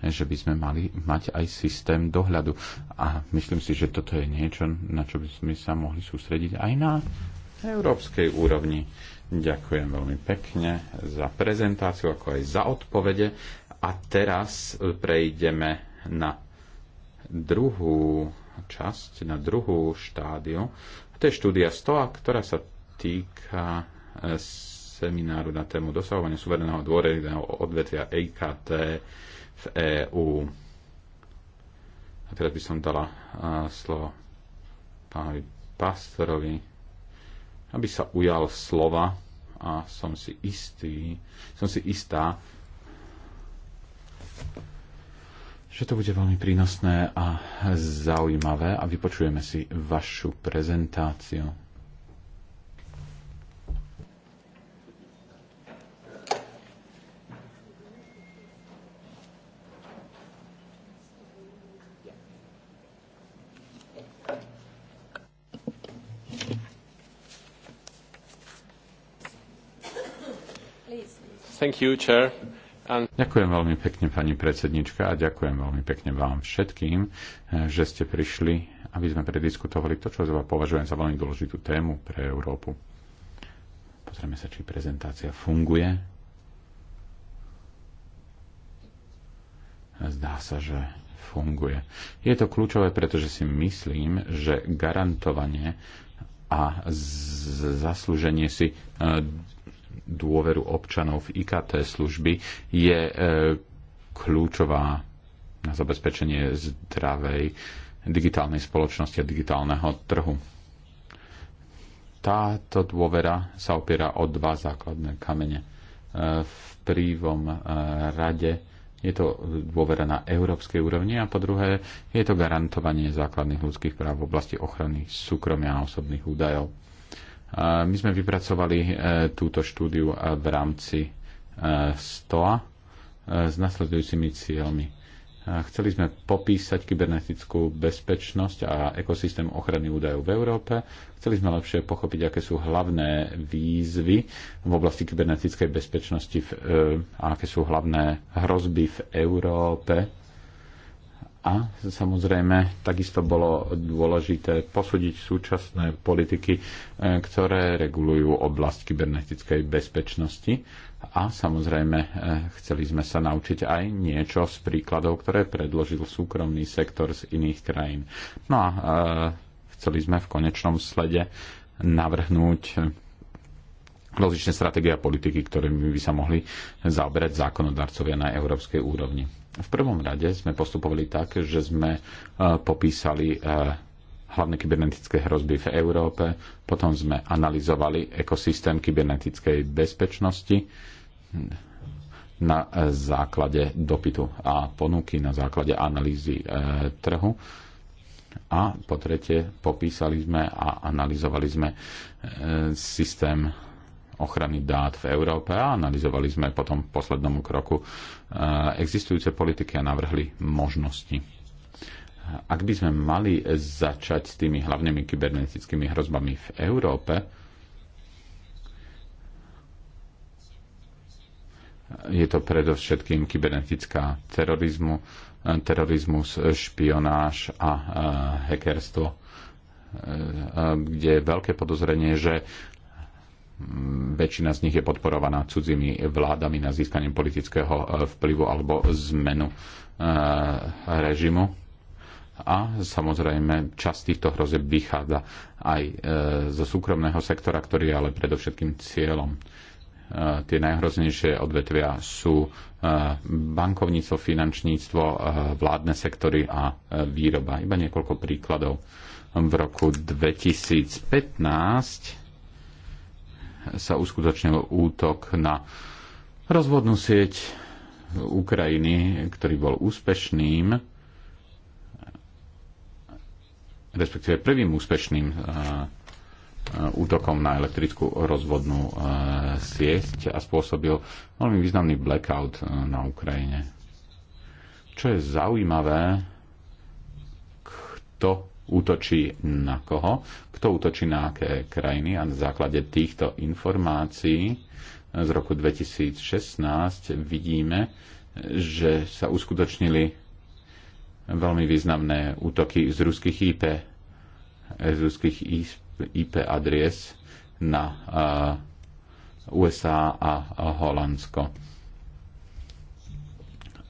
[SPEAKER 4] že by sme mali mať aj systém dohľadu. A myslím si, že toto je niečo, na čo by sme sa mohli sústrediť aj na európskej úrovni Ďakujem veľmi pekne za prezentáciu, ako aj za odpovede. A teraz e, prejdeme na druhú časť, na druhú štádiu. A to je štúdia STOA, ktorá sa týka e, semináru na tému dosahovania suvereného dôredného odvetvia EKT v EÚ. A teraz by som dala e, slovo pánovi Pastorovi, aby sa ujal slova a som si istý, som si istá, že to bude veľmi prínosné a zaujímavé a vypočujeme si vašu prezentáciu. You, And... Ďakujem veľmi pekne, pani predsednička, a ďakujem veľmi pekne vám všetkým, eh, že ste prišli, aby sme prediskutovali to, čo považujem za veľmi dôležitú tému pre Európu. Pozrieme sa, či prezentácia funguje. Zdá sa, že funguje. Je to kľúčové, pretože si myslím, že garantovanie a zaslúženie si eh, dôveru občanov v IKT služby je e, kľúčová na zabezpečenie zdravej digitálnej spoločnosti a digitálneho trhu. Táto dôvera sa opiera o dva základné kamene. E, v prívom e, rade je to dôvera na európskej úrovni a po druhé je to garantovanie základných ľudských práv v oblasti ochrany súkromia a osobných údajov my sme vypracovali e, túto štúdiu e, v rámci e, STOA s nasledujúcimi cieľmi. Chceli sme popísať kybernetickú bezpečnosť a ekosystém ochrany údajov v Európe. Chceli sme lepšie pochopiť, aké sú hlavné výzvy v oblasti kybernetickej bezpečnosti v, a aké sú hlavné hrozby v Európe a samozrejme, takisto bolo dôležité posúdiť súčasné politiky, e, ktoré regulujú oblasť kybernetickej bezpečnosti. A samozrejme, e, chceli sme sa naučiť aj niečo z príkladov, ktoré predložil súkromný sektor z iných krajín. No a e, chceli sme v konečnom slede navrhnúť rozličné stratégie a politiky, ktorými by sa mohli zaoberať zákonodarcovia na európskej úrovni. V prvom rade sme postupovali tak, že sme e, popísali e, hlavné kybernetické hrozby v Európe, potom sme analyzovali ekosystém kybernetickej bezpečnosti na e, základe dopytu a ponuky, na základe analýzy trhu. A po tretie, popísali sme a analyzovali sme systém ochrany dát v Európe a analyzovali sme potom v poslednom kroku e, existujúce politiky a navrhli možnosti. Ak by sme mali začať s tými hlavnými kybernetickými hrozbami v Európe, je to predovšetkým kybernetická terorizmu, e, terorizmus, špionáž a e, hackerstvo, kde je veľké podozrenie, že väčšina z nich je podporovaná cudzími vládami na získanie politického e, vplyvu alebo zmenu e, režimu. A samozrejme, časť týchto hrozieb vychádza aj e, zo súkromného sektora, ktorý je ale predovšetkým cieľom. Tie najhroznejšie odvetvia sú bankovníctvo, finančníctvo, vládne sektory a výroba. Iba niekoľko príkladov. V roku 2015 sa uskutočnil útok na rozvodnú sieť Ukrajiny, ktorý bol úspešným, respektíve prvým úspešným eh, eh, útokom na elektrickú rozvodnú eh, sieť a spôsobil veľmi významný blackout na Ukrajine. Čo je zaujímavé, kto útočí na koho, kto útočí na aké krajiny a na základe týchto informácií z roku 2016 vidíme, že sa uskutočnili veľmi významné útoky z ruských IP, z ruských IP adries na eh, USA a Holandsko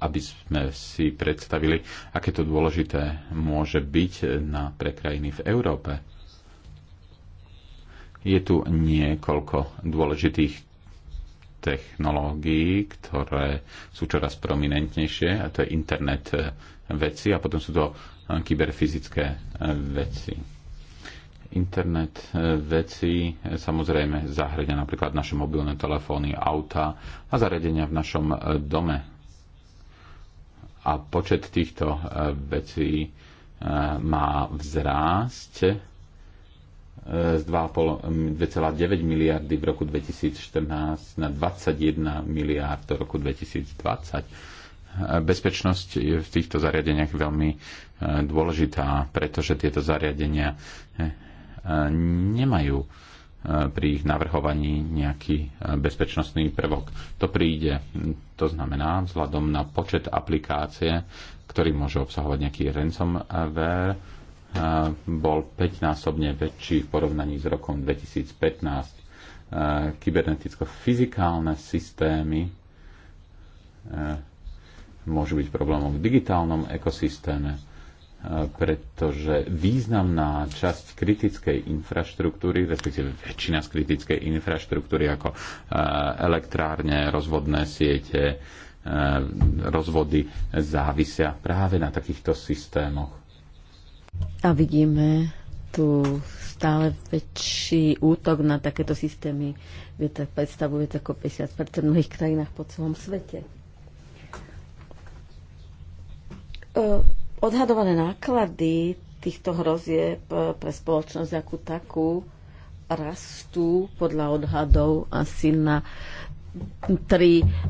[SPEAKER 4] aby sme si predstavili, aké to dôležité môže byť na, pre krajiny v Európe. Je tu niekoľko dôležitých technológií, ktoré sú čoraz prominentnejšie, a to je internet eh, veci a potom sú to eh, kyberfyzické eh, veci. Internet veci samozrejme zahradia napríklad naše mobilné telefóny, auta a zariadenia v našom dome a počet týchto eh, vecí eh, má vzrásť eh, z 2,9 mm, miliardy v roku 2014 na 21 miliard do roku 2020. Bezpečnosť je v týchto zariadeniach veľmi dôležitá, pretože tieto zariadenia nemajú pri ich navrhovaní nejaký e, bezpečnostný prvok. To príde. To znamená, vzhľadom na počet aplikácie, ktorý môže obsahovať nejaký ransomware, e, bol 5-násobne väčší v porovnaní s rokom 2015. E, kyberneticko-fyzikálne systémy môžu byť problémom v digitálnom ekosystéme pretože významná časť kritickej infraštruktúry, respektíve väčšina z kritickej infraštruktúry ako e, elektrárne, rozvodné siete, e, rozvody závisia práve na takýchto systémoch.
[SPEAKER 1] A vidíme tu stále väčší útok na takéto systémy. Vietor predstavuje ako 50 v mnohých krajinách po celom svete. E, Odhadované náklady týchto hrozieb e, pre spoločnosť ako takú rastú podľa odhadov asi na 3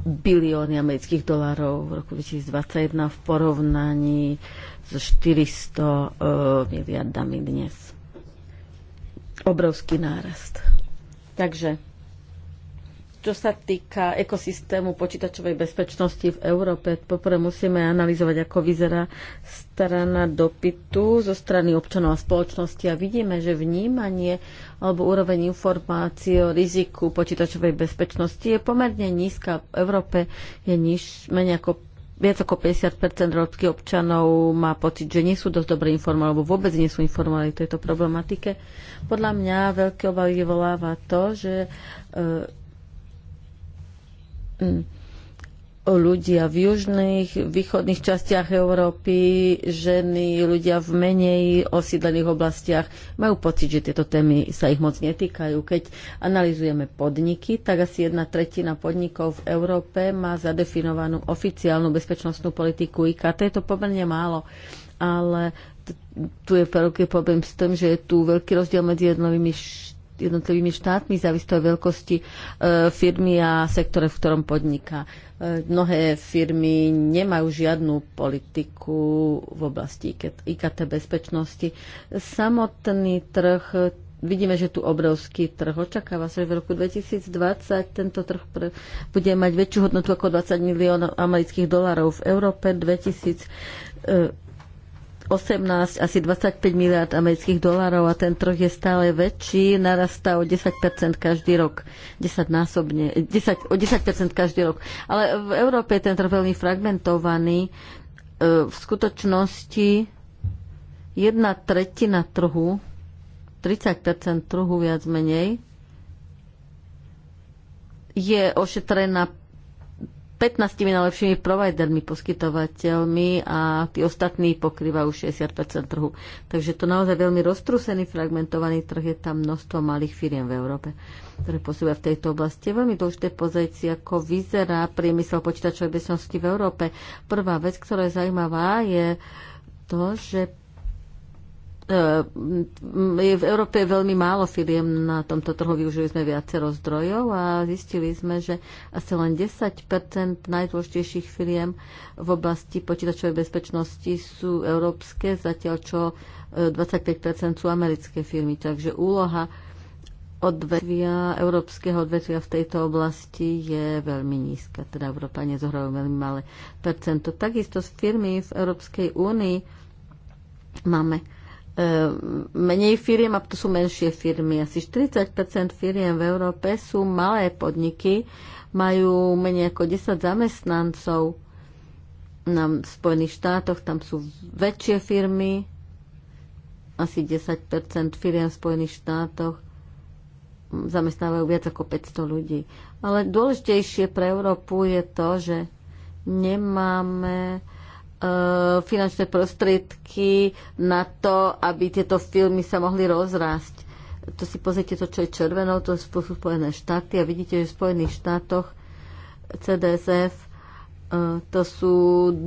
[SPEAKER 1] bilióny amerických dolárov v roku 2021 v porovnaní so 400 uh, e, miliardami dnes. Obrovský nárast. Takže čo sa týka ekosystému počítačovej bezpečnosti v Európe, poprvé musíme analyzovať, ako vyzerá strana dopytu zo strany občanov a spoločnosti a vidíme, že vnímanie alebo úroveň informácií o riziku počítačovej bezpečnosti je pomerne nízka. V Európe je niž, menej ako viac ako 50 európskych občanov má pocit, že nie sú dosť dobre informovaní, alebo vôbec nie sú informovaní v tejto problematike. Podľa mňa veľké obavy vyvoláva to, že e, Mm, ľudia v južných, východných častiach Európy, ženy, ľudia v menej osídlených oblastiach majú pocit, že tieto témy sa ich moc netýkajú. Keď analizujeme podniky, tak asi jedna tretina podnikov v Európe má zadefinovanú oficiálnu bezpečnostnú politiku IKT. Je to pomerne málo, ale tu je veľký problém s tým, že je tu veľký rozdiel medzi jednovými jednotlivými štátmi, závisí od veľkosti e, firmy a sektore, v ktorom podniká. E, mnohé firmy nemajú žiadnu politiku v oblasti IKT bezpečnosti. Samotný trh vidíme, že tu obrovský trh. Očakáva sa, že v roku 2020 tento trh bude mať väčšiu hodnotu ako 20 miliónov amerických dolarov. V Európe 2000 2018 asi 25 miliard amerických dolárov a ten trh je stále väčší, narastá o 10% každý rok. 10 násobne, 10, o 10% každý rok. Ale v Európe je ten trh veľmi fragmentovaný. E, v skutočnosti jedna tretina trhu, 30% trhu viac menej, je ošetrená 15 najlepšími providermi, poskytovateľmi a tí ostatní pokrývajú 60 trhu. Takže to naozaj veľmi roztrúsený, fragmentovaný trh. Je tam množstvo malých firiem v Európe, ktoré pôsobia v tejto oblasti. Je veľmi dôležité pozrieť si, ako vyzerá priemysel počítačovej bezpečnosti v Európe. Prvá vec, ktorá je zaujímavá, je to, že E, je v Európe veľmi málo firiem na tomto trhu, využili sme viacero zdrojov a zistili sme, že asi len 10 najdôležitejších firiem v oblasti počítačovej bezpečnosti sú európske, zatiaľ čo 25 e, sú americké firmy. Takže úloha odvetvia, európskeho odvetvia v tejto oblasti je veľmi nízka. Teda Európa nezohrajú veľmi malé percento. Takisto z firmy v Európskej únii máme menej firiem, a to sú menšie firmy. Asi 40 firiem v Európe sú malé podniky, majú menej ako 10 zamestnancov. Na Spojených štátoch tam sú väčšie firmy, asi 10 firiem v Spojených štátoch zamestnávajú viac ako 500 ľudí. Ale dôležitejšie pre Európu je to, že nemáme E, finančné prostriedky na to, aby tieto filmy sa mohli rozrásť. To si pozrite to, čo je červenou, to sú Spojené štáty a vidíte, že v Spojených štátoch CDSF e, to sú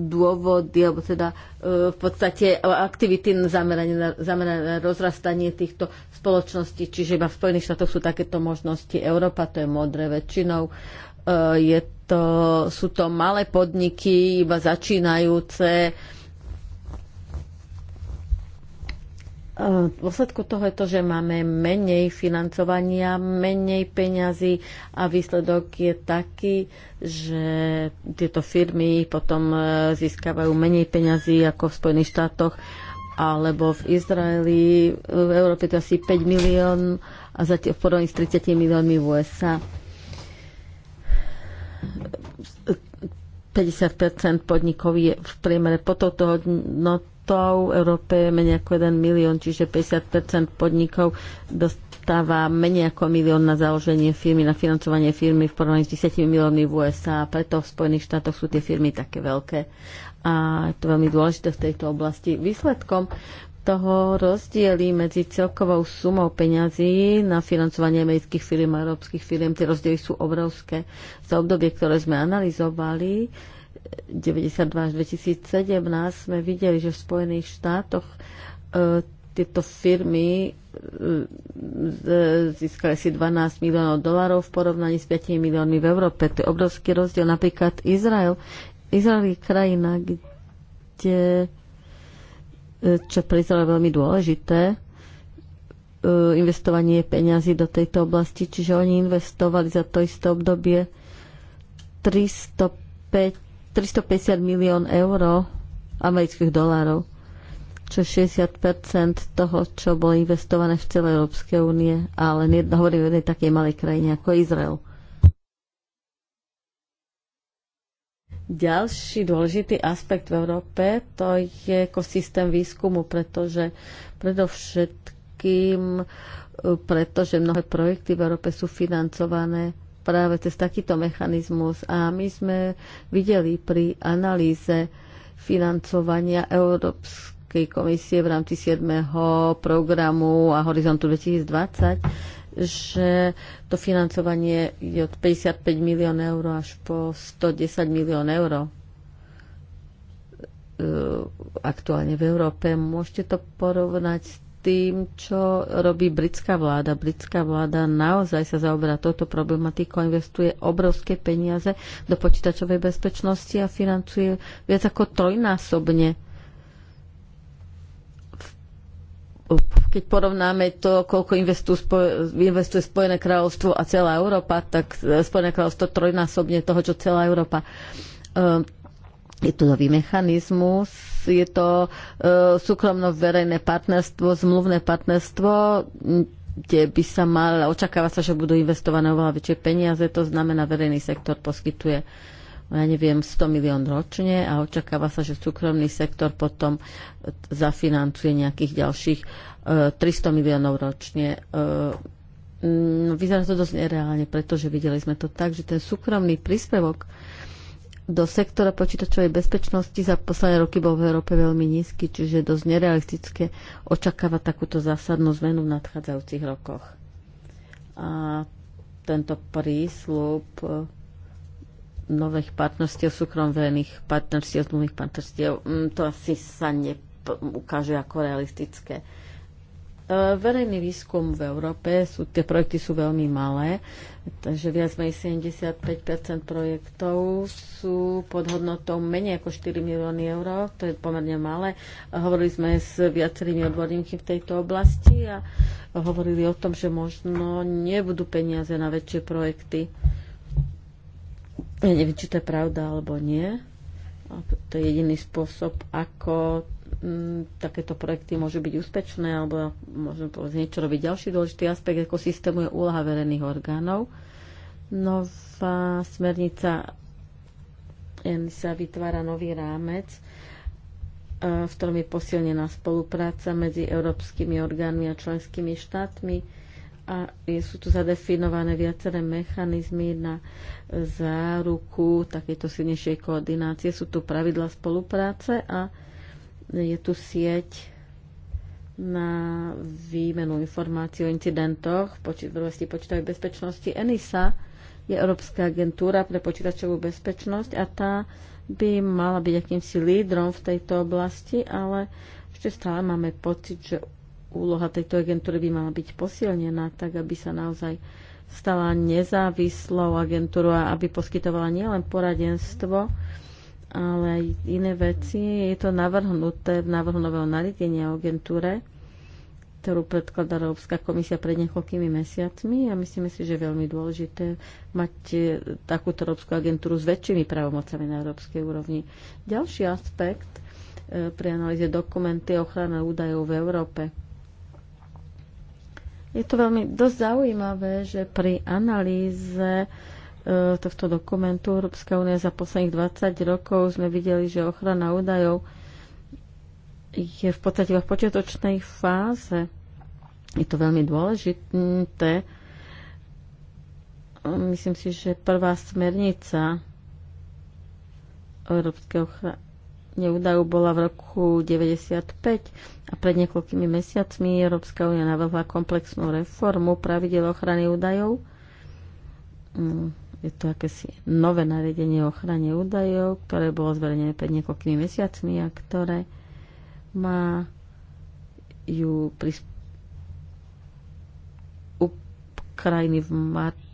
[SPEAKER 1] dôvody, alebo teda e, v podstate aktivity zamerané na, zamerané na rozrastanie týchto spoločností, čiže iba v Spojených štátoch sú takéto možnosti. Európa to je modré väčšinou, Eh, je to, sú to malé podniky, iba začínajúce. Eh, v dôsledku toho je to, že máme menej financovania, menej peňazí a výsledok je taký, že tieto firmy potom eh, získavajú menej peňazí ako v Spojených štátoch alebo v Izraeli, v Európe to asi 5 milión a zatiaľ v porovnaní s 30 miliónmi v USA. 50 podnikov je v priemere pod touto hodnotou. V Európe je menej ako 1 milión, čiže 50 podnikov dostáva menej ako milión na založenie firmy, na financovanie firmy v porovnaní s 10 miliónmi v USA. A preto v Spojených štátoch sú tie firmy také veľké. A je to veľmi dôležité v tejto oblasti. Výsledkom toho rozdiely medzi celkovou sumou peňazí na financovanie amerických firm a európskych firm, tie rozdiely sú obrovské. Za obdobie, ktoré sme analyzovali, 92 až 2017, sme videli, že v Spojených štátoch e, tieto firmy e, získali si 12 miliónov dolarov v porovnaní s 5 miliónmi v Európe. To je obrovský rozdiel. Napríklad Izrael. Izrael je krajina, kde čo pre Izrael je veľmi dôležité, e, investovanie peňazí do tejto oblasti, čiže oni investovali za to isté obdobie 305, 350 milión eur amerických dolárov, čo 60 toho, čo bolo investované v celej Európskej únie, ale hovorím o jednej takej malej krajine ako Izrael. Ďalší dôležitý aspekt v Európe to je ekosystém výskumu, pretože predovšetkým, e, pretože mnohé projekty v Európe sú financované práve cez takýto mechanizmus a my sme videli pri analýze financovania Európskej komisie v rámci 7. programu a Horizontu 2020, že to financovanie je od 55 milión eur až po 110 milión eur e, aktuálne v Európe. Môžete to porovnať s tým, čo robí britská vláda. Britská vláda naozaj sa zaoberá touto problematikou, investuje obrovské peniaze do počítačovej bezpečnosti a financuje viac ako trojnásobne keď porovnáme to, koľko investuje Spojené kráľovstvo a celá Európa, tak e, Spojené kráľovstvo trojnásobne toho, čo celá Európa. E, je to nový mechanizmus, je to e, súkromno-verejné partnerstvo, zmluvné partnerstvo, kde by sa mal, očakáva sa, že budú investované oveľa väčšie peniaze, to znamená, verejný sektor poskytuje ja neviem, 100 milión ročne a očakáva sa, že súkromný sektor potom e, zafinancuje nejakých ďalších 300 e, miliónov ročne. E, vyzerá to dosť nereálne, pretože videli sme to tak, že ten súkromný príspevok do sektora počítačovej bezpečnosti za posledné roky bol v Európe veľmi nízky, čiže je dosť nerealistické očakávať takúto zásadnú zmenu v nadchádzajúcich rokoch. A tento prísľub nových partnerstiev, súkromných partnerstiev, zmluvných partnerstiev, mm, to asi sa neukáže ako realistické. E, verejný výskum v Európe, sú, tie projekty sú veľmi malé, takže viac menej 75 projektov sú pod hodnotou menej ako 4 milióny eur, to je pomerne malé. Hovorili sme s viacerými odborníky v tejto oblasti a hovorili o tom, že možno nebudú peniaze na väčšie projekty ja neviem, či to je pravda alebo nie. A to je jediný spôsob, ako m, mm, takéto projekty môžu byť úspešné, alebo môžeme povedať niečo robiť. Ďalší dôležitý aspekt ekosystému je úloha verejných orgánov. Nová smernica sa vytvára nový rámec, e, v ktorom je posilnená spolupráca medzi európskymi orgánmi a členskými štátmi a sú tu zadefinované viaceré mechanizmy na záruku takejto silnejšej koordinácie. Sú tu pravidla spolupráce a je tu sieť na výmenu informácií o incidentoch v oblasti počítovej bezpečnosti. ENISA je Európska agentúra pre počítačovú bezpečnosť a tá by mala byť akýmsi lídrom v tejto oblasti, ale ešte stále máme pocit, že úloha tejto agentúry by mala byť posilnená, tak aby sa naozaj stala nezávislou agentúrou a aby poskytovala nielen poradenstvo, ale aj iné veci. Je to navrhnuté v návrhu nového nariadenia o agentúre, ktorú predkladá Európska komisia pred niekoľkými mesiacmi a myslíme si, že je veľmi dôležité mať e, takúto Európsku agentúru s väčšími právomocami na európskej úrovni. Ďalší aspekt e, pri analýze dokumenty ochrana údajov v Európe je to veľmi dosť zaujímavé, že pri analýze e, tohto dokumentu Európska únia za posledných 20 rokov sme videli, že ochrana údajov je v podstate v počiatočnej fáze. Je to veľmi dôležité. Myslím si, že prvá smernica Európskej konkrétne údajov bola v roku 95 a pred niekoľkými mesiacmi Európska únia navrhla komplexnú reformu pravidel ochrany údajov. Mm, je to akési nové nariadenie o ochrane údajov, ktoré bolo zverejnené pred niekoľkými mesiacmi a ktoré má ju prispôsobiť krajiny v mar-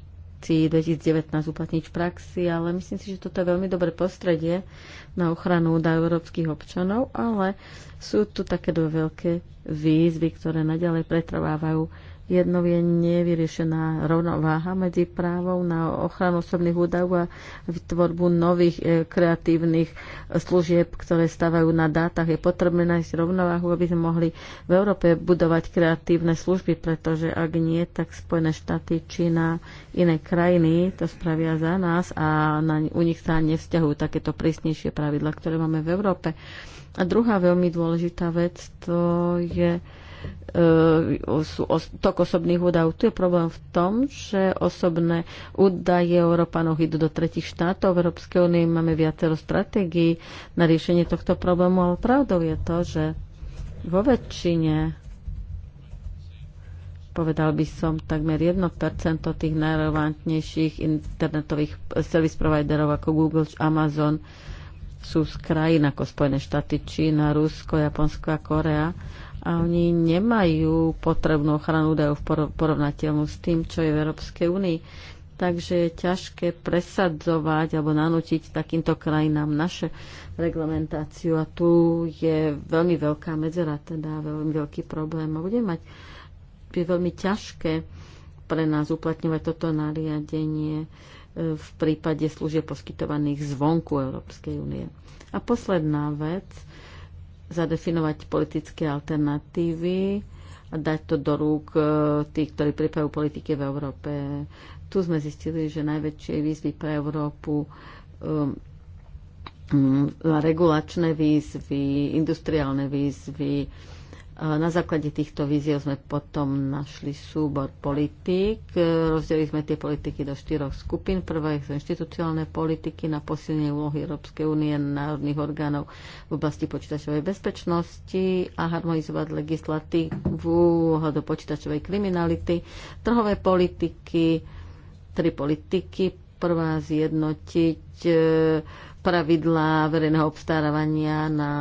[SPEAKER 1] marci 2019 uplatniť v praxi, ale myslím si, že toto je veľmi dobré prostredie na ochranu údajov európskych občanov, ale sú tu také dve veľké výzvy, ktoré naďalej pretrvávajú Jednou je nevyriešená rovnováha medzi právom na ochranu osobných údajov a vytvorbu nových e, kreatívnych e, služieb, ktoré stavajú na dátach. Je potrebné nájsť rovnováhu, aby sme mohli v Európe budovať kreatívne služby, pretože ak nie, tak Spojené štáty, Čína, iné krajiny to spravia za nás a na, u nich sa nevzťahujú takéto prísnejšie pravidla, ktoré máme v Európe. A druhá veľmi dôležitá vec to je E, sú tok osobných údajov. Tu je problém v tom, že osobné údaje Európanov idú do tretich štátov. V Európskej únii máme viacero stratégií na riešenie tohto problému, ale pravdou je to, že vo väčšine povedal by som, takmer 1% tých najrelevantnejších internetových service providerov ako Google, Amazon sú z krajín ako Spojené štáty, Čína, Rusko, Japonsko a Korea a oni nemajú potrebnú ochranu údajov porovnateľnú s tým, čo je v Európskej únii. Takže je ťažké presadzovať alebo nanútiť takýmto krajinám naše reglementáciu a tu je veľmi veľká medzera, teda veľmi veľký problém a bude mať je veľmi ťažké pre nás uplatňovať toto nariadenie e, v prípade služieb poskytovaných zvonku Európskej únie. A posledná vec – zadefinovať politické alternatívy a dať to do rúk e, tých, ktorí pripravujú politiky v Európe. Tu sme zistili, že najväčšie výzvy pre Európu um, um, regulačné výzvy, industriálne výzvy, na základe týchto víziev sme potom našli súbor politík. E, rozdelili sme tie politiky do štyroch skupín. Prvá sú inštitucionálne politiky na posilnenie úlohy Európskej únie národných orgánov v oblasti počítačovej bezpečnosti a harmonizovať legislatívu do počítačovej kriminality. Trhové politiky, tri politiky. Prvá zjednotiť e, pravidlá verejného obstarávania na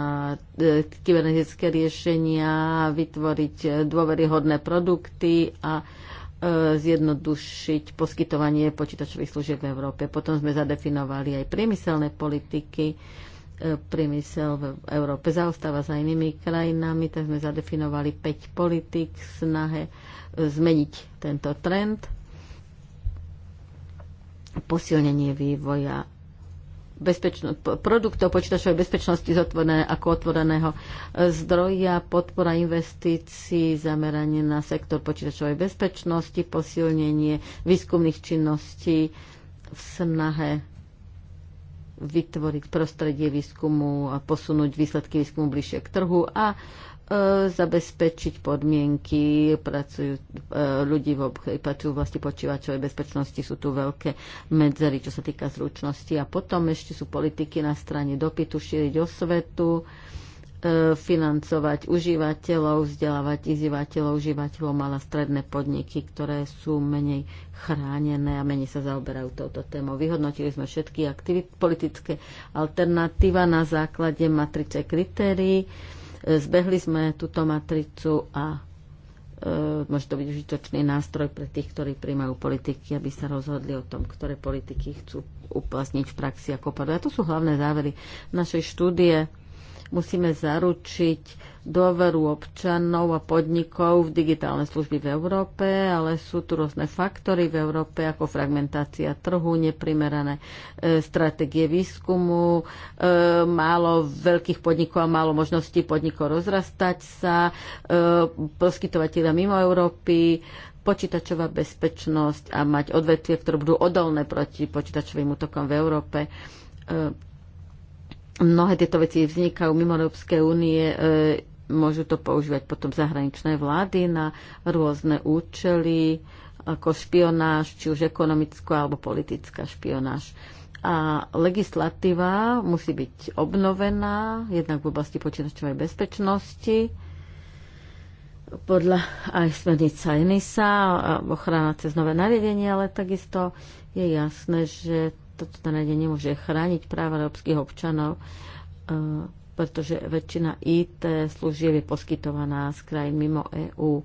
[SPEAKER 1] e, kybernetické riešenia, vytvoriť e, dôveryhodné produkty a e, zjednodušiť poskytovanie počítačových služieb v Európe. Potom sme zadefinovali aj priemyselné politiky. Priemysel v Európe zaostáva za inými krajinami, tak sme zadefinovali 5 politik v snahe zmeniť tento trend. Posilnenie vývoja bezpečno, produktov počítačovej bezpečnosti z ako otvoreného e, zdroja, podpora investícií, zameranie na sektor počítačovej bezpečnosti, posilnenie výskumných činností v snahe vytvoriť prostredie výskumu a posunúť výsledky výskumu bližšie k trhu a E, zabezpečiť podmienky pracujú, e, ľudí v pracujú vlasti počívačovej bezpečnosti. Sú tu veľké medzery, čo sa týka zručnosti. A potom ešte sú politiky na strane dopytu, šíriť osvetu, e, financovať užívateľov, vzdelávať izývateľov, užívateľov malé stredné podniky, ktoré sú menej chránené a menej sa zaoberajú touto témou. Vyhodnotili sme všetky aktivity, politické alternatíva na základe matrice kritérií Zbehli sme túto matricu a e, môže to byť užitočný nástroj pre tých, ktorí príjmajú politiky, aby sa rozhodli o tom, ktoré politiky chcú uplatniť v praxi ako padlo. A to sú hlavné závery našej štúdie. Musíme zaručiť dôveru občanov a podnikov v digitálne služby v Európe, ale sú tu rôzne faktory v Európe, ako fragmentácia trhu, neprimerané e, stratégie výskumu, e, málo veľkých podnikov a málo možností podnikov rozrastať sa, e, poskytovateľa mimo Európy, počítačová bezpečnosť a mať odvetvie, ktoré budú odolné proti počítačovým útokom v Európe. E, mnohé tieto veci vznikajú mimo Európskej únie, e, môžu to používať potom zahraničné vlády na rôzne účely, ako špionáž, či už ekonomická alebo politická špionáž. A legislatíva musí byť obnovená, jednak v oblasti počítačovej bezpečnosti, podľa aj smernica ENISA, ochrana cez nové nariadenie, ale takisto je jasné, že toto nariadenie nemôže chrániť práva európskych občanov, e, pretože väčšina IT služieb je poskytovaná z krajín mimo EÚ. E,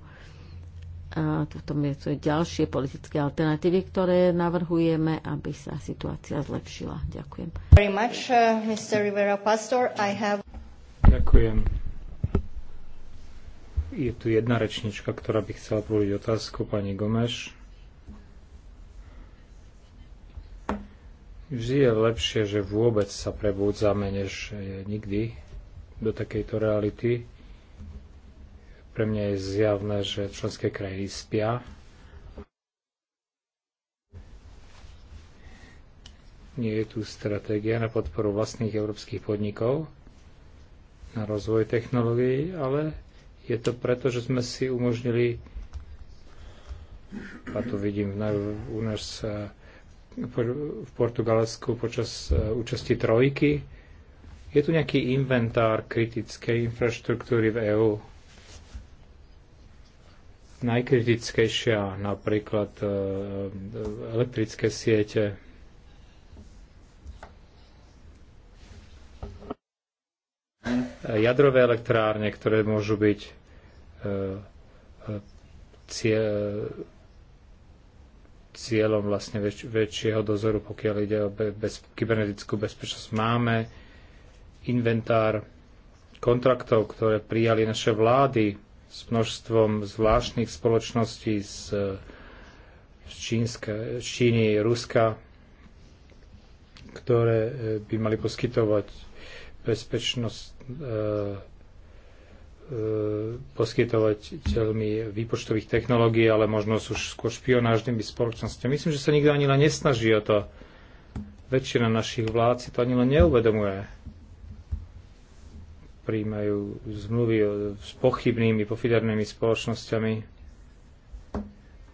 [SPEAKER 1] toto sú ďalšie politické alternatívy, ktoré navrhujeme, aby sa situácia zlepšila. Ďakujem. Uh,
[SPEAKER 3] Ďakujem. Je tu jedna rečnička, ktorá by chcela prúdiť otázku, pani Gomeš. Vždy je lepšie, že vôbec sa prebudzame, než nikdy do takejto reality. Pre mňa je zjavné, že členské krajiny spia. Nie je tu stratégia na podporu vlastných európskych podnikov, na rozvoj technológií, ale je to preto, že sme si umožnili, a to vidím u nás eh, v Portugalsku počas e, účasti trojky. Je tu nejaký inventár kritickej infraštruktúry v EÚ? Najkritickejšia napríklad e, e, elektrické siete, jadrové elektrárne, ktoré môžu byť cieľom vlastne väč- väčšieho dozoru, pokiaľ ide o be- bez- kybernetickú bezpečnosť. Máme inventár kontraktov, ktoré prijali naše vlády s množstvom zvláštnych spoločností z, z, Čínska, z Číny, Ruska, ktoré e, by mali poskytovať bezpečnosť e, E, poskytovateľmi výpočtových technológií, ale možno sú skôr špionážnymi spoločnosťami. Myslím, že sa nikto ani len nesnaží o to. Väčšina našich vlád si to ani len neuvedomuje. Príjmajú zmluvy s pochybnými, pofidernými spoločnosťami.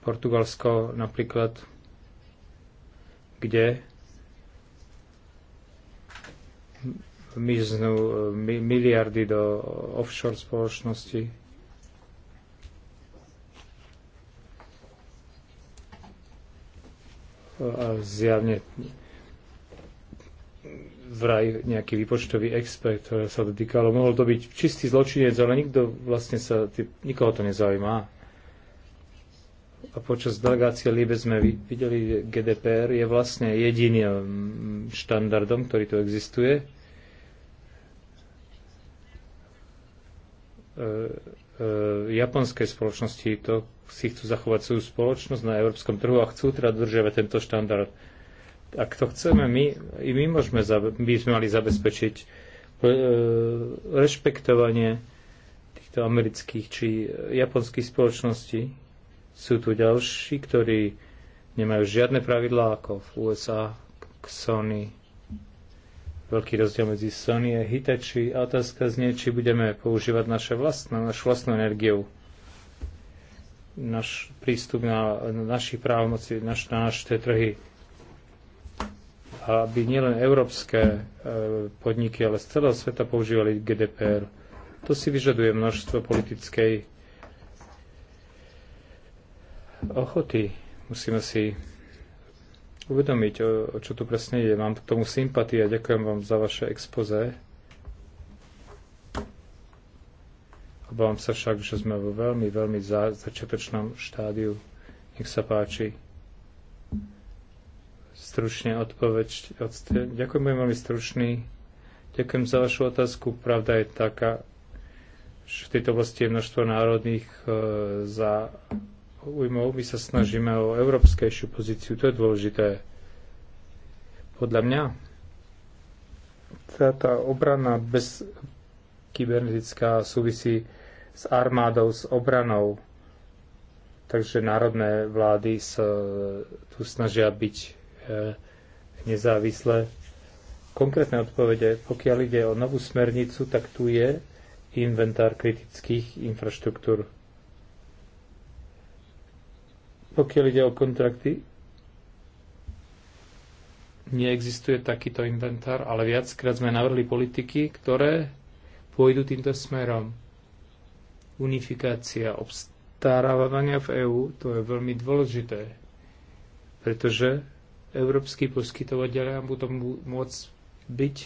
[SPEAKER 3] Portugalsko napríklad, kde miznú e, miliardy do offshore spoločnosti. E, a zjavne vraj nejaký výpočtový expert, ktorý sa to Mohol to byť čistý zločinec, ale nikto vlastne sa, tý, nikoho to nezaujíma. A počas delegácie Líbe sme videli, že GDPR je vlastne jediným štandardom, ktorý tu existuje. E, e, japonskej spoločnosti to si chcú zachovať svoju spoločnosť na európskom trhu a chcú teda dodržiavať tento štandard. Ak to chceme my, i my môžeme, by sme mali zabezpečiť e, rešpektovanie týchto amerických či japonských spoločností. Sú tu ďalší, ktorí nemajú žiadne pravidlá ako v USA, Sony, veľký rozdiel medzi Sony a Hitachi a otázka znie, či budeme používať naše vlastné, našu vlastnú energiu náš prístup na, na našich právomoci, naš, na naše trhy a aby nielen európske e, podniky, ale z celého sveta používali GDPR. To si vyžaduje množstvo politickej ochoty. Musíme si uvedomiť, o, o čo tu presne je. Mám k tomu sympatie a ďakujem vám za vaše expoze. Obávam sa však, že sme vo veľmi, veľmi za, začiatočnom štádiu. Nech sa páči. Stručne odpoveď. Odste, ďakujem, budem veľmi stručný. Ďakujem za vašu otázku. Pravda je taká, že v tejto oblasti je množstvo národných e, za újmov, my sa snažíme o európskejšiu pozíciu, to je dôležité. Podľa mňa tá, tá obrana bez kybernetická súvisí s armádou, s obranou. Takže národné vlády sa tu snažia byť e, nezávislé. Konkrétne odpovede, pokiaľ ide o novú smernicu, tak tu je inventár kritických infraštruktúr pokiaľ ide o kontrakty, neexistuje takýto inventár, ale viackrát sme navrhli politiky, ktoré pôjdu týmto smerom. Unifikácia obstarávania v EÚ, to je veľmi dôležité, pretože európsky poskytovateľia budú môcť byť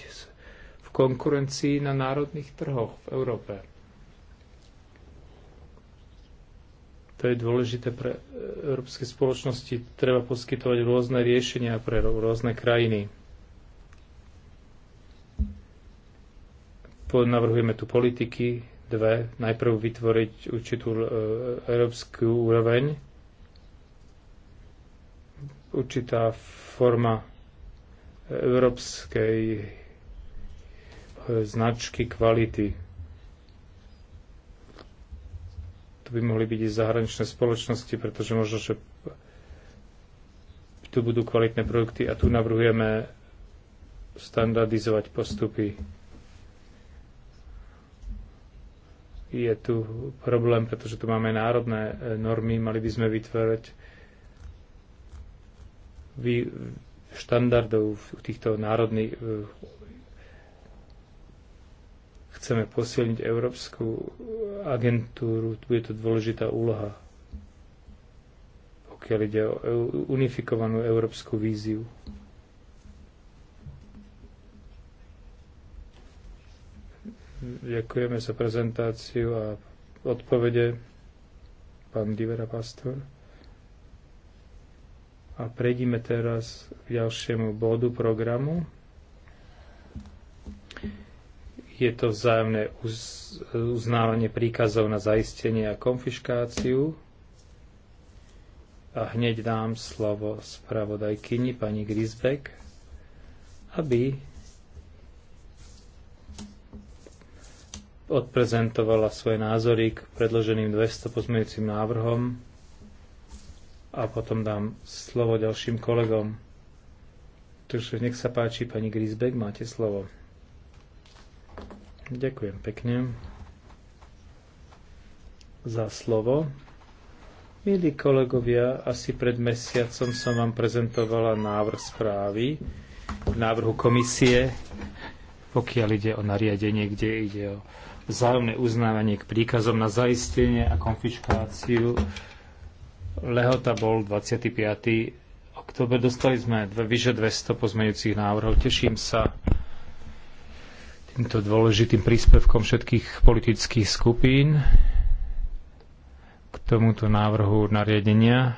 [SPEAKER 3] v konkurencii na národných trhoch v Európe To je dôležité pre e, európske spoločnosti. Treba poskytovať rôzne riešenia pre rôzne krajiny. Navrhujeme tu politiky, dve. Najprv vytvoriť určitú e, európsku úroveň, určitá forma e, európskej značky kvality to by mohli byť i zahraničné spoločnosti, pretože možno, že tu budú kvalitné produkty a tu navrhujeme standardizovať postupy. Je tu problém, pretože tu máme národné e, normy, mali by sme vytvárať štandardov v týchto národných e, Chceme posilniť Európsku agentúru, tu je to dôležitá úloha, pokiaľ ide o unifikovanú európsku víziu. Ďakujeme za prezentáciu a odpovede pán Divera Pastor. A prejdime teraz k ďalšiemu bodu programu. Je to vzájomné uznávanie príkazov na zaistenie a konfiškáciu. A hneď dám slovo spravodajkyni pani Grisbeck, aby odprezentovala svoje názory k predloženým 200 pozmeňujúcim návrhom a potom dám slovo ďalším kolegom. Takže nech sa páči, pani Grisbeck, máte slovo. Ďakujem pekne za slovo. Milí kolegovia, asi pred mesiacom som vám prezentovala návrh správy, návrhu komisie, pokiaľ ide o nariadenie, kde ide o vzájomné uznávanie k príkazom na zaistenie a konfiškáciu. Lehota bol 25. oktober. Dostali sme vyše 200 pozmeňujúcich návrhov. Teším sa, týmto dôležitým príspevkom všetkých politických skupín k tomuto návrhu nariadenia,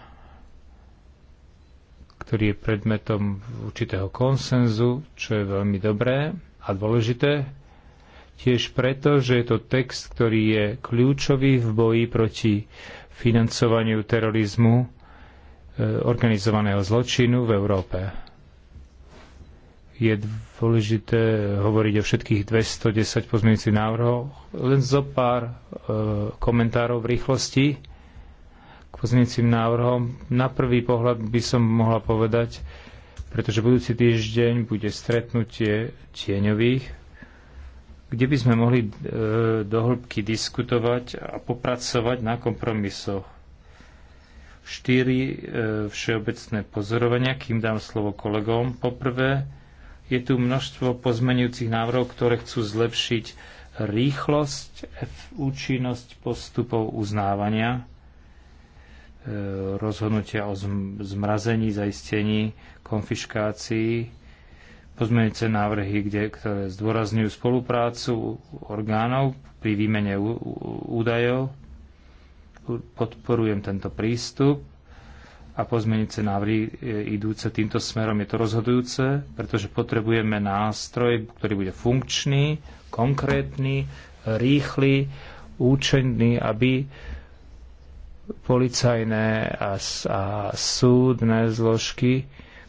[SPEAKER 3] ktorý je predmetom určitého konsenzu, čo je veľmi dobré a dôležité. Tiež preto, že je to text, ktorý je kľúčový v boji proti financovaniu terorizmu, e, organizovaného zločinu v Európe je dôležité hovoriť o všetkých 210 pozmeňujúcich návrhov. Len zo pár e, komentárov v rýchlosti k pozmeňujúcim návrhom. Na prvý pohľad by som mohla povedať, pretože budúci týždeň bude stretnutie tieňových, kde by sme mohli e, dohlbky diskutovať a popracovať na kompromisoch. Štyri e, všeobecné pozorovania, kým dám slovo kolegom. Poprvé, je tu množstvo pozmenujúcich návrhov, ktoré chcú zlepšiť rýchlosť, účinnosť postupov uznávania, e, rozhodnutia o zmrazení, zaistení, konfiškácii, pozmeňujúce návrhy, kde, ktoré zdôrazňujú spoluprácu orgánov pri výmene údajov. Podporujem tento prístup a pozmeňujúce návrhy e, idúce týmto smerom. Je to rozhodujúce, pretože potrebujeme nástroj, ktorý bude funkčný, konkrétny, rýchly, účinný, aby policajné a, a súdne zložky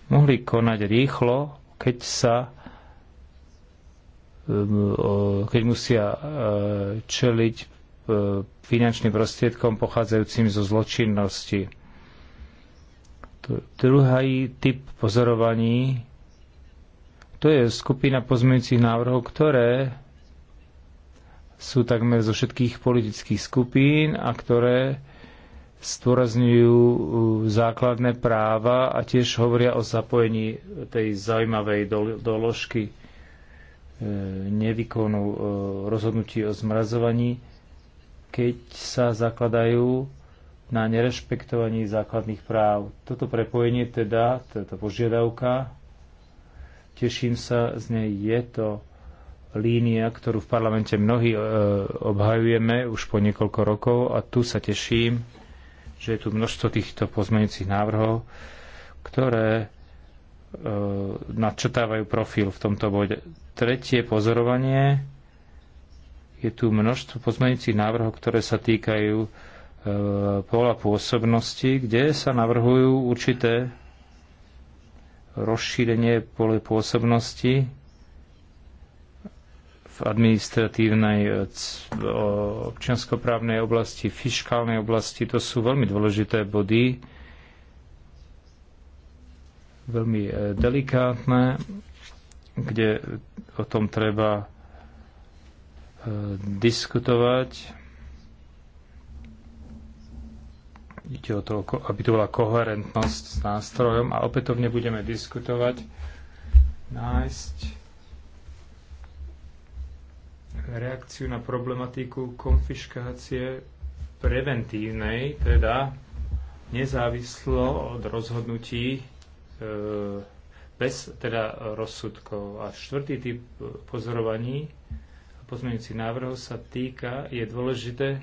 [SPEAKER 3] mohli konať rýchlo, keď sa e, keď musia e, čeliť finančným prostriedkom pochádzajúcim zo zločinnosti Druhý typ pozorovaní to je skupina pozmeňujúcich návrhov, ktoré sú takmer zo všetkých politických skupín a ktoré stôrazňujú uh, základné práva a tiež hovoria o zapojení tej zaujímavej doložky uh, nevykonu uh, rozhodnutí o zmrazovaní, keď sa zakladajú na nerešpektovaní základných práv. Toto prepojenie teda, táto požiadavka, teším sa z nej, je to línia, ktorú v parlamente mnohí e, obhajujeme už po niekoľko rokov a tu sa teším, že je tu množstvo týchto pozmeňujúcich návrhov, ktoré e, nadčetávajú profil v tomto bode. Tretie pozorovanie, je tu množstvo pozmeňujúcich návrhov, ktoré sa týkajú pola pôsobnosti, kde sa navrhujú určité rozšírenie pole pôsobnosti v administratívnej občianskoprávnej oblasti, fiskálnej oblasti. To sú veľmi dôležité body, veľmi e, delikátne, kde o tom treba e, diskutovať ide o to, aby tu bola koherentnosť s nástrojom a opätovne budeme diskutovať, nájsť reakciu na problematiku konfiškácie preventívnej, teda nezávislo od rozhodnutí e, bez teda rozsudkov. A štvrtý typ pozorovaní a pozmeňujúci návrh sa týka, je dôležité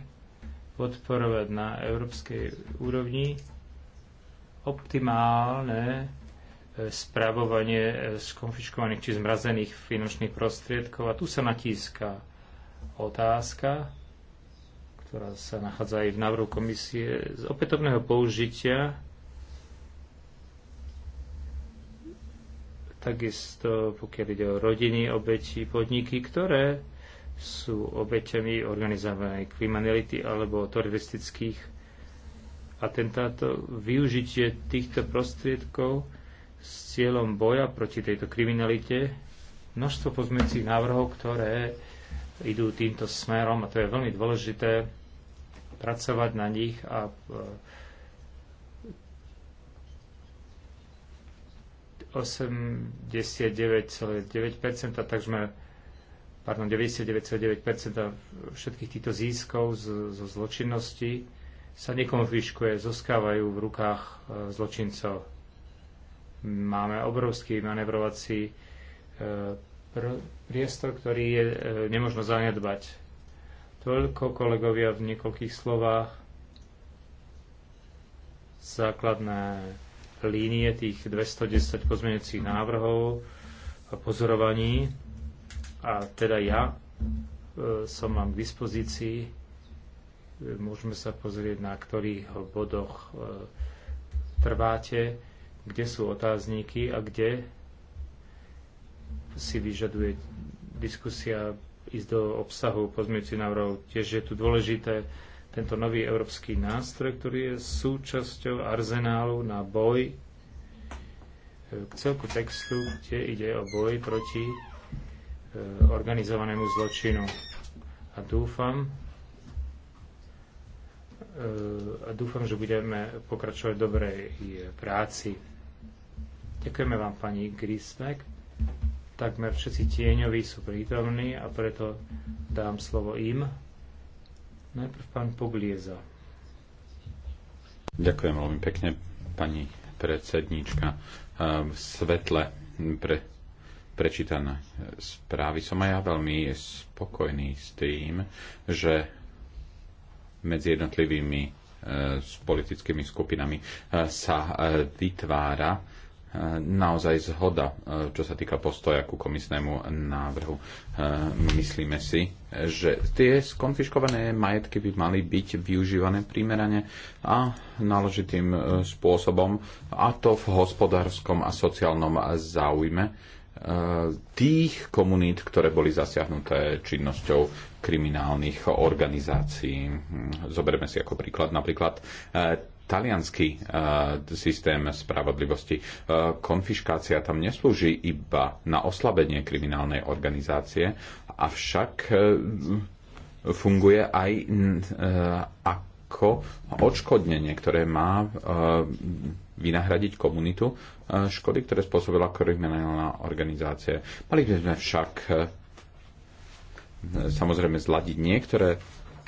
[SPEAKER 3] podporovať na európskej úrovni optimálne e, spravovanie e, skonfiškovaných či zmrazených finančných prostriedkov. A tu sa natíska otázka, ktorá sa nachádza aj v návrhu komisie, z opätovného použitia takisto pokiaľ ide o rodiny, obeti, podniky, ktoré sú obeťami organizovanej kriminality alebo teroristických atentátov. Využitie týchto prostriedkov s cieľom boja proti tejto kriminalite množstvo pozmeňujúcich návrhov, ktoré idú týmto smerom a to je veľmi dôležité pracovať na nich a e, 89,9%, takže pardon, 99,9% všetkých týchto získov zo zločinnosti sa nekonfiškuje, zoskávajú v rukách e, zločincov. Máme obrovský manevrovací e, priestor, ktorý je e, nemožno zanedbať. Toľko kolegovia v niekoľkých slovách základné línie tých 210 pozmeňujúcich návrhov a pozorovaní. A teda ja e, som mám k dispozícii. E, môžeme sa pozrieť, na ktorých bodoch e, trváte, kde sú otázníky a kde si vyžaduje diskusia ísť do obsahu pozmeňujúci návrhov. Tiež je tu dôležité tento nový európsky nástroj, ktorý je súčasťou arzenálu na boj k celku textu, kde ide o boj proti E, organizovanému zločinu. A dúfam, e, a dúfam, že budeme pokračovať v dobrej e, práci. Ďakujeme vám, pani Grisbeck. Takmer všetci tieňoví sú prítomní a preto dám slovo im. Najprv pán Poglieza.
[SPEAKER 4] Ďakujem veľmi pekne, pani predsedníčka. V svetle pre prečítané správy, som aj ja veľmi spokojný s tým, že medzi jednotlivými e, s politickými skupinami e, sa e, vytvára e, naozaj zhoda, e, čo sa týka postoja ku komisnému návrhu. E, myslíme si, že tie skonfiškované majetky by mali byť využívané primerane a náležitým spôsobom, a to v hospodárskom a sociálnom záujme tých komunít, ktoré boli zasiahnuté činnosťou kriminálnych organizácií. Zoberme si ako príklad napríklad e, talianský e, systém spravodlivosti. E, konfiškácia tam neslúži iba na oslabenie kriminálnej organizácie, avšak funguje aj ako odškodnenie, ktoré má vynahradiť komunitu škody, ktoré spôsobila kriminálna organizácia. Mali by sme však eh, samozrejme zladiť niektoré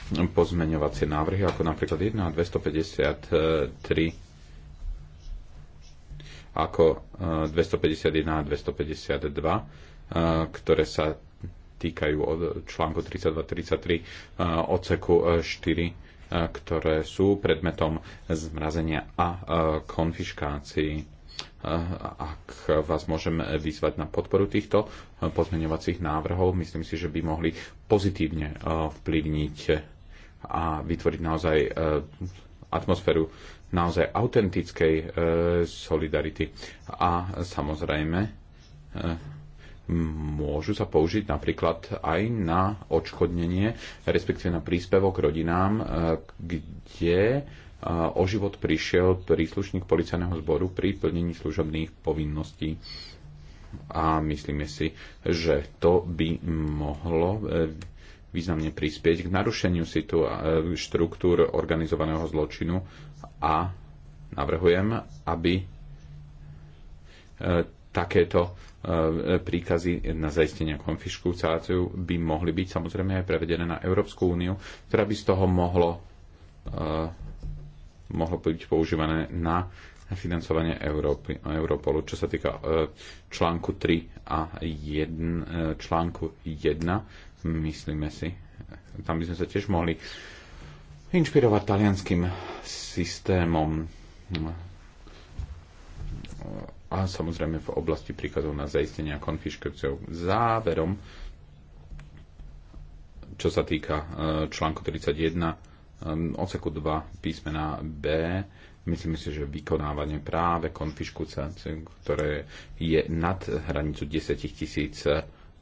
[SPEAKER 4] pozmeňovacie návrhy, ako napríklad 1 a 253 ako 251 eh, a 252, eh, ktoré sa týkajú od článku 32-33 odseku 4, ktoré sú predmetom zmrazenia a konfiškácii ak vás môžem vyzvať na podporu týchto pozmeňovacích návrhov. Myslím si, že by mohli pozitívne e, vplyvniť a vytvoriť naozaj e, atmosféru naozaj autentickej e, solidarity. A samozrejme môžu sa použiť napríklad aj na odškodnenie, respektíve na príspevok rodinám, kde o život prišiel príslušník policajného zboru pri plnení služobných povinností. A myslíme si, že to by mohlo e, významne prispieť k narušeniu e, štruktúr organizovaného zločinu a navrhujem, aby e, takéto príkazy na zaistenie konfiškúciu by mohli byť samozrejme aj prevedené na Európsku úniu, ktorá by z toho mohlo mohlo byť používané na financovanie Európy, Europolu. Čo sa týka e, článku 3 a 1, e, článku 1, myslíme si, tam by sme sa tiež mohli inšpirovať talianským systémom a samozrejme v oblasti príkazov na zaistenie a konfiškáciou. Záverom, čo sa týka e, článku 31 Ehm, odseku 2 písmena B myslím si, že vykonávanie práve konfiškúcie, ktoré je nad hranicu 10 tisíc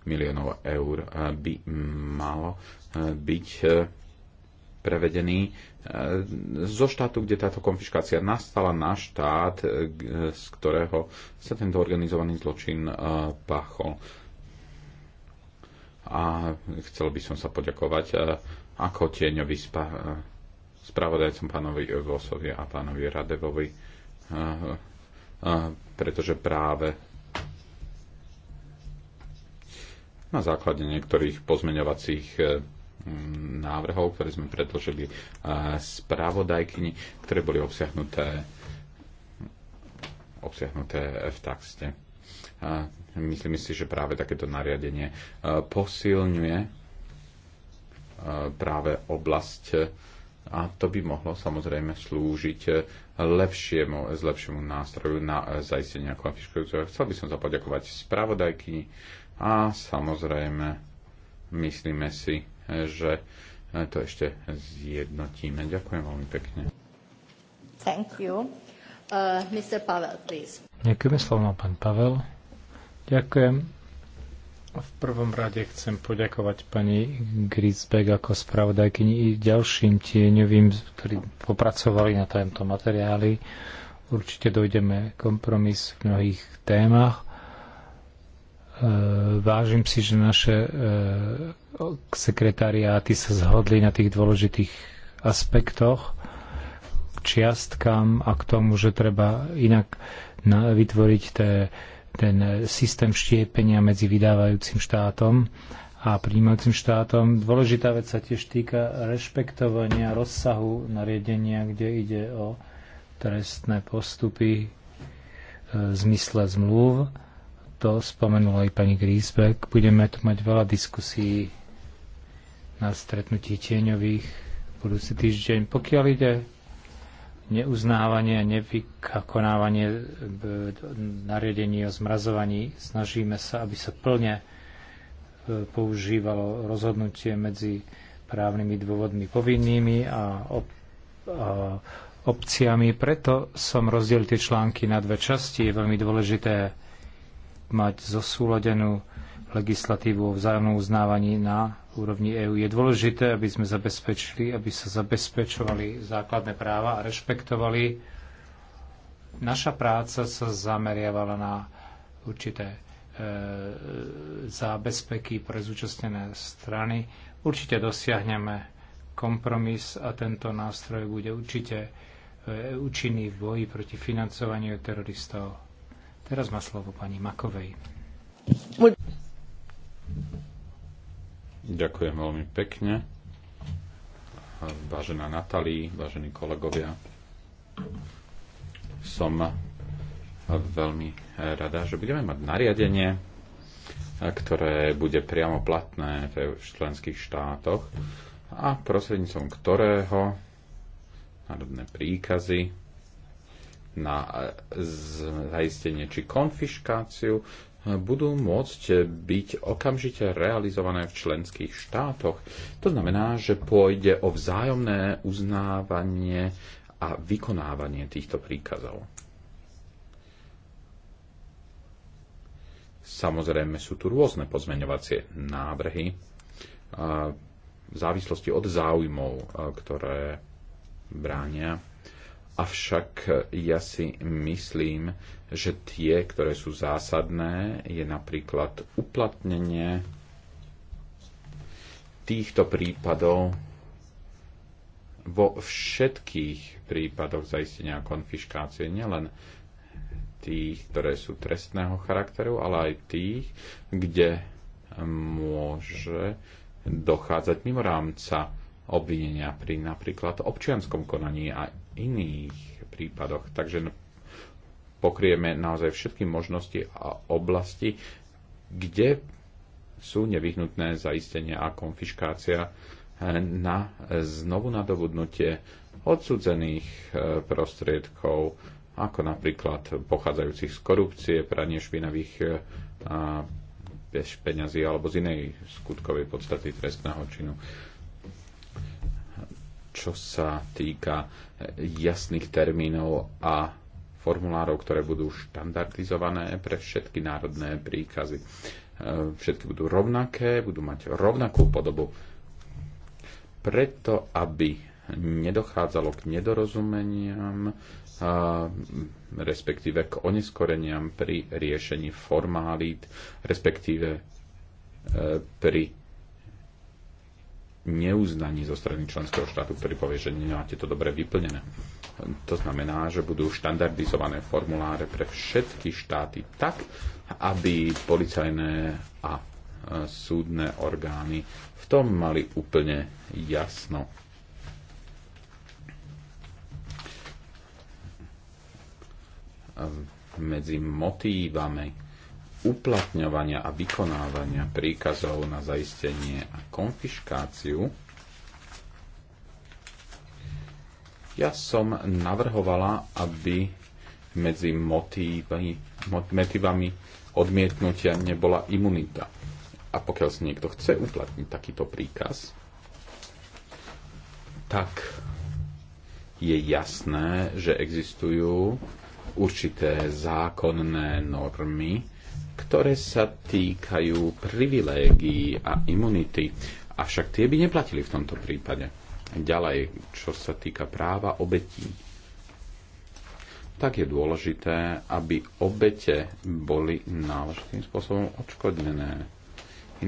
[SPEAKER 4] miliónov eur, eh, by malo eh, byť eh, prevedený zo štátu, kde táto konfiškácia nastala na štát, z ktorého sa tento organizovaný zločin pachol. A chcel by som sa poďakovať ako tieňový spa- spravodajcom pánovi Vosovi a pánovi Radevovi, pretože práve na základe niektorých pozmeňovacích e, návrhov, ktoré sme predložili e, spravodajkyni, ktoré boli obsiahnuté, obsiahnuté v taxte. Myslím si, že práve takéto nariadenie e, posilňuje práve oblasť a to by mohlo samozrejme slúžiť lepšiemu, lepšiemu nástroju na zaistenie konfiškujúceho. Chcel by som sa poďakovať spravodajky a samozrejme myslíme si, že to ešte zjednotíme. Ďakujem veľmi
[SPEAKER 3] pekne.
[SPEAKER 1] Thank you. Uh, Mr. Pavel, please.
[SPEAKER 3] Ďakujeme slovo, pán Pavel. Ďakujem. V prvom rade chcem poďakovať pani Grisbeck ako spravodajkyni i ďalším tieňovým, ktorí popracovali na tomto materiáli. Určite dojdeme kompromis v mnohých témach. E, vážim si, že naše e, sekretariáty sa zhodli na tých dôležitých aspektoch k čiastkám a k tomu, že treba inak vytvoriť tie ten e, systém štiepenia medzi vydávajúcim štátom a príjmajúcim štátom. Dôležitá vec sa tiež týka rešpektovania rozsahu nariadenia, kde ide o trestné postupy e, v zmysle zmluv. To spomenula aj pani Griesbeck. Budeme tu mať veľa diskusí na stretnutí tieňových budúci týždeň. Pokiaľ ide neuznávanie a nevykonávanie e, nariadení o zmrazovaní. Snažíme sa, aby sa plne e, používalo rozhodnutie medzi právnymi dôvodmi povinnými a, op- a opciami. Preto som rozdelil tie články na dve časti. Je veľmi dôležité mať zosúladenú legislatívu o vzájomnom uznávaní na úrovni EÚ. Je dôležité, aby sme zabezpečili, aby sa zabezpečovali základné práva a rešpektovali. Naša práca sa zameriavala na určité e, zábezpeky pre zúčastnené strany. Určite dosiahneme kompromis a tento nástroj bude určite e, účinný v boji proti financovaniu teroristov. Teraz má slovo pani Makovej.
[SPEAKER 4] Ďakujem veľmi pekne. Vážená Natalí, vážení kolegovia, som veľmi rada, že budeme mať nariadenie, ktoré bude priamo platné v členských štátoch a prostrednícom ktorého národné príkazy na zaistenie či konfiškáciu budú môcť byť okamžite realizované v členských štátoch. To znamená, že pôjde o vzájomné uznávanie a vykonávanie týchto príkazov. Samozrejme sú tu rôzne pozmeňovacie návrhy v závislosti od záujmov, ktoré bránia Avšak ja si myslím, že tie, ktoré sú zásadné, je napríklad uplatnenie týchto prípadov vo všetkých prípadoch zaistenia a konfiškácie, nielen tých, ktoré sú trestného charakteru, ale aj tých, kde môže dochádzať mimo rámca obvinenia pri napríklad občianskom konaní a iných prípadoch. Takže pokrieme naozaj všetky možnosti a oblasti, kde sú nevyhnutné zaistenie a konfiškácia eh, na znovu nadobudnutie odsudzených eh, prostriedkov, ako napríklad pochádzajúcich z korupcie, pranie špinavých eh, peňazí alebo z inej skutkovej podstaty trestného činu čo sa týka eh, jasných termínov a formulárov, ktoré budú štandardizované pre všetky národné príkazy. Eh, všetky budú rovnaké, budú mať rovnakú podobu. Preto, aby nedochádzalo k nedorozumeniam, eh, respektíve k oneskoreniam pri riešení formálít, respektíve pri neuznaní zo strany členského štátu, ktorý povie, že nemáte to dobre vyplnené. To znamená, že budú štandardizované formuláre pre všetky štáty tak, aby policajné a e, súdne orgány v tom mali úplne jasno. Medzi motívami uplatňovania a vykonávania príkazov na zaistenie a konfiškáciu, ja som navrhovala, aby medzi motívami, motívami odmietnutia nebola imunita. A pokiaľ si niekto chce uplatniť takýto príkaz, tak je jasné, že existujú určité zákonné normy, ktoré sa týkajú privilégií a imunity. Avšak tie by neplatili v tomto prípade. Ďalej, čo sa týka práva obetí, tak je dôležité, aby obete boli náležitým spôsobom odškodnené.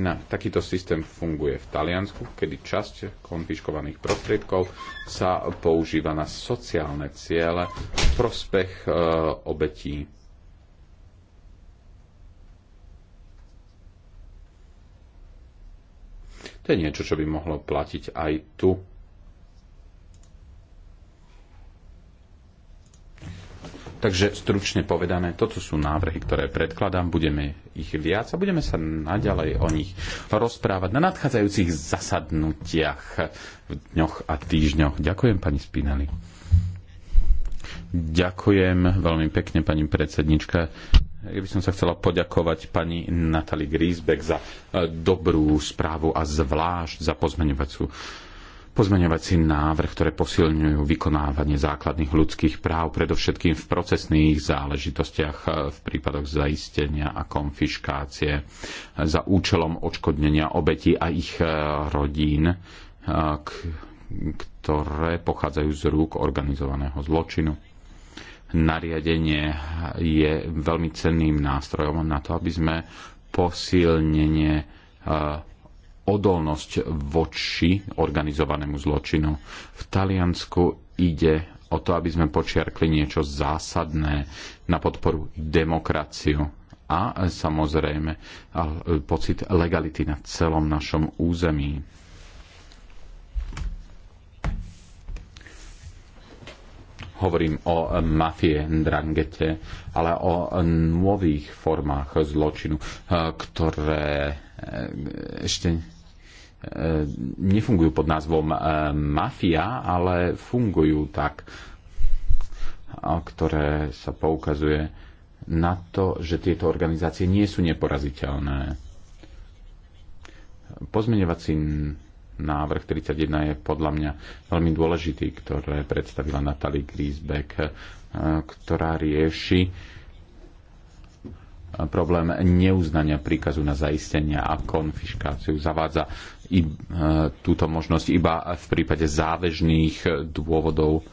[SPEAKER 4] Inak takýto systém funguje v Taliansku, kedy časť konfiškovaných prostriedkov sa používa na sociálne ciele v prospech e, obetí. To je niečo, čo by mohlo platiť aj tu. Takže stručne povedané, toto sú návrhy, ktoré predkladám, budeme ich viac a budeme sa naďalej o nich rozprávať na nadchádzajúcich zasadnutiach v dňoch a týždňoch. Ďakujem pani Spinelli. Ďakujem veľmi pekne pani predsednička. Ja by som sa chcela poďakovať pani Natali Griesbeck za e, dobrú správu a zvlášť za pozmeňovacú pozmeňovací návrh, ktoré posilňujú vykonávanie základných ľudských práv, predovšetkým v procesných záležitostiach e, v prípadoch zaistenia a konfiškácie za účelom odškodnenia obetí a ich e, rodín, ktoré pochádzajú z rúk organizovaného zločinu nariadenie je veľmi cenným nástrojom na to, aby sme posilnenie e, odolnosť voči organizovanému zločinu. V Taliansku ide o to, aby sme počiarkli niečo zásadné na podporu demokraciu a samozrejme e, pocit legality na celom našom území Hovorím o mafie, drangete, ale o nových formách zločinu, eh, ktoré eh, ešte eh, nefungujú pod názvom mafia, ale fungujú tak, ktoré sa poukazuje na to, že tieto organizácie nie sú neporaziteľné. Pozmeňovací návrh 31 je podľa mňa veľmi dôležitý, ktoré predstavila Natalie Griesbeck, eh, ktorá rieši problém neuznania príkazu na zaistenie a konfiškáciu. Zavádza i, eh, túto možnosť iba v prípade závežných dôvodov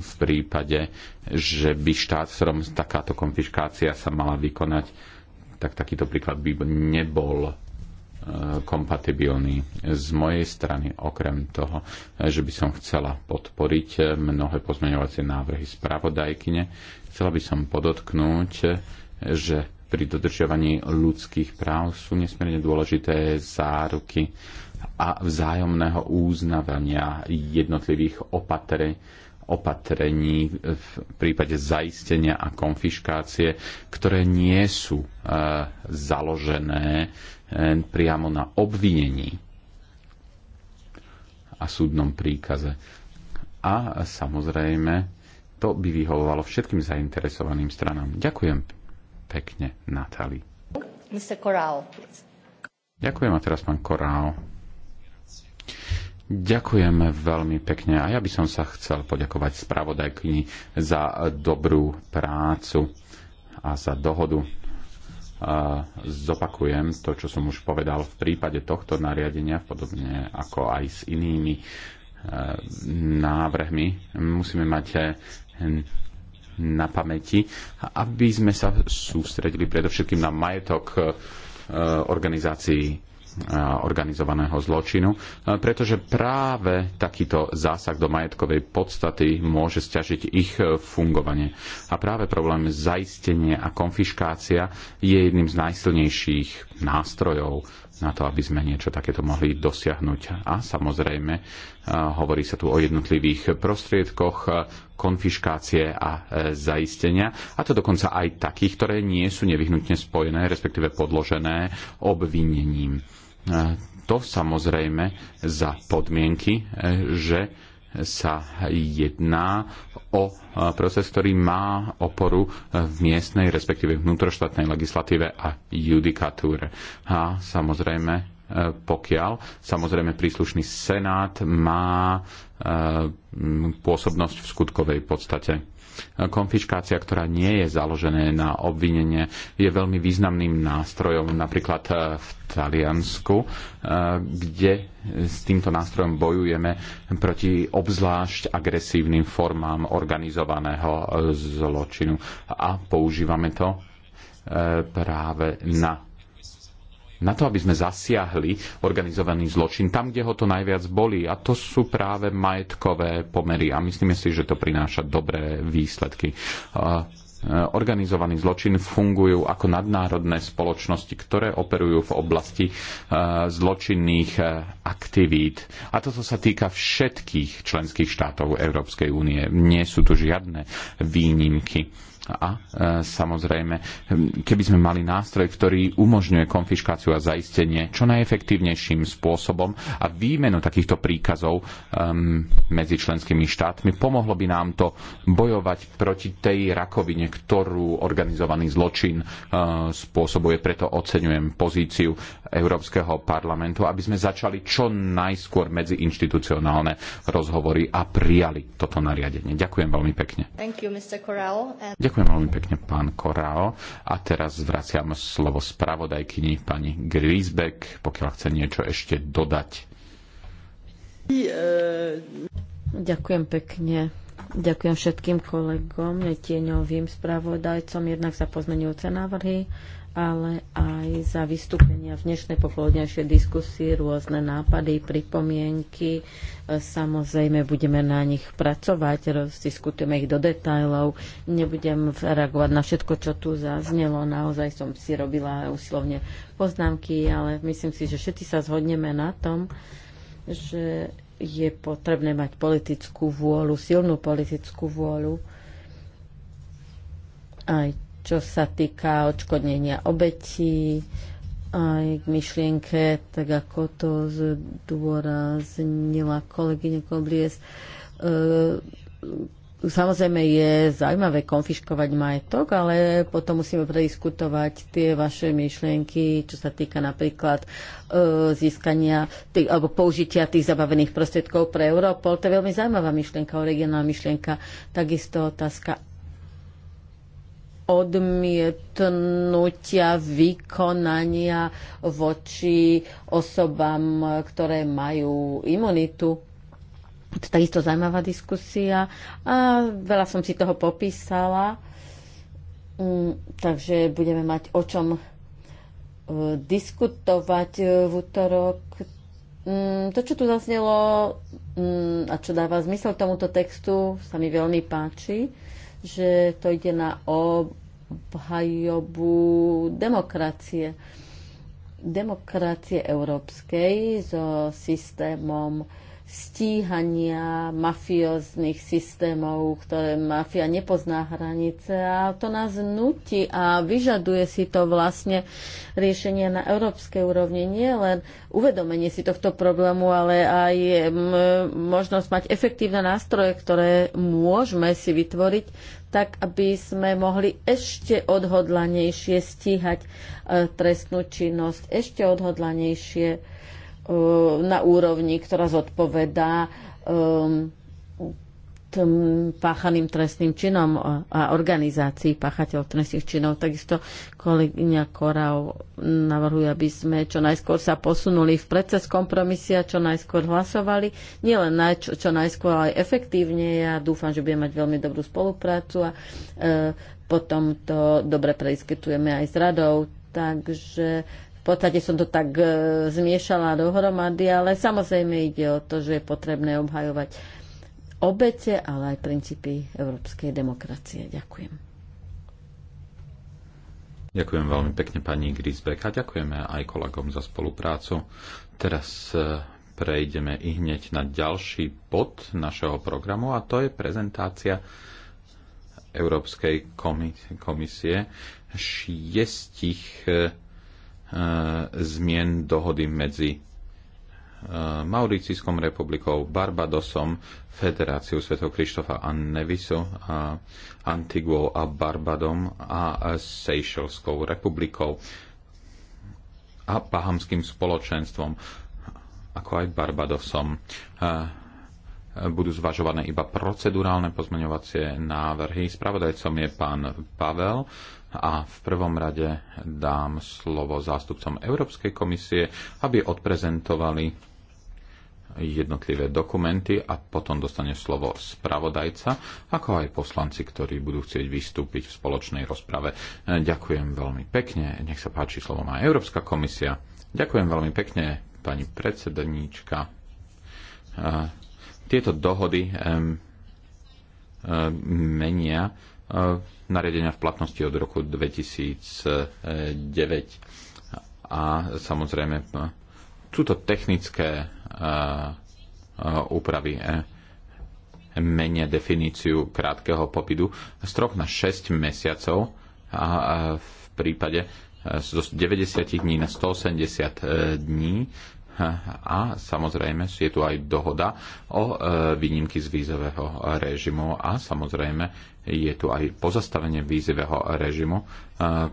[SPEAKER 4] v prípade, že by štát, v ktorom takáto konfiškácia sa mala vykonať, tak takýto príklad by nebol kompatibilní. Z mojej strany, okrem toho, že by som chcela podporiť mnohé pozmeňovacie návrhy spravodajkyne, chcela by som podotknúť, že pri dodržiavaní ľudských práv sú nesmierne dôležité záruky a vzájomného uznávania jednotlivých opatrení opatrení v prípade zaistenia a konfiškácie, ktoré nie sú e, založené Eh, priamo na obvinení a súdnom príkaze. A samozrejme, to by vyhovovalo všetkým zainteresovaným stranám. Ďakujem pekne, Natali. Ďakujem a teraz pán Korál. Ďakujem veľmi pekne a ja by som sa chcel poďakovať spravodajkyni za dobrú prácu a za dohodu zopakujem to, čo som už povedal v prípade tohto nariadenia, podobne ako aj s inými e, návrhmi. Musíme mať e, na pamäti, aby sme sa sústredili predovšetkým na majetok e, organizácií organizovaného zločinu, pretože práve takýto zásah do majetkovej podstaty môže stiažiť ich e, fungovanie. A práve problém zaistenie a konfiškácia je jedným z najsilnejších nástrojov na to, aby sme niečo takéto mohli dosiahnuť. A samozrejme, eh, hovorí sa tu o jednotlivých prostriedkoch eh, konfiškácie a eh, zaistenia, a to dokonca aj takých, ktoré nie sú nevyhnutne spojené, respektíve podložené obvinením. To samozrejme za podmienky, že sa jedná o e, proces, ktorý má oporu v miestnej, respektíve vnútroštátnej legislatíve a judikatúre. A samozrejme, e, pokiaľ samozrejme príslušný senát má e, pôsobnosť v skutkovej podstate. Konfiškácia, ktorá nie je založené na obvinenie, je veľmi významným nástrojom napríklad eh, v Taliansku, eh, kde s týmto nástrojom bojujeme proti obzvlášť agresívnym formám organizovaného eh, zločinu a používame to práve na na to, aby sme zasiahli organizovaný zločin tam, kde ho to najviac bolí. A to sú práve majetkové pomery. A myslíme si, že to prináša dobré výsledky. E, organizovaný zločin fungujú ako nadnárodné spoločnosti, ktoré operujú v oblasti e, zločinných e, aktivít. A toto sa týka všetkých členských štátov Európskej únie. Nie sú tu žiadne výnimky a e, samozrejme, keby sme mali nástroj, ktorý umožňuje konfiškáciu a zaistenie čo najefektívnejším spôsobom a výmenu takýchto príkazov um, medzi členskými štátmi, pomohlo by nám to bojovať proti tej rakovine, ktorú organizovaný zločin uh, spôsobuje. Preto oceňujem pozíciu Európskeho parlamentu, aby sme začali čo najskôr medzi inštitucionálne rozhovory a prijali toto nariadenie. Ďakujem veľmi pekne.
[SPEAKER 3] Thank you, Mr. Corral. And...
[SPEAKER 4] Ďakujem Ďakujem veľmi pekne, pán Korao. A teraz vraciam slovo spravodajkyni pani Grisbeck, pokiaľ chce niečo ešte dodať.
[SPEAKER 1] Ďakujem pekne. Ďakujem všetkým kolegom, netieňovým spravodajcom, jednak za pozmenujúce návrhy, ale aj za vystúpenia v dnešnej popoludnejšej diskusii, rôzne nápady, pripomienky. E, samozrejme, budeme na nich pracovať, rozdiskutujeme ich do detajlov. Nebudem reagovať na všetko, čo tu zaznelo. Naozaj som si robila úslovne poznámky, ale myslím si, že všetci sa zhodneme na tom, že je potrebné mať politickú vôľu, silnú politickú vôľu aj čo sa týka odškodnenia obetí, aj k myšlienke, tak ako to zdôraznila kolegyňa Koblies. E, samozrejme je zaujímavé konfiškovať majetok, ale potom musíme prediskutovať tie vaše myšlienky, čo sa týka napríklad e, získania tých, alebo použitia tých zabavených prostriedkov pre Europol. To je veľmi zaujímavá myšlienka, originálna myšlienka. Takisto otázka odmietnutia vykonania voči osobám, ktoré majú imunitu. To je takisto zaujímavá diskusia a veľa som si toho popísala, mm, takže budeme mať o čom e, diskutovať e, v útorok. Mm, to, čo tu zaznelo mm, a čo dáva zmysel tomuto textu, sa mi veľmi páči že to ide na obhajobu demokracie. Demokracie európskej so systémom stíhania mafióznych systémov, ktoré mafia nepozná hranice a to nás nutí a vyžaduje si to vlastne riešenie na európskej úrovni. Nie len uvedomenie si tohto problému, ale aj možnosť mať efektívne nástroje, ktoré môžeme si vytvoriť, tak aby sme mohli ešte odhodlanejšie stíhať e, trestnú činnosť, ešte odhodlanejšie Eh, na úrovni, ktorá zodpovedá tým páchaným trestným činom a organizácií páchateľov trestných činov. Takisto kolegyňa Korau navrhuje, aby sme čo najskôr sa posunuli v cez kompromisia čo najskôr hlasovali. Nielen na čo, čo najskôr, ale aj efektívne. Ja dúfam, že budeme mať veľmi dobrú spoluprácu a e, potom to dobre prediskutujeme aj s radou. Takže v podstate som to tak e, zmiešala dohromady, ale samozrejme ide o to, že je potrebné obhajovať obete, ale aj princípy európskej demokracie. Ďakujem.
[SPEAKER 4] Ďakujem veľmi pekne pani Grisbeck a ďakujeme aj kolegom za spoluprácu. Teraz e, prejdeme i hneď na ďalší bod našeho programu a to je prezentácia Európskej komisie šiestich e, Eh, zmien dohody medzi eh, Mauricijskom republikou, Barbadosom, Federáciou Sv. Krištofa a Nevisu, a eh, Antiguou a Barbadom a Seychelskou republikou a Bahamským spoločenstvom, ako aj Barbadosom. Budú zvažované iba procedurálne pozmeňovacie návrhy. Spravodajcom je pán Pavel a v prvom rade dám slovo zástupcom Európskej komisie, aby odprezentovali jednotlivé dokumenty a potom dostane slovo spravodajca, ako aj poslanci, ktorí budú chcieť vystúpiť v spoločnej rozprave. Ďakujem veľmi pekne. Nech sa páči, slovo má Európska komisia. Ďakujem veľmi pekne, pani predsedníčka. Tieto dohody menia E, nariadenia v platnosti od roku 2009. A samozrejme, e, sú to technické e, úpravy menia definíciu krátkeho pobytu z troch na 6 mesiacov a v prípade z 90 dní na 180 dní a samozrejme je tu aj dohoda o e, výnimky z vízového režimu a samozrejme je tu aj pozastavenie vízového režimu, e,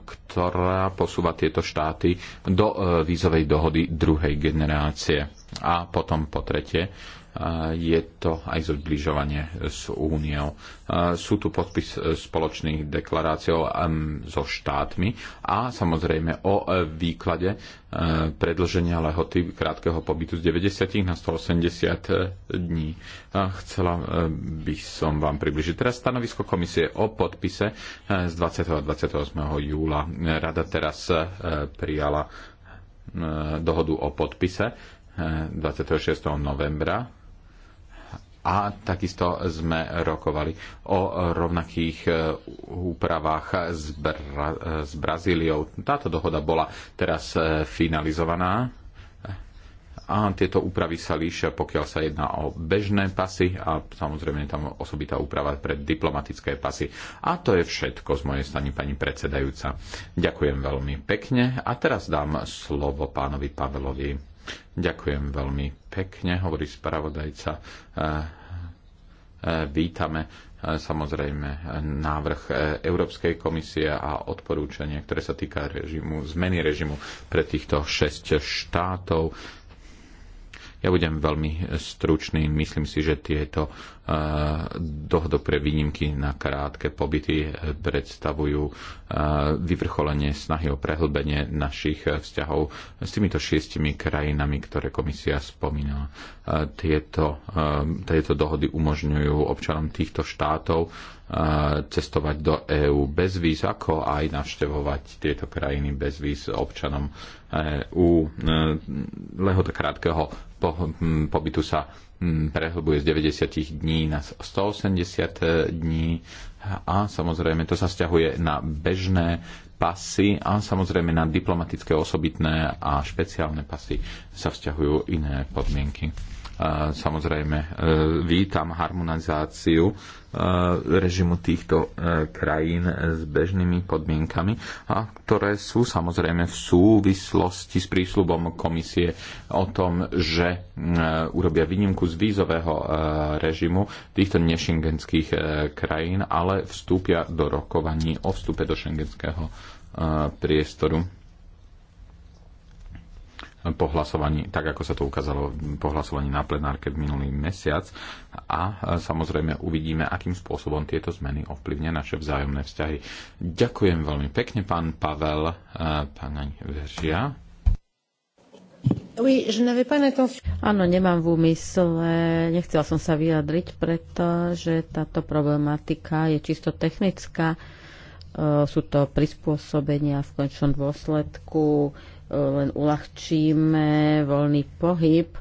[SPEAKER 4] ktorá posúva tieto štáty do e, vízovej dohody druhej generácie. A potom po tretie, je to aj zbližovanie s úniou. Sú tu podpis e, spoločných deklaráciou so štátmi a samozrejme o e, výklade e, predlženia lehoty krátkeho pobytu z 90 na 180 dní. Chcela by som vám približiť teraz stanovisko komisie o podpise z 20. a 28. júla. Rada teraz prijala dohodu o podpise 26. novembra a takisto sme rokovali o rovnakých e, úpravách s, Bra- s Brazíliou. Táto dohoda bola teraz e, finalizovaná a tieto úpravy sa líšia, pokiaľ sa jedná o bežné pasy a samozrejme tam osobitá úprava pre diplomatické pasy. A to je všetko z mojej strany, pani predsedajúca. Ďakujem veľmi pekne a teraz dám slovo pánovi Pavelovi. Ďakujem veľmi pekne, hovorí spravodajca. E, E, vítame e, samozrejme návrh e, Európskej komisie a odporúčania, ktoré sa týka režimu, zmeny režimu pre týchto šesť štátov ja budem veľmi e, stručný. Myslím si, že tieto e, dohodo pre výnimky na krátke pobyty e, predstavujú vyvrcholenie snahy o prehlbenie našich vzťahov s týmito šiestimi krajinami, ktoré komisia spomínala. Tieto, tieto dohody umožňujú občanom týchto štátov cestovať do EÚ bez víz, ako aj navštevovať tieto krajiny bez víz občanom EÚ. E, lehota krátkeho pobytu sa prehlbuje z 90 dní na 180 e, dní a samozrejme to sa stiahuje na bežné pasy a samozrejme na diplomatické osobitné a špeciálne pasy sa vzťahujú iné podmienky. Samozrejme, e, vítam harmonizáciu e, režimu týchto e, krajín s bežnými podmienkami, a ktoré sú samozrejme v súvislosti s prísľubom komisie o tom, že urobia výnimku z vízového režimu týchto nešengenských krajín, ale vstúpia do rokovaní o vstupe do šengenského priestoru po hlasovaní, tak ako sa to ukázalo po hlasovaní na plenárke minulý mesiac a e, samozrejme uvidíme, akým spôsobom tieto zmeny ovplyvnia naše vzájomné vzťahy. Ďakujem veľmi pekne, pán Pavel, e, pána Veržia.
[SPEAKER 1] Oui, je n'avais pas l'intention. Áno, nemám v úmysle, nechcela som sa vyjadriť, pretože táto problematika je čisto technická. E, sú to prispôsobenia v končnom dôsledku len uľahčíme voľný pohyb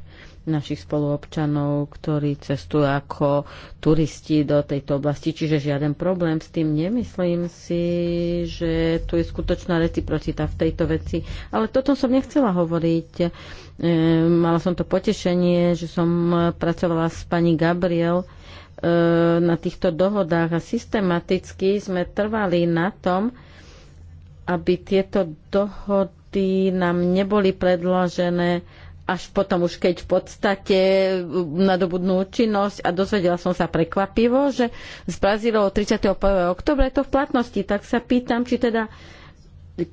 [SPEAKER 1] našich spoluobčanov, ktorí cestujú ako turisti do tejto oblasti, čiže žiaden problém s tým nemyslím si, že tu je skutočná reciprocita v tejto veci. Ale toto som nechcela hovoriť. E, mala som to potešenie, že som pracovala s pani Gabriel e, na týchto dohodách a systematicky sme trvali na tom, aby tieto dohody Dokumenty nám neboli predložené až potom už keď v podstate nadobudnú účinnosť a dozvedela som sa prekvapivo, že z Brazílou 31. oktobra je to v platnosti, tak sa pýtam, či teda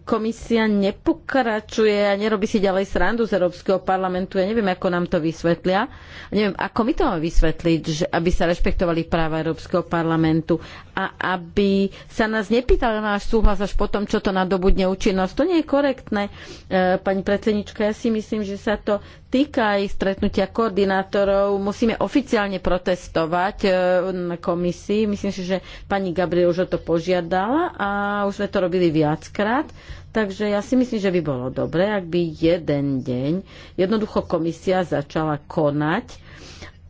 [SPEAKER 1] komisia nepokračuje a nerobí si ďalej srandu z Európskeho parlamentu. Ja neviem, ako nám to vysvetlia. Neviem, ako my to máme vysvetliť, že aby sa rešpektovali práva Európskeho parlamentu a aby sa nás nepýtali náš súhlas až potom, čo to nadobudne účinnosť. To nie je korektné, e, pani predsednička. Ja si myslím, že sa to týka aj stretnutia koordinátorov. Musíme oficiálne protestovať e, na komisii. Myslím si, že pani Gabriel už o to požiadala a už sme to robili viackrát Takže ja si myslím, že by bolo dobré, ak by jeden deň jednoducho komisia začala konať.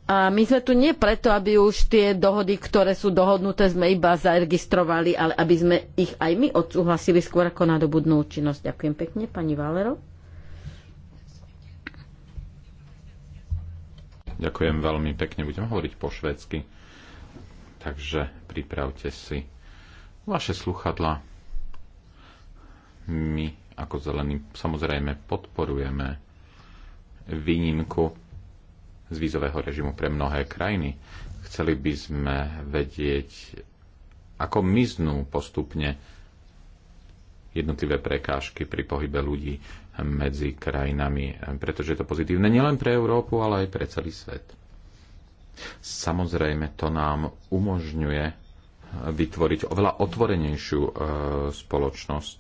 [SPEAKER 1] A my sme tu nie preto, aby už tie dohody, ktoré sú dohodnuté, sme iba zaregistrovali, ale aby sme ich aj my odsúhlasili skôr ako dobudnú účinnosť. Ďakujem pekne, pani Valero.
[SPEAKER 4] Ďakujem veľmi pekne, budem hovoriť po švedsky. Takže pripravte si vaše sluchadla my ako zelení samozrejme podporujeme výnimku z vízového režimu pre mnohé krajiny. Chceli by sme vedieť, ako miznú postupne jednotlivé prekážky pri pohybe ľudí medzi krajinami, pretože je to pozitívne nielen pre Európu, ale aj pre celý svet. Samozrejme, to nám umožňuje vytvoriť oveľa otvorenejšiu e, spoločnosť,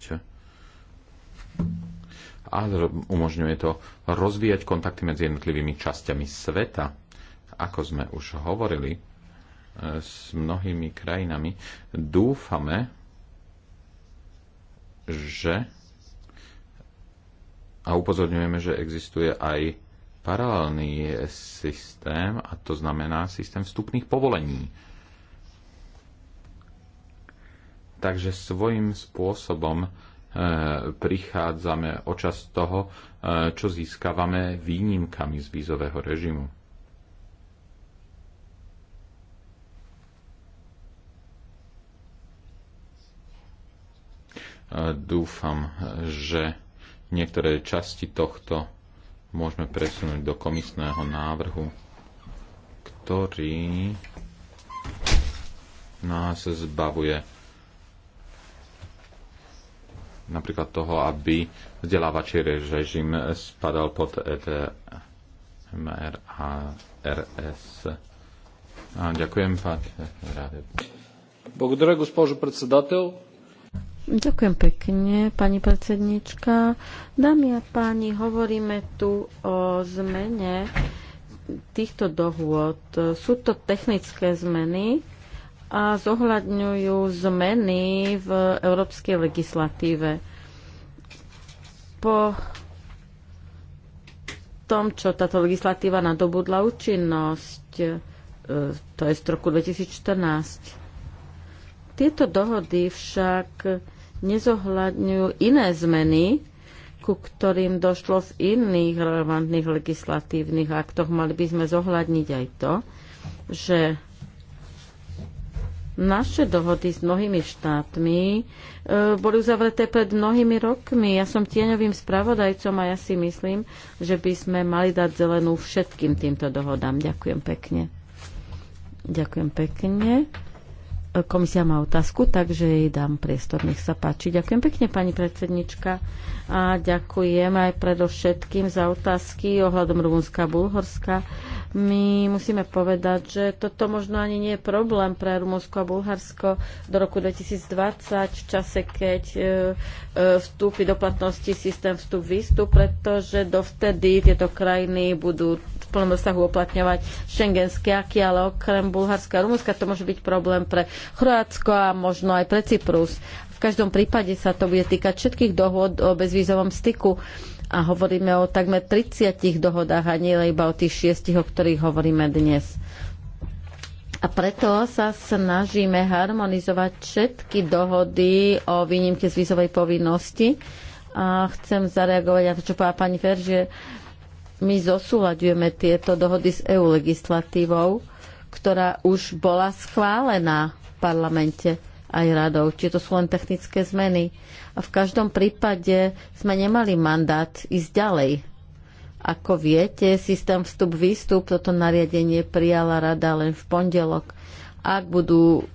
[SPEAKER 4] a umožňuje to rozvíjať kontakty medzi jednotlivými časťami sveta. Ako sme už hovorili e, s mnohými krajinami, dúfame, že a upozorňujeme, že existuje aj paralelný systém, a to znamená systém vstupných povolení. Takže svojím spôsobom Eh, prichádzame o čas toho, eh, čo získavame výnimkami z vízového režimu. Eh, dúfam, že niektoré časti tohto môžeme presunúť do komisného návrhu, ktorý nás zbavuje napríklad toho, aby vzdelávací režim spadal pod e MRS. a RS. A ďakujem, pán Rade.
[SPEAKER 3] Bogdore, госпожо председател.
[SPEAKER 1] Ďakujem pekne, pani predsednička. Dámy a páni, hovoríme tu o zmene týchto dohôd. Sú to technické zmeny, a zohľadňujú zmeny v európskej legislatíve. Po tom, čo táto legislatíva nadobudla účinnosť, e, to je z roku 2014. Tieto dohody však nezohľadňujú iné zmeny, ku ktorým došlo v iných relevantných legislatívnych aktoch. Mali by sme zohľadniť aj to, že naše dohody s mnohými štátmi e, boli uzavreté pred mnohými rokmi. Ja som tieňovým spravodajcom a ja si myslím, že by sme mali dať zelenú všetkým týmto dohodám. Ďakujem pekne. Ďakujem pekne. E, komisia má otázku, takže jej dám priestor. Nech sa páči. Ďakujem pekne, pani predsednička. A ďakujem aj predovšetkým za otázky ohľadom Rumunska a Bulhorska my musíme povedať, že toto možno ani nie je problém pre Rumunsko a Bulharsko do roku 2020 v čase, keď e, e, vstúpi do platnosti systém vstup-výstup, pretože dovtedy tieto krajiny budú v plnom dosahu uplatňovať šengenské aky, ale okrem Bulharska a Rumunska to môže byť problém pre Chorvátsko a možno aj pre Cyprus. V každom prípade sa to bude týkať všetkých dohôd o bezvízovom styku a hovoríme o takmer 30 dohodách a nie iba o tých šiestich, o ktorých hovoríme dnes. A preto sa snažíme harmonizovať všetky dohody o výnimke z vízovej povinnosti. A chcem zareagovať na to, čo povedala pani Fer, že my zosúľadujeme tieto dohody s EU legislatívou, ktorá už bola schválená v parlamente aj radou. či to sú len technické zmeny. A v každom prípade sme nemali mandát ísť ďalej. Ako viete, systém vstup-výstup, toto nariadenie prijala rada len v pondelok. Ak budú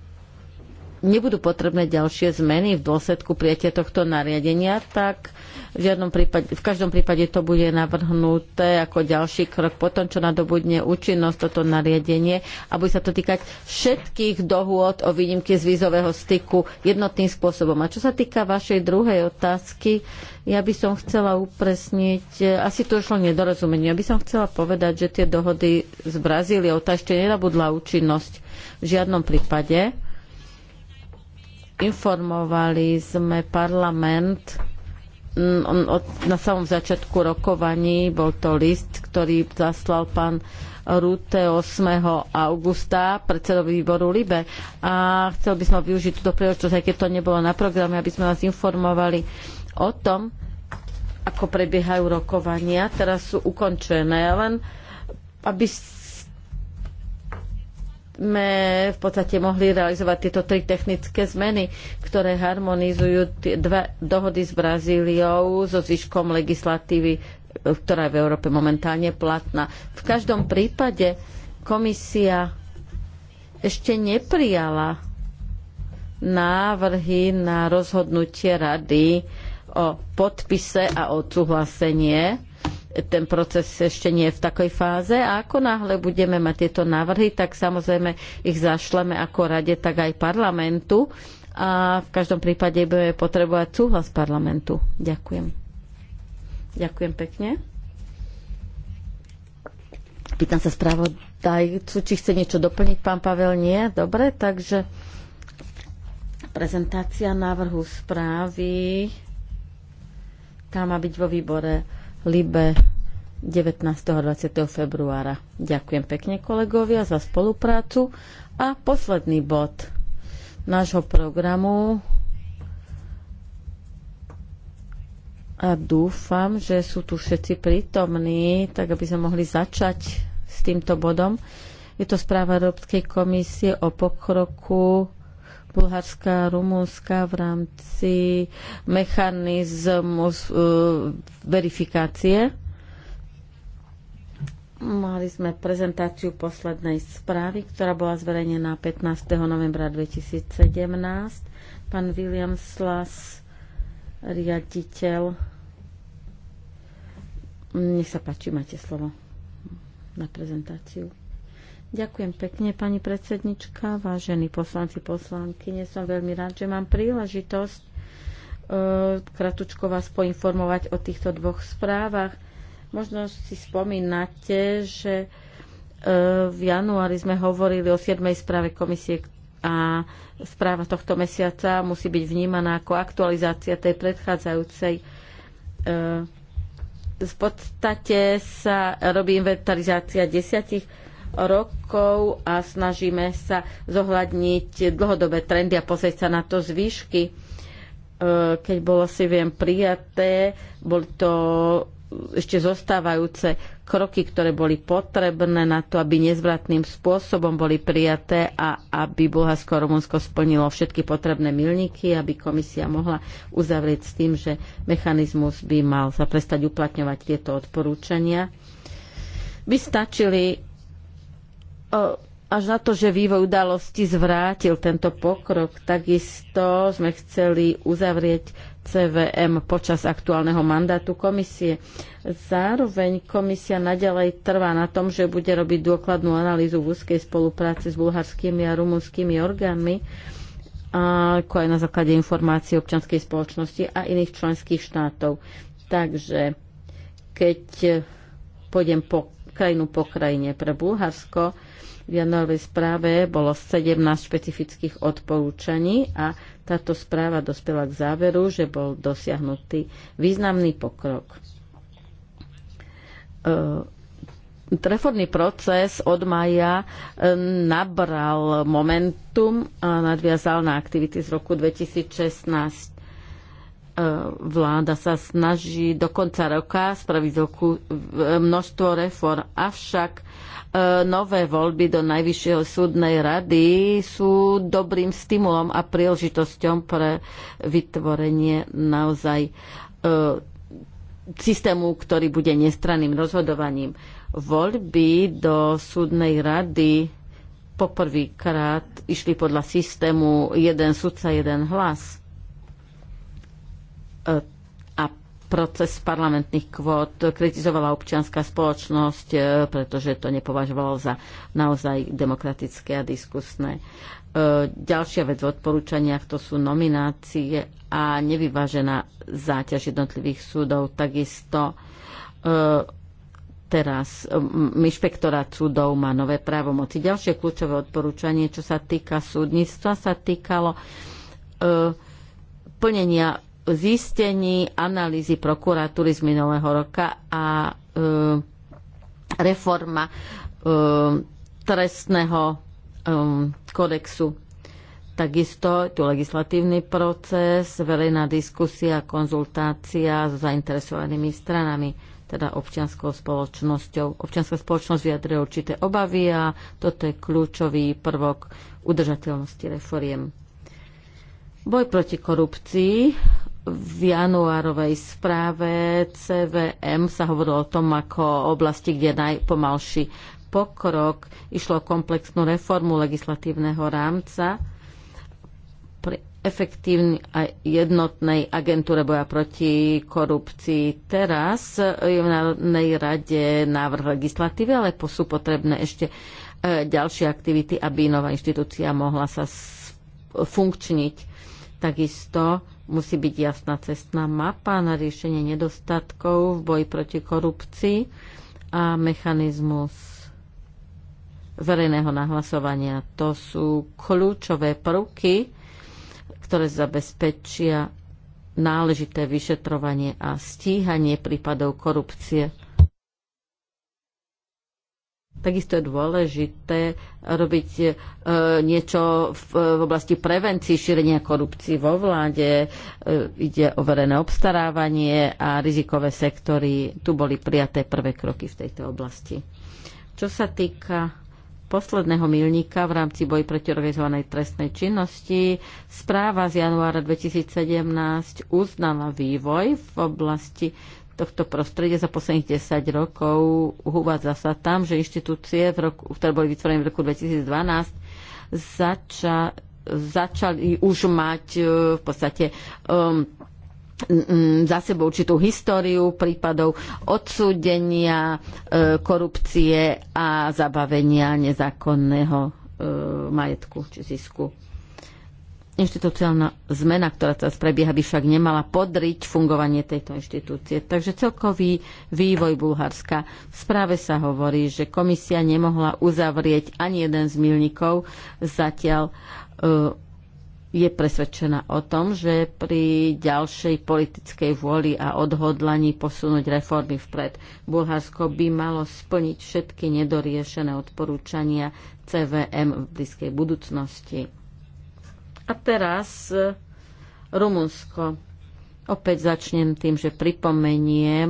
[SPEAKER 1] nebudú potrebné ďalšie zmeny v dôsledku prijatia tohto nariadenia, tak v, žiadnom prípade, v každom prípade to bude navrhnuté ako ďalší krok po tom, čo nadobudne účinnosť toto nariadenie a bude sa to týkať všetkých dohôd o výnimke z vízového styku jednotným spôsobom. A čo sa týka vašej druhej otázky, ja by som chcela upresniť, asi to šlo nedorozumenie, ja by som chcela povedať, že tie dohody s Brazíliou, tá ešte nenabudla účinnosť v žiadnom prípade. Informovali sme parlament Mm, na samom začiatku rokovaní bol to list, ktorý zaslal pán Rute 8. augusta predsedovi výboru LIBE. A chcel by som využiť túto príležitosť, aj keď to nebolo na programe, aby sme vás informovali o tom, ako prebiehajú rokovania. Teraz sú ukončené, len aby sme v podstate mohli realizovať tieto tri technické zmeny, ktoré harmonizujú dva dohody s Brazíliou so zvyškom legislatívy, e, ktorá je v Európe momentálne platná. V každom prípade komisia ešte neprijala návrhy na rozhodnutie rady o podpise a odsúhlasenie ten proces ešte nie je v takej fáze a ako náhle budeme mať tieto návrhy, tak samozrejme ich zašleme ako rade, tak aj parlamentu a v každom prípade budeme potrebovať súhlas parlamentu. Ďakujem. Ďakujem pekne. Pýtam sa správodajcu, či chce niečo doplniť pán Pavel. Nie? Dobre, takže prezentácia návrhu správy. Tá má byť vo výbore Libe 19. a 20. februára. Ďakujem pekne kolegovia za spoluprácu. A posledný bod nášho programu. A dúfam, že sú tu všetci prítomní, tak aby sme mohli začať s týmto bodom. Je to správa Európskej komisie o pokroku Bulharska Rumunska v rámci mechanizmu e, verifikácie. Mali sme prezentáciu poslednej správy, ktorá bola zverejnená 15. novembra 2017. Pán William Slas, riaditeľ. Nech sa páči, máte slovo na prezentáciu. Ďakujem pekne, pani predsednička, vážení poslanci, poslanky. Nie som veľmi rád, že mám príležitosť e, kratučko vás poinformovať o týchto dvoch správach. Možno si spomínate, že e, v januári sme hovorili o 7. správe komisie a správa tohto mesiaca musí byť vnímaná ako aktualizácia tej predchádzajúcej e, v podstate sa robí inventarizácia desiatich rokov a snažíme sa zohľadniť dlhodobé trendy a pozrieť sa na to zvýšky. E, keď bolo si viem prijaté, boli to ešte zostávajúce kroky, ktoré boli potrebné na to, aby nezvratným spôsobom boli prijaté a aby Bulharsko a Rumunsko splnilo všetky potrebné milníky, aby komisia mohla uzavrieť s tým, že mechanizmus by mal sa prestať uplatňovať tieto odporúčania. By stačili až na to, že vývoj udalosti zvrátil tento pokrok, takisto sme chceli uzavrieť CVM počas aktuálneho mandátu komisie. Zároveň komisia nadalej trvá na tom, že bude robiť dôkladnú analýzu v úzkej spolupráci s bulharskými a rumunskými orgánmi, ako aj na základe informácií občanskej spoločnosti a iných členských štátov. Takže keď pôjdem po krajinu po krajine pre Bulharsko, v januárovej správe bolo 17 špecifických odporúčaní a táto správa dospela k záveru, že bol dosiahnutý významný pokrok. E reformný proces od maja e, nabral momentum a nadviazal na aktivity z roku 2016. E, vláda sa snaží do konca roka spraviť e, množstvo reform, avšak E, nové voľby do Najvyššieho súdnej rady sú dobrým stimulom a príležitosťom pre vytvorenie naozaj e, systému, ktorý bude nestranným rozhodovaním. Voľby do súdnej rady poprvýkrát išli podľa systému jeden sudca, jeden hlas e, proces parlamentných kvót kritizovala občianská spoločnosť, e, pretože to nepovažovalo za naozaj demokratické a diskusné. E, ďalšia vec v odporúčaniach to sú nominácie a nevyvážená záťaž jednotlivých súdov. Takisto e, teraz inšpektorát súdov má nové právomoci. Ďalšie kľúčové odporúčanie, čo sa týka súdnictva, sa týkalo plnenia zistení analýzy prokuratúry z minulého roka a e, reforma e, trestného e, kodexu. Takisto tu legislatívny proces, verejná diskusia, konzultácia so zainteresovanými stranami teda občianskou spoločnosťou. Občianská spoločnosť vyjadruje určité obavy a toto je kľúčový prvok udržateľnosti reforiem. Boj proti korupcii v januárovej správe CVM sa hovorilo o tom, ako oblasti, kde najpomalší pokrok, išlo o komplexnú reformu legislatívneho rámca pri efektívnej a jednotnej agentúre boja proti korupcii. Teraz je v Národnej rade návrh legislatívy, ale sú potrebné ešte e, ďalšie aktivity, aby nová inštitúcia mohla sa funkčniť. Takisto Musí byť jasná cestná mapa na riešenie nedostatkov v boji proti korupcii a mechanizmus verejného nahlasovania. To sú kľúčové prvky, ktoré zabezpečia náležité vyšetrovanie a stíhanie prípadov korupcie. Takisto je dôležité robiť e, niečo v, v oblasti prevencii šírenia korupcií vo vláde. E, ide o verejné obstarávanie a rizikové sektory. Tu boli prijaté prvé kroky v tejto oblasti. Čo sa týka posledného milníka v rámci boji proti organizovanej trestnej činnosti, správa z januára 2017 uznala vývoj v oblasti tohto prostredia za posledných 10 rokov uvádza sa tam, že inštitúcie, v roku, ktoré boli vytvorené v roku 2012, zača, začali už mať e, v podstate um, za sebou určitú históriu prípadov odsúdenia, e, korupcie a zabavenia nezákonného e, majetku či zisku. Inštitúciálna zmena, ktorá teraz prebieha, by však nemala podriť fungovanie tejto inštitúcie. Takže celkový vývoj Bulharska. V správe sa hovorí, že komisia nemohla uzavrieť ani jeden z milníkov. Zatiaľ uh, je presvedčená o tom, že pri ďalšej politickej vôli a odhodlaní posunúť reformy vpred Bulharsko by malo splniť všetky nedoriešené odporúčania CVM v blízkej budúcnosti a teraz e, Rumunsko. Opäť začnem tým, že pripomeniem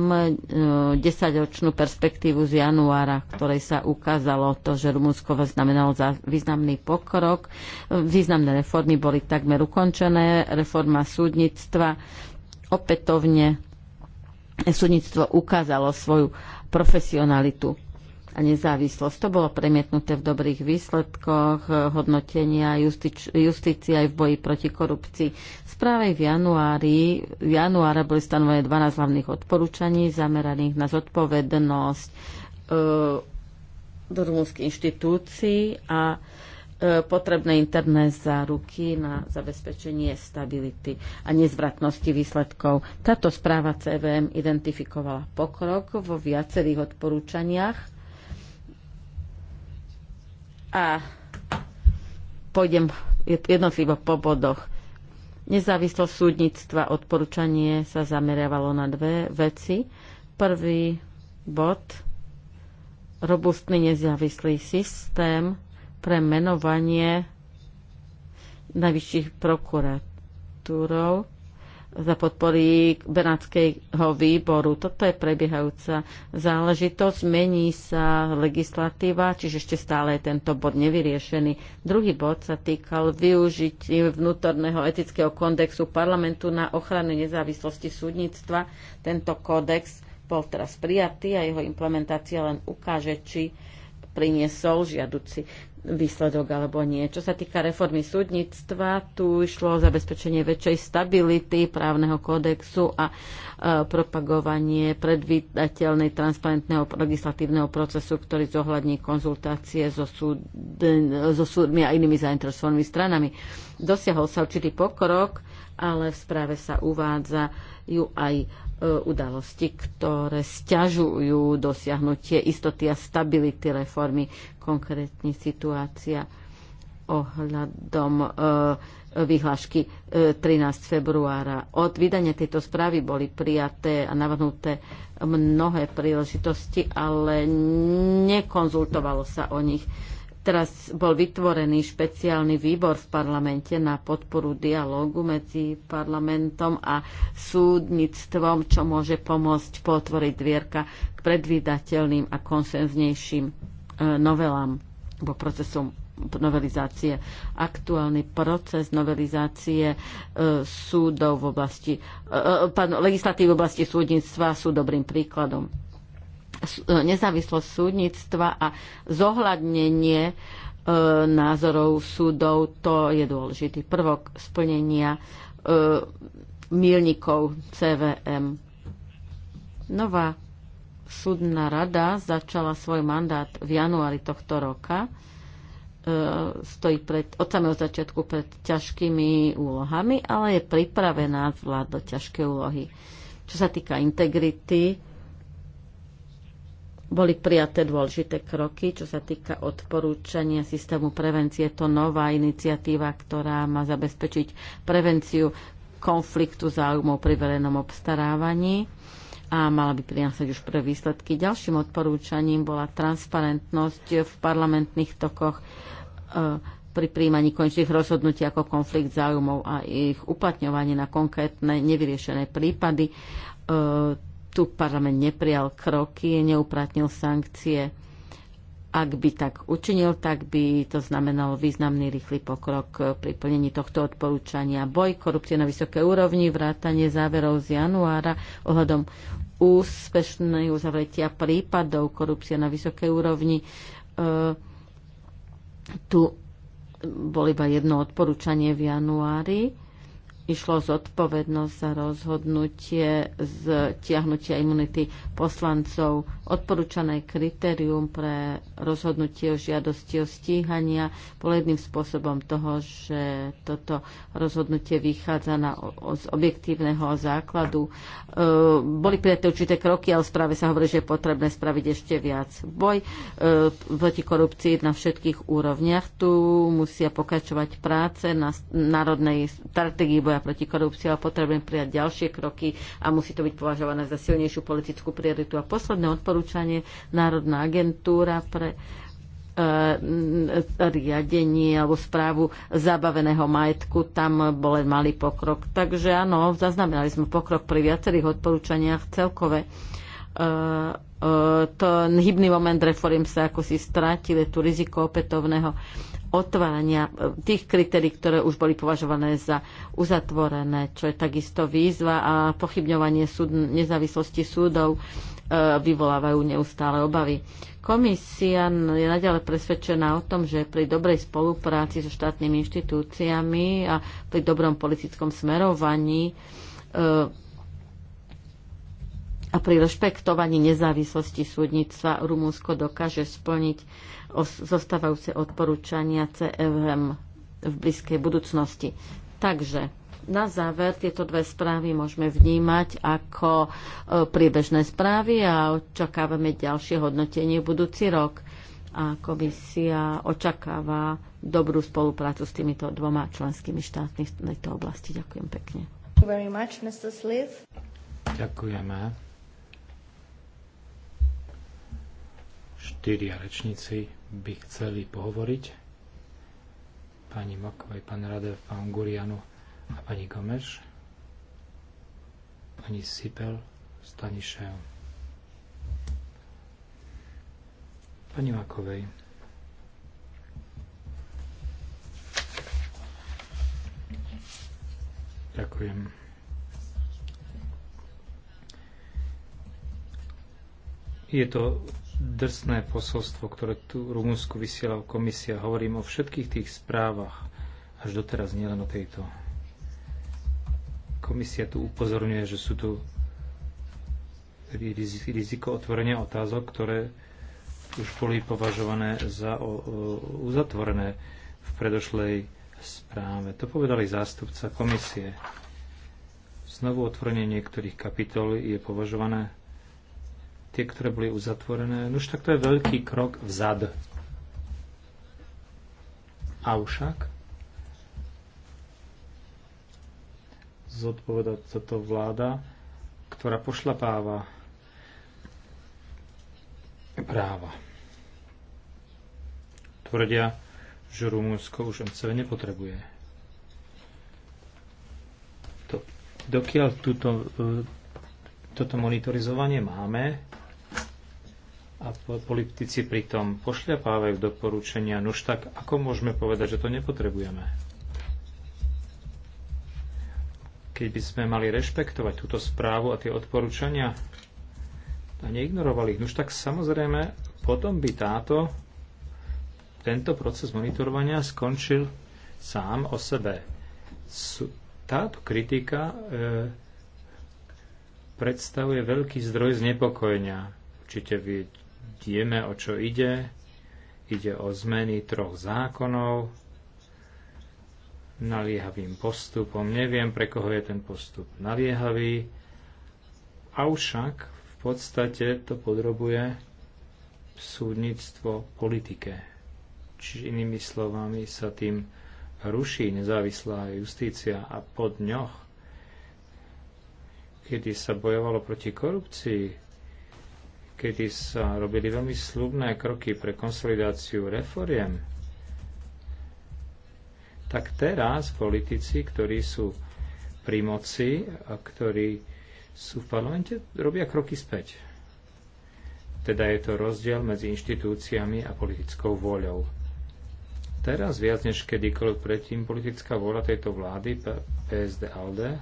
[SPEAKER 1] 10-ročnú e, perspektívu z januára, ktorej sa ukázalo to, že Rumunsko znamenalo za významný pokrok. Významné reformy boli takmer ukončené. Reforma súdnictva opätovne súdnictvo ukázalo svoju profesionalitu a nezávislosť. To bolo premietnuté v dobrých výsledkoch eh, hodnotenia justič, justície aj v boji proti korupcii. Správe v januári, v januára boli stanovené 12 hlavných odporúčaní zameraných na zodpovednosť e, eh, rumúnskych inštitúcií a eh, potrebné interné záruky na zabezpečenie stability a nezvratnosti výsledkov. Táto správa CVM identifikovala pokrok vo viacerých odporúčaniach a pôjdem jednotlivo po bodoch. Nezávislosť súdnictva odporúčanie sa zameriavalo na dve veci. Prvý bod robustný nezávislý systém pre menovanie najvyšších prokuratúrov za podpory Benátskejho výboru. Toto je prebiehajúca záležitosť. Mení sa legislatíva, čiže ešte stále je tento bod nevyriešený. Druhý bod sa týkal využití vnútorného etického kódexu parlamentu na ochranu nezávislosti súdnictva. Tento kódex bol teraz prijatý a jeho implementácia len ukáže, či priniesol žiaduci výsledok alebo nie. Čo sa týka reformy súdnictva, tu išlo o zabezpečenie väčšej stability právneho kódexu a e, propagovanie predvídateľnej transparentného legislatívneho procesu, ktorý zohľadní konzultácie so, súd, so súdmi a inými zainteresovanými stranami. Dosiahol sa určitý pokrok, ale v správe sa uvádza ju aj E, udalosti, ktoré stiažujú dosiahnutie istoty a stability reformy, konkrétne situácia ohľadom e, vyhlášky 13 e, februára. Od vydania tejto správy boli prijaté a navrhnuté mnohé príležitosti, ale nekonzultovalo sa o nich Teraz bol vytvorený špeciálny výbor v parlamente na podporu dialógu medzi parlamentom a súdnictvom, čo môže pomôcť potvoriť dvierka k predvídateľným a konsenznejším e, novelám alebo procesom novelizácie. Aktuálny proces novelizácie e, súdov v oblasti, e, pardon, legislatívy v oblasti súdnictva sú dobrým príkladom nezávislosť súdnictva a zohľadnenie e, názorov súdov, to je dôležitý prvok splnenia e, milníkov CVM. Nová súdna rada začala svoj mandát v januári tohto roka. E, stojí pred, od samého začiatku pred ťažkými úlohami, ale je pripravená zvládať ťažké úlohy. Čo sa týka integrity, boli prijaté dôležité kroky, čo sa týka odporúčania systému prevencie. Je to nová iniciatíva, ktorá má zabezpečiť prevenciu konfliktu záujmov pri verejnom obstarávaní a mala by prinásať už pre výsledky. Ďalším odporúčaním bola transparentnosť v parlamentných tokoch e, pri príjmaní končných rozhodnutí ako konflikt záujmov a ich uplatňovanie na konkrétne nevyriešené prípady e, tu parlament neprijal kroky, neuplatnil sankcie. Ak by tak učinil, tak by to znamenalo významný rýchly pokrok pri plnení tohto odporúčania. Boj korupcie na vysokej úrovni, vrátanie záverov z januára ohľadom úspešnej uzavretia prípadov korupcie na vysokej úrovni. E, tu bol iba jedno odporúčanie v januári išlo zodpovednosť za rozhodnutie tiahnutia imunity poslancov. Odporúčané kritérium pre rozhodnutie o žiadosti o stíhania bolo jedným spôsobom toho, že toto rozhodnutie vychádza na, o, z objektívneho základu. E, boli prijaté určité kroky, ale správe sa hovorí, že je potrebné spraviť ešte viac. Boj e, proti korupcii na všetkých úrovniach. Tu musia pokračovať práce na národnej strategii. boja proti korupcii, ale potrebujeme prijať ďalšie kroky a musí to byť považované za silnejšiu politickú prioritu. A posledné odporúčanie Národná agentúra pre e, riadenie alebo správu zabaveného majetku, tam bol len malý pokrok. Takže áno, zaznamenali sme pokrok pri viacerých odporúčaniach celkové. E, ten hybný moment reform sa ako si strátil, je tu riziko opätovného otvárania e, tých kritérií, ktoré už boli považované za uzatvorené, čo je takisto výzva a pochybňovanie súd, nezávislosti súdov e, vyvolávajú neustále obavy. Komisia je naďalej presvedčená o tom, že pri dobrej spolupráci so štátnymi inštitúciami a pri dobrom politickom smerovaní e, a pri rešpektovaní nezávislosti súdnictva Rumúnsko dokáže splniť zostávajúce odporúčania CFM v blízkej budúcnosti. Takže na záver tieto dve správy môžeme vnímať ako e, priebežné správy a očakávame ďalšie hodnotenie budúci rok. A komisia očakáva dobrú spoluprácu s týmito dvoma členskými štátmi v tejto oblasti. Ďakujem pekne. Much,
[SPEAKER 3] Ďakujeme. Štyria rečníci by chceli pohovoriť. Pani Mokovej, pán Radev, pán Gurianu a pani Gomeš. Pani Sipel, Stanišev. Pani Makovej. Ďakujem. je to drsné posolstvo, ktoré tu Rumunsku vysiela komisia. Hovorím o všetkých tých správach, až doteraz nielen o tejto. Komisia tu upozorňuje, že sú tu riziko otvorenia otázok, ktoré už boli považované za uzatvorené v predošlej správe. To povedali zástupca komisie. Znovu otvorenie niektorých kapitol je považované tie, ktoré boli uzatvorené. No už tak to je veľký krok vzad. Avšak zodpovedať za to vláda, ktorá pošlapáva práva. Tvrdia, že Rumunsko už MCV nepotrebuje. To, dokiaľ túto, e, toto monitorizovanie máme, a politici pritom pošľapávajú doporučenia, nuž tak ako môžeme povedať, že to nepotrebujeme? Keď by sme mali rešpektovať túto správu a tie odporúčania a neignorovali ich, nuž tak samozrejme potom by táto, tento proces monitorovania skončil sám o sebe. Táto kritika e, predstavuje veľký zdroj znepokojenia určite vieme, o čo ide. Ide o zmeny troch zákonov naliehavým postupom. Neviem, pre koho je ten postup naliehavý. Avšak v podstate to podrobuje súdnictvo politike. Čiže inými slovami sa tým ruší nezávislá justícia a po dňoch, kedy sa bojovalo proti korupcii, kedy sa robili veľmi slubné kroky pre konsolidáciu reforiem, tak teraz politici, ktorí sú pri moci a ktorí sú v parlamente, robia kroky späť. Teda je to rozdiel medzi inštitúciami a politickou voľou. Teraz viac než kedykoľvek predtým politická vôľa tejto vlády PSD ALDE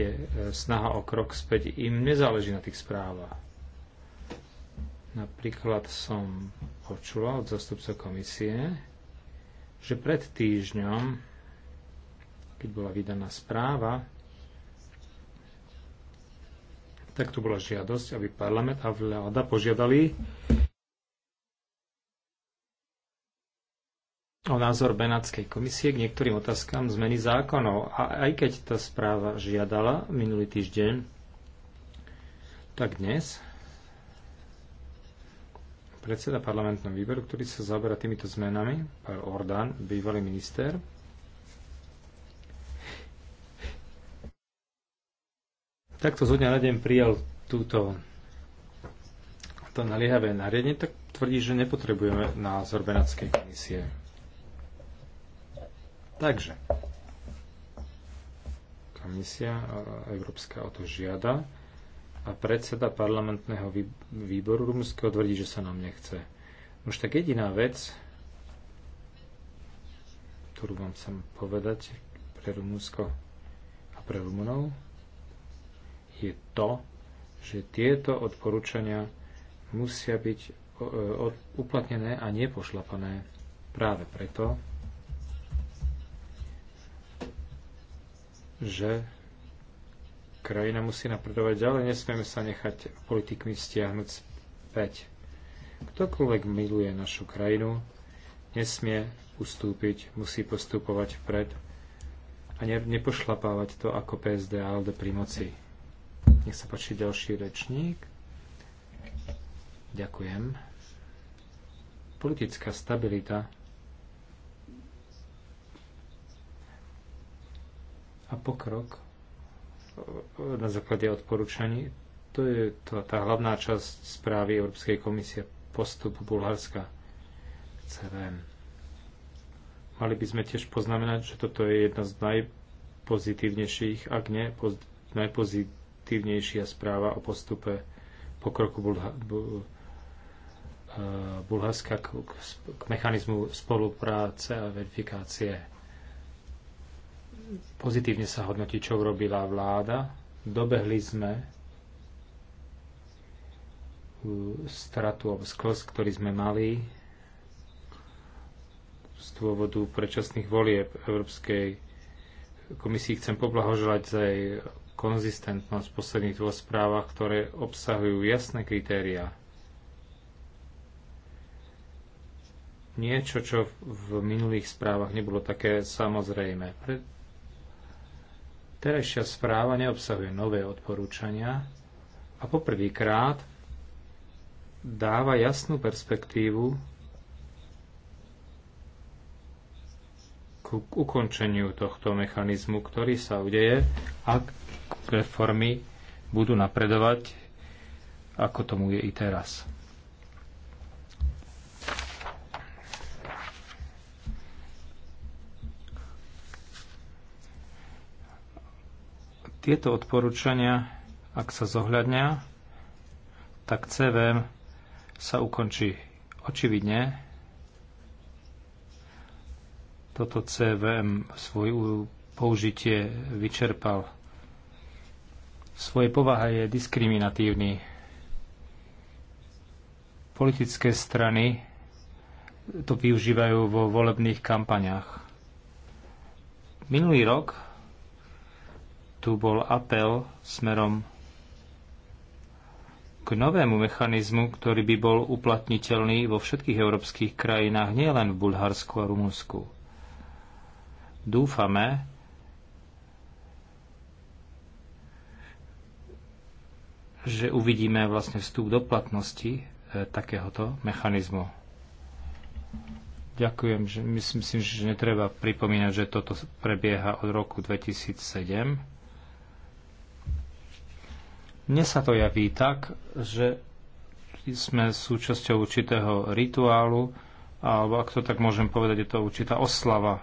[SPEAKER 3] je e, snaha o krok späť. Im nezáleží na tých správach. Napríklad som počula od zastupca komisie, že pred týždňom, keď bola vydaná správa, tak tu bola žiadosť, aby parlament a vláda požiadali o názor Benátskej komisie k niektorým otázkam zmeny zákonov. A aj keď tá správa žiadala minulý týždeň, tak dnes predseda parlamentného výboru, ktorý sa zaoberá týmito zmenami, pán Ordán, bývalý minister, takto zo dňa na deň prijal túto to naliehavé nariadenie, tak tvrdí, že nepotrebujeme názor Benátskej komisie. Takže komisia eh, Európska o to žiada a predseda parlamentného výboru rumunského tvrdí, že sa nám nechce. Už tak jediná vec, ktorú vám chcem povedať pre Rumunsko a pre Rumunov, je to, že tieto odporúčania musia byť eh, uplatnené a nepošlapané práve preto, že krajina musí napredovať ďalej, nesmieme sa nechať politikmi stiahnuť späť. Ktokoľvek miluje našu krajinu, nesmie ustúpiť, musí postupovať vpred a ne, nepošlapávať to ako PSD a LD pri moci. Nech sa páči ďalší rečník. Ďakujem. Politická stabilita a pokrok e, na základe odporúčaní. To je to, tá hlavná časť správy Európskej komisie postup Bulharska k CVM. Mali by sme tiež poznamenať, že toto je jedna z najpozitívnejších, ak nie poz, najpozitívnejšia správa o postupe pokroku Bulha, bu, e, Bulharska k, k, k mechanizmu spolupráce a verifikácie pozitívne sa hodnotí, čo urobila vláda. Dobehli sme uh, stratu alebo sklz, ktorý sme mali z dôvodu predčasných volieb Európskej komisii. Chcem poblahoželať za jej konzistentnosť v posledných dvoch správach, ktoré obsahujú jasné kritériá. Niečo, čo v minulých správach nebolo také samozrejme. Terajšia správa neobsahuje nové odporúčania a poprvýkrát dáva jasnú perspektívu k ukončeniu tohto mechanizmu, ktorý sa udeje, ak reformy budú napredovať, ako tomu je i teraz. Tieto odporúčania, ak sa zohľadňa, tak CVM sa ukončí. Očividne toto CVM svoje použitie vyčerpal. Svoje povaha povahe je diskriminatívny. Politické strany to využívajú vo volebných kampaniach. Minulý rok tu bol apel smerom k novému mechanizmu, ktorý by bol uplatniteľný vo všetkých európskych krajinách, nielen v Bulharsku a Rumunsku. Dúfame, že uvidíme vlastne vstup do platnosti e, takéhoto mechanizmu. Ďakujem, že myslím si, že netreba pripomínať, že toto prebieha od roku 2007 mne sa to javí tak, že sme súčasťou určitého rituálu, alebo ak to tak môžem povedať, je to určitá oslava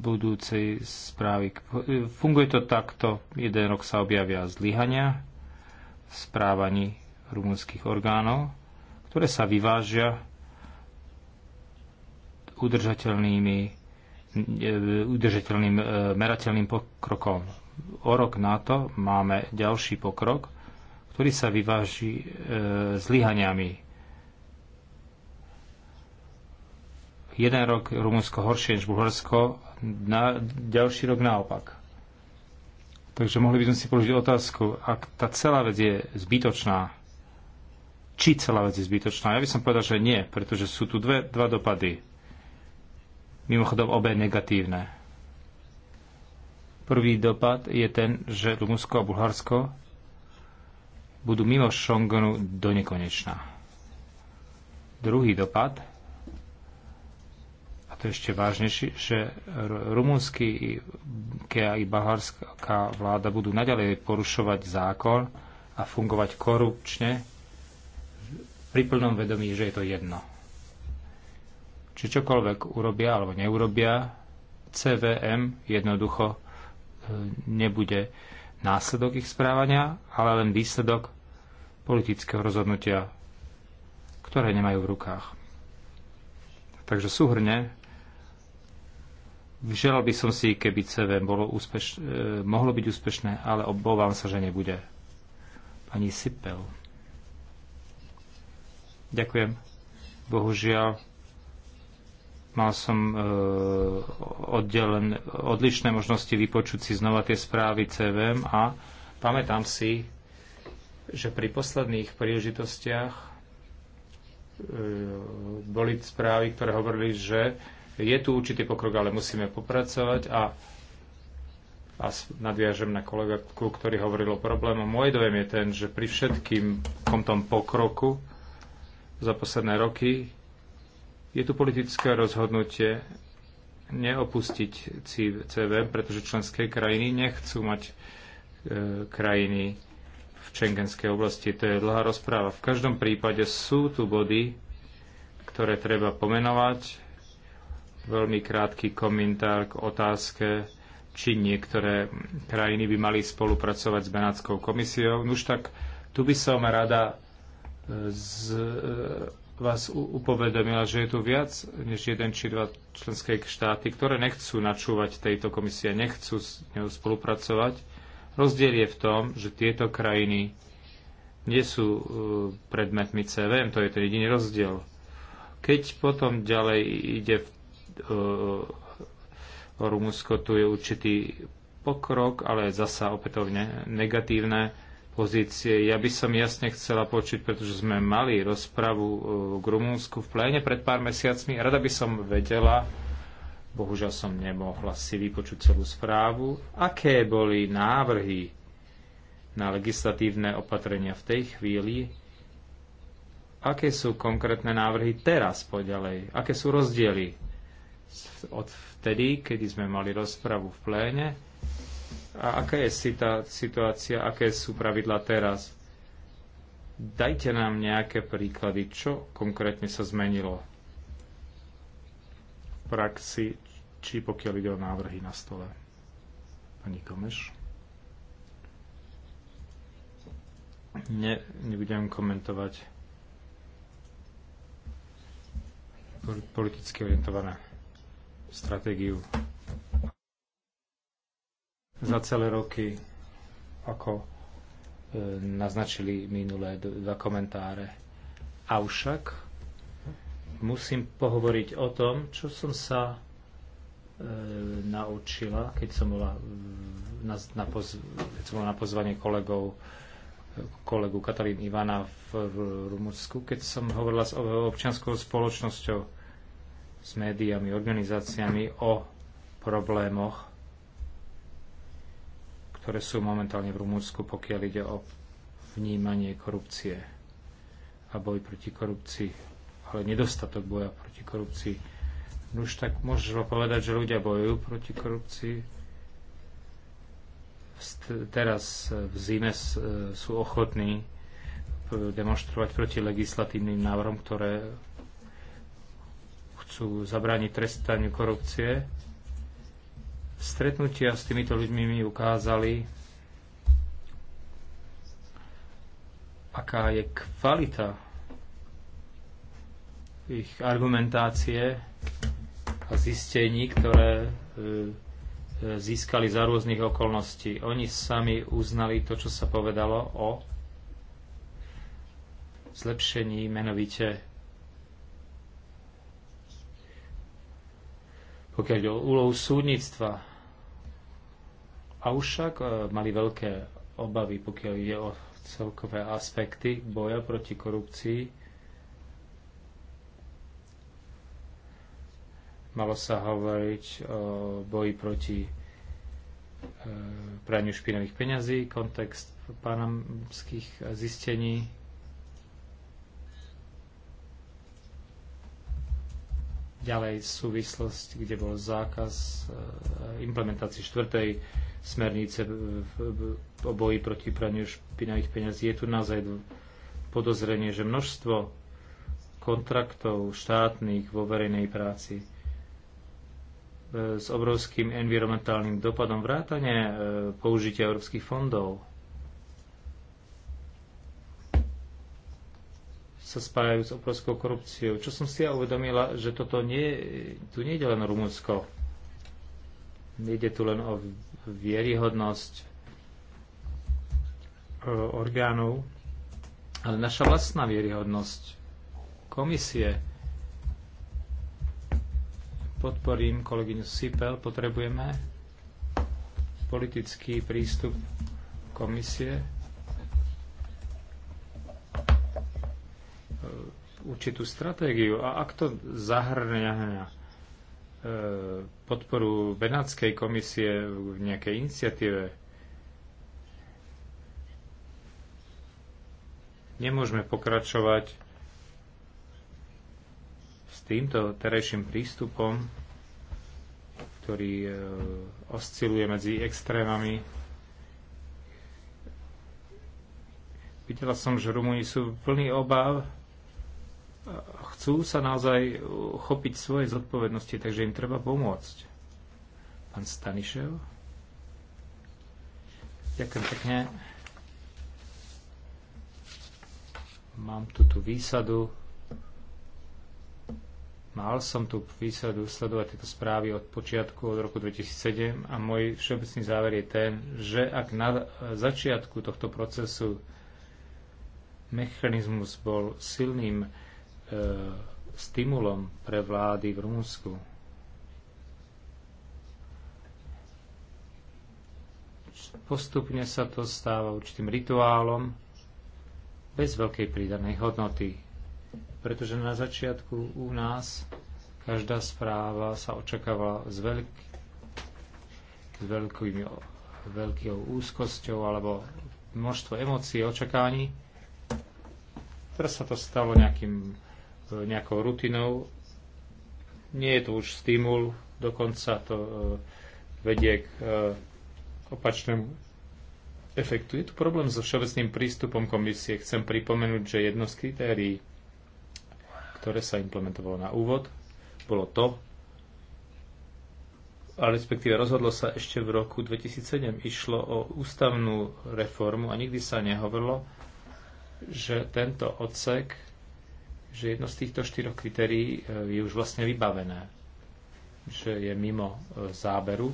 [SPEAKER 3] budúcej správy. Funguje to takto. Jeden rok sa objavia zlyhania v správaní rumunských orgánov, ktoré sa vyvážia udržateľnými, e, udržateľným e, merateľným pokrokom o rok na to máme ďalší pokrok, ktorý sa vyváži e, zlyhaniami. Jeden rok Rumunsko horšie než Bulharsko, na, ďalší rok naopak. Takže mohli by sme si položiť otázku, ak tá celá vec je zbytočná, či celá vec je zbytočná. Ja by som povedal, že nie, pretože sú tu dve, dva dopady. Mimochodom, obe negatívne Prvý dopad je ten, že Rumunsko a Bulharsko budú mimo Schengenu do nekonečna. Druhý dopad, a to je ešte vážnejší, že rumúnsky i bulharská vláda budú naďalej porušovať zákon a fungovať korupčne pri plnom vedomí, že je to jedno. Či čokoľvek urobia alebo neurobia, CVM jednoducho nebude následok ich správania, ale len výsledok politického rozhodnutia, ktoré nemajú v rukách. Takže súhrne, želal by som si, keby CV bolo úspeš- e, mohlo byť úspešné, ale obávam sa, že nebude. Pani Sipel. Ďakujem. Bohužiaľ, Mal som e, oddelen, odlišné možnosti vypočuť si znova tie správy CVM a pamätám si, že pri posledných príležitostiach e, boli správy, ktoré hovorili, že je tu určitý pokrok, ale musíme popracovať a, a nadviažem na kolegu, ktorý hovoril o probléme. Môj dojem je ten, že pri všetkým tom pokroku za posledné roky je tu politické rozhodnutie neopustiť CV, pretože členské krajiny nechcú mať e, krajiny v Čengenskej oblasti. To je dlhá rozpráva. V každom prípade sú tu body, ktoré treba pomenovať. Veľmi krátky komentár k otázke, či niektoré krajiny by mali spolupracovať s Benátskou komisiou. Už tak, tu by som rada z, vás upovedomila, že je tu viac než jeden či dva členské štáty, ktoré nechcú načúvať tejto komisie, nechcú s ňou spolupracovať. Rozdiel je v tom, že tieto krajiny nie sú e, predmetmi CVM, to je ten jediný rozdiel. Keď potom ďalej ide v, e, o Rumusko, tu je určitý pokrok, ale zasa opätovne negatívne pozície. Ja by som jasne chcela počuť, pretože sme mali rozpravu k e, Rumúnsku v pléne pred pár mesiacmi. Rada by som vedela, bohužiaľ som nemohla si vypočuť celú správu, aké boli návrhy na legislatívne opatrenia v tej chvíli, aké sú konkrétne návrhy teraz poďalej, aké sú rozdiely od vtedy, kedy sme mali rozpravu v pléne, a aká je situácia, aké sú pravidla teraz? Dajte nám nejaké príklady, čo konkrétne sa zmenilo v praxi, či pokiaľ ide o návrhy na stole. Pani Komeš? Ne, nebudem komentovať politicky orientované stratégiu za celé roky, ako e, naznačili minulé dva komentáre. Avšak musím pohovoriť o tom, čo som sa e, naučila, keď som bola na, na, poz, keď som bola na pozvanie kolegov, kolegu Katalín Ivana v, v Rumunsku, keď som hovorila s občianskou spoločnosťou, s médiami, organizáciami o problémoch ktoré sú momentálne v Rumúnsku, pokiaľ ide o vnímanie korupcie a boj proti korupcii, ale nedostatok boja proti korupcii. No už tak možno povedať, že ľudia bojujú proti korupcii. Teraz eh, v zime eh, sú ochotní eh, demonstrovať proti legislatívnym návrhom, ktoré chcú zabrániť trestaniu korupcie Stretnutia s týmito ľuďmi mi ukázali, aká je kvalita ich argumentácie a zistení, ktoré e, e, získali za rôznych okolností. Oni sami uznali to, čo sa povedalo o zlepšení menovite pokiaľ o úlohu súdnictva Avšak e, mali veľké obavy, pokiaľ ide o celkové aspekty boja proti korupcii. Malo sa hovoriť o boji proti e, praniu špinavých peňazí, kontext panamských zistení Ďalej súvislosť, kde bol zákaz eh, implementácie štvrtej smernice o boji proti praniu špinavých peňazí. Je tu naozaj podozrenie, že množstvo kontraktov štátnych vo verejnej práci eh, s obrovským environmentálnym dopadom vrátane eh, použitia európskych fondov sa spájajú s obrovskou korupciou. Čo som si ja uvedomila, že toto nie, tu nie je len Rumunsko. Nejde tu len o vieryhodnosť e, orgánov, ale naša vlastná vieryhodnosť komisie. Podporím kolegyňu Sipel, potrebujeme politický prístup komisie určitú stratégiu a ak to zahrňa e, podporu Benátskej komisie v nejakej iniciatíve, nemôžeme pokračovať s týmto terejším prístupom, ktorý e, osciluje medzi extrémami. Videla som, že Rumúni sú plní obav chcú sa naozaj chopiť svojej zodpovednosti, takže im treba pomôcť. Pán Stanišev. Ďakujem pekne. Mám tu tú výsadu. Mal som tu výsadu sledovať tieto správy od počiatku, od roku 2007 a môj všeobecný záver je ten, že ak na začiatku tohto procesu mechanizmus bol silným E, stimulom pre vlády v Rumunsku. Postupne sa to stáva určitým rituálom bez veľkej pridanej hodnoty, pretože na začiatku u nás každá správa sa očakávala s, veľk, s veľkými, veľkou úzkosťou alebo množstvo emócií, očakávaní. Teraz sa to stalo nejakým nejakou rutinou. Nie je to už stimul, dokonca to e, vedie k e, opačnému efektu. Je tu problém so všeobecným prístupom komisie. Chcem pripomenúť, že jedno z kritérií, ktoré sa implementovalo na úvod, bolo to, a respektíve rozhodlo sa ešte v roku 2007, išlo o ústavnú reformu a nikdy sa nehovorilo, že tento odsek že jedno z týchto štyroch kritérií e, je už vlastne vybavené, že je mimo e, záberu.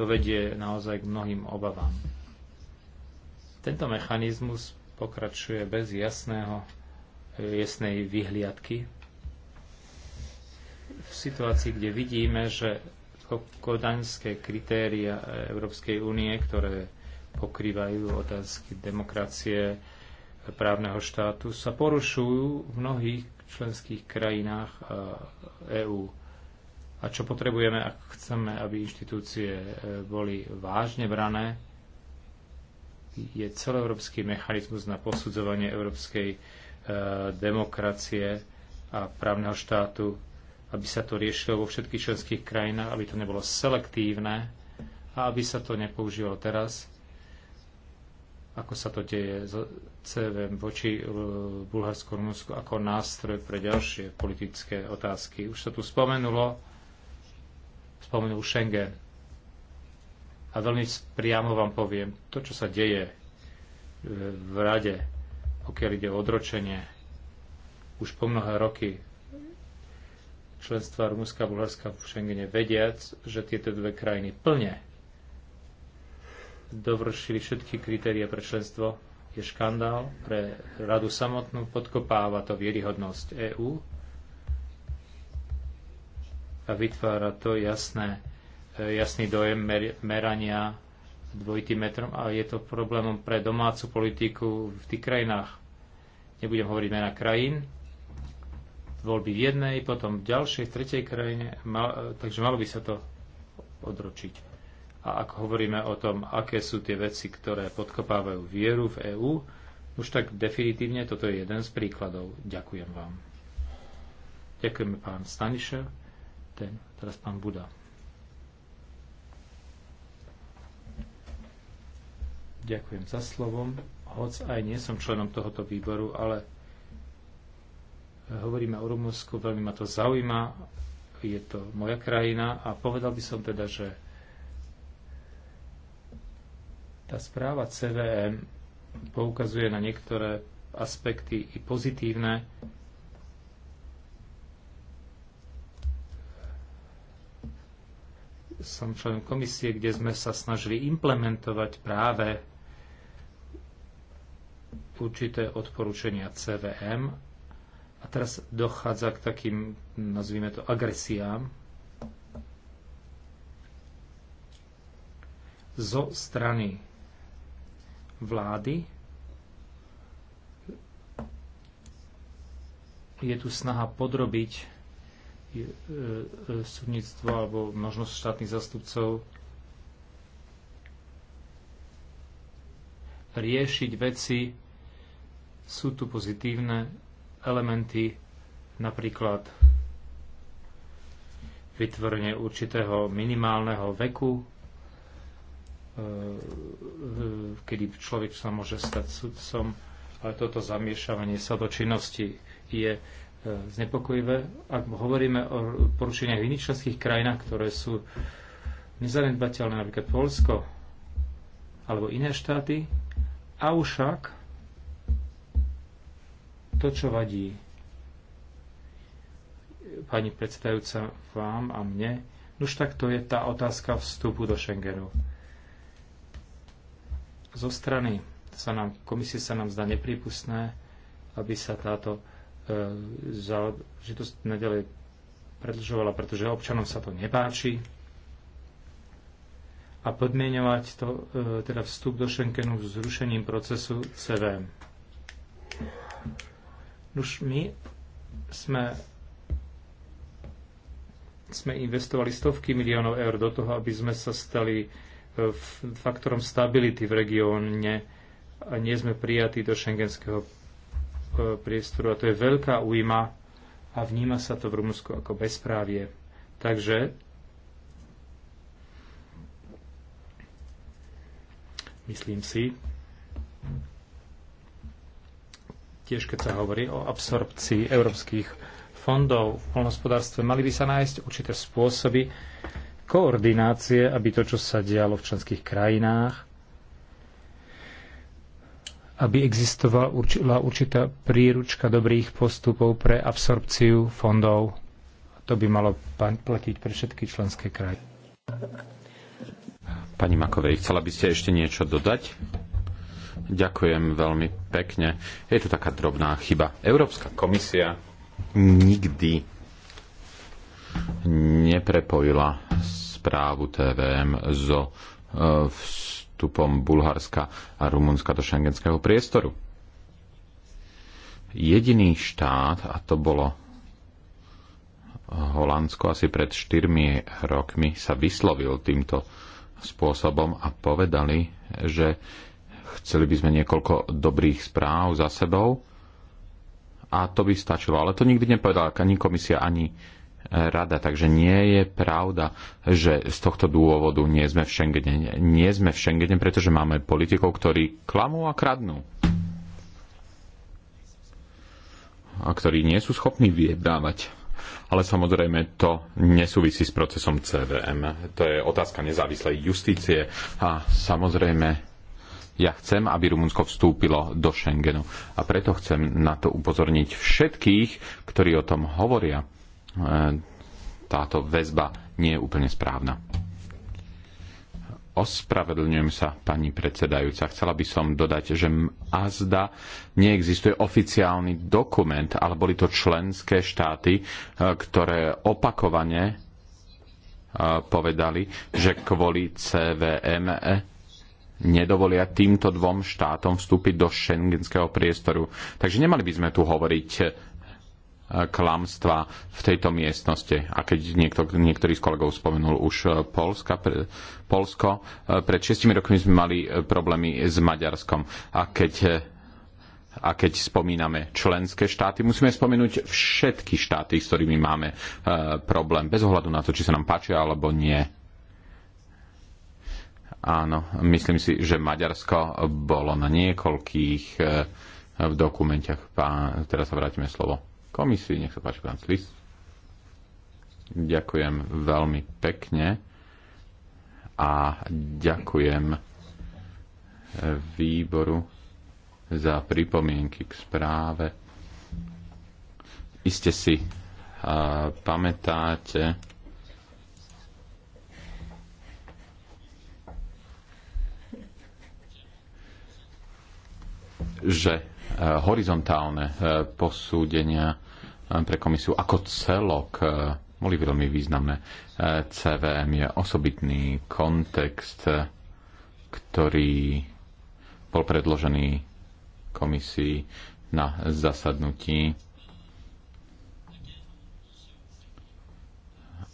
[SPEAKER 3] To vedie naozaj k mnohým obavám. Tento mechanizmus pokračuje bez jasného, e, jasnej vyhliadky. V situácii, kde vidíme, že kodaňské kritéria Európskej únie, ktoré pokrývajú otázky demokracie, právneho štátu sa porušujú v mnohých členských krajinách EÚ. E a čo potrebujeme, ak chceme, aby inštitúcie e, boli vážne brané, je celoeurópsky mechanizmus na posudzovanie európskej e, demokracie a právneho štátu, aby sa to riešilo vo všetkých členských krajinách, aby to nebolo selektívne a aby sa to nepoužívalo teraz, ako sa to deje z CVM voči e, Bulharsku Rumunsku ako nástroj pre ďalšie politické otázky. Už sa tu spomenulo, spomenul Schengen. A veľmi priamo vám poviem, to, čo sa deje e, v rade, pokiaľ ide o odročenie, už po mnohé roky členstva Rumunska a Bulharska v Schengene, vediac, že tieto dve krajiny plne dovršili všetky kritéria pre členstvo, je škandál pre radu samotnú, podkopáva to vieryhodnosť EÚ a vytvára to jasné, e, jasný dojem mer- merania dvojitým metrom a je to problémom pre domácu politiku v tých krajinách. Nebudem hovoriť mena krajín, voľby v jednej, potom v ďalšej, v tretej krajine, mal, takže malo by sa to odročiť. A ak hovoríme o tom, aké sú tie veci, ktoré podkopávajú vieru v EÚ, už tak definitívne toto je jeden z príkladov. Ďakujem vám. Ďakujeme pán Stanišev, ten, teraz pán Buda. Ďakujem za slovom. Hoc aj nie som členom tohoto výboru, ale hovoríme o Rumunsku, veľmi ma to zaujíma, je to moja krajina a povedal by som teda, že tá správa CVM poukazuje na niektoré aspekty i pozitívne. Som členom komisie, kde sme sa snažili implementovať práve určité odporúčania CVM a teraz dochádza k takým, nazvime to, agresiám zo strany vlády. Je tu snaha podrobiť e, e, súdnictvo alebo množnosť štátnych zastupcov riešiť veci. Sú tu pozitívne elementy, napríklad vytvorenie určitého minimálneho veku Eh, kedy človek sa môže stať sudcom, ale toto zamiešavanie sa do činnosti je eh, znepokojivé. Ak hovoríme o porušeniach v iných členských krajinách, ktoré sú nezanedbateľné, napríklad Polsko alebo iné štáty, avšak to, čo vadí pani predstavujúca vám a mne, už tak to je tá otázka vstupu do Schengenu zo strany sa nám, komisie sa nám zdá neprípustné, aby sa táto e, záležitosť nedelej predlžovala, pretože občanom sa to nepáči. A podmienovať to, e, teda vstup do Schengenu zrušením procesu CVM. Už my sme sme investovali stovky miliónov eur do toho, aby sme sa stali faktorom stability v regióne a nie sme prijatí do šengenského e, priestoru. A to je veľká újma a vníma sa to v Rumunsku ako bezprávie. Takže myslím si, tiež keď sa hovorí o absorpcii európskych fondov v polnospodárstve, mali by sa nájsť určité spôsoby, koordinácie, aby to, čo sa dialo v členských krajinách, aby existovala určitá príručka dobrých postupov pre absorpciu fondov. To by malo platiť pre všetky členské krajiny.
[SPEAKER 4] Pani Makovej, chcela by ste ešte niečo dodať? Ďakujem veľmi pekne. Je tu taká drobná chyba. Európska komisia nikdy neprepojila správu TVM so e, vstupom Bulharska a Rumunska do šengenského priestoru. Jediný štát, a to bolo Holandsko asi pred 4 rokmi, sa vyslovil týmto spôsobom a povedali, že chceli by sme niekoľko dobrých správ za sebou a to by stačilo. Ale to nikdy nepovedala ani komisia, ani rada. Takže nie je pravda, že z tohto dôvodu nie sme v Schengene. Nie sme v Schengene, pretože máme politikov, ktorí klamú a kradnú. A ktorí nie sú schopní vyjednávať. Ale samozrejme to nesúvisí s procesom CVM. To je otázka nezávislej justície. A samozrejme ja chcem, aby Rumunsko vstúpilo do Schengenu. A preto chcem na to upozorniť všetkých, ktorí o tom hovoria E, táto väzba nie je úplne správna. Ospravedlňujem sa, pani predsedajúca. Chcela by som dodať, že azda neexistuje oficiálny dokument, ale boli to členské štáty, e, ktoré opakovane e, povedali, že kvôli CVM nedovolia týmto dvom štátom vstúpiť do šengenského priestoru. Takže nemali by sme tu hovoriť klamstva v tejto miestnosti. A keď niekto, niektorý z kolegov spomenul už e, Polska, pre, Polsko, e, pred šestimi rokmi sme mali e, problémy s Maďarskom. A keď a keď spomíname členské štáty, musíme spomenúť všetky štáty, s ktorými máme e, problém, bez ohľadu na to, či sa nám páčia alebo nie. Áno, myslím si, že Maďarsko bolo na niekoľkých e, v dokumentiach. Pán, teraz sa vrátime slovo komisii. Nech sa páči, pán Slis. Ďakujem veľmi pekne a ďakujem výboru za pripomienky k správe. Iste si uh, pamätáte, že e, horizontálne e, posúdenia pre komisiu ako celok e, boli veľmi významné. E, CVM je osobitný kontext, e, ktorý bol predložený komisii na zasadnutí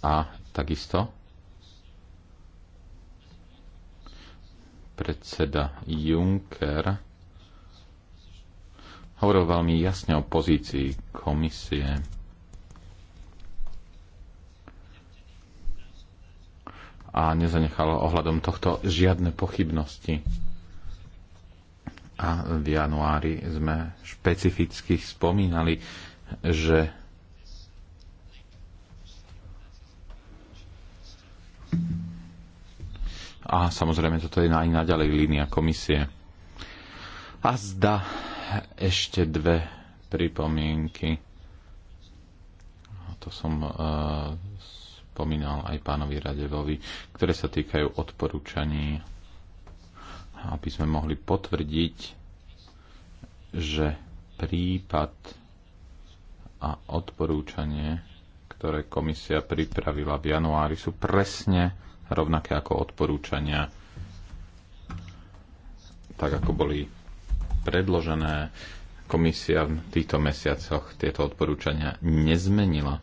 [SPEAKER 4] a takisto predseda Juncker hovoril veľmi jasne o pozícii komisie. A nezanechalo ohľadom tohto žiadne pochybnosti. A v januári sme špecificky spomínali, že a samozrejme toto je aj naďalej línia komisie. A zda ešte dve pripomienky. To som uh, spomínal aj pánovi Radevovi, ktoré sa týkajú odporúčaní, aby sme mohli potvrdiť, že prípad a odporúčanie, ktoré komisia pripravila v januári, sú presne rovnaké ako odporúčania, tak ako boli predložené, komisia v týchto mesiacoch tieto odporúčania nezmenila.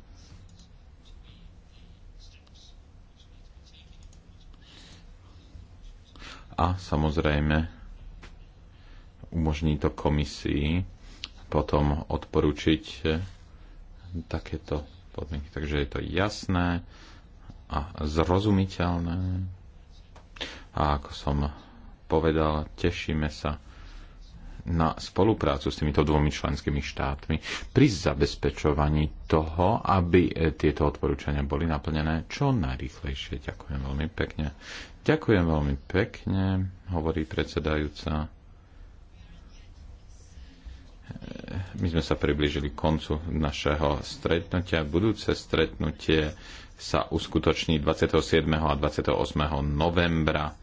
[SPEAKER 4] A samozrejme umožní to komisii potom odporúčiť takéto podmienky. Takže je to jasné a zrozumiteľné. A ako som povedal, tešíme sa na spoluprácu s týmito dvomi členskými štátmi pri zabezpečovaní toho, aby e, tieto odporúčania boli naplnené čo najrychlejšie. Ďakujem veľmi pekne. Ďakujem veľmi pekne, hovorí predsedajúca. E, my sme sa priblížili k koncu našeho stretnutia. Budúce stretnutie sa uskutoční 27. a 28. novembra.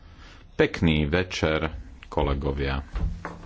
[SPEAKER 4] Pekný večer, kolegovia.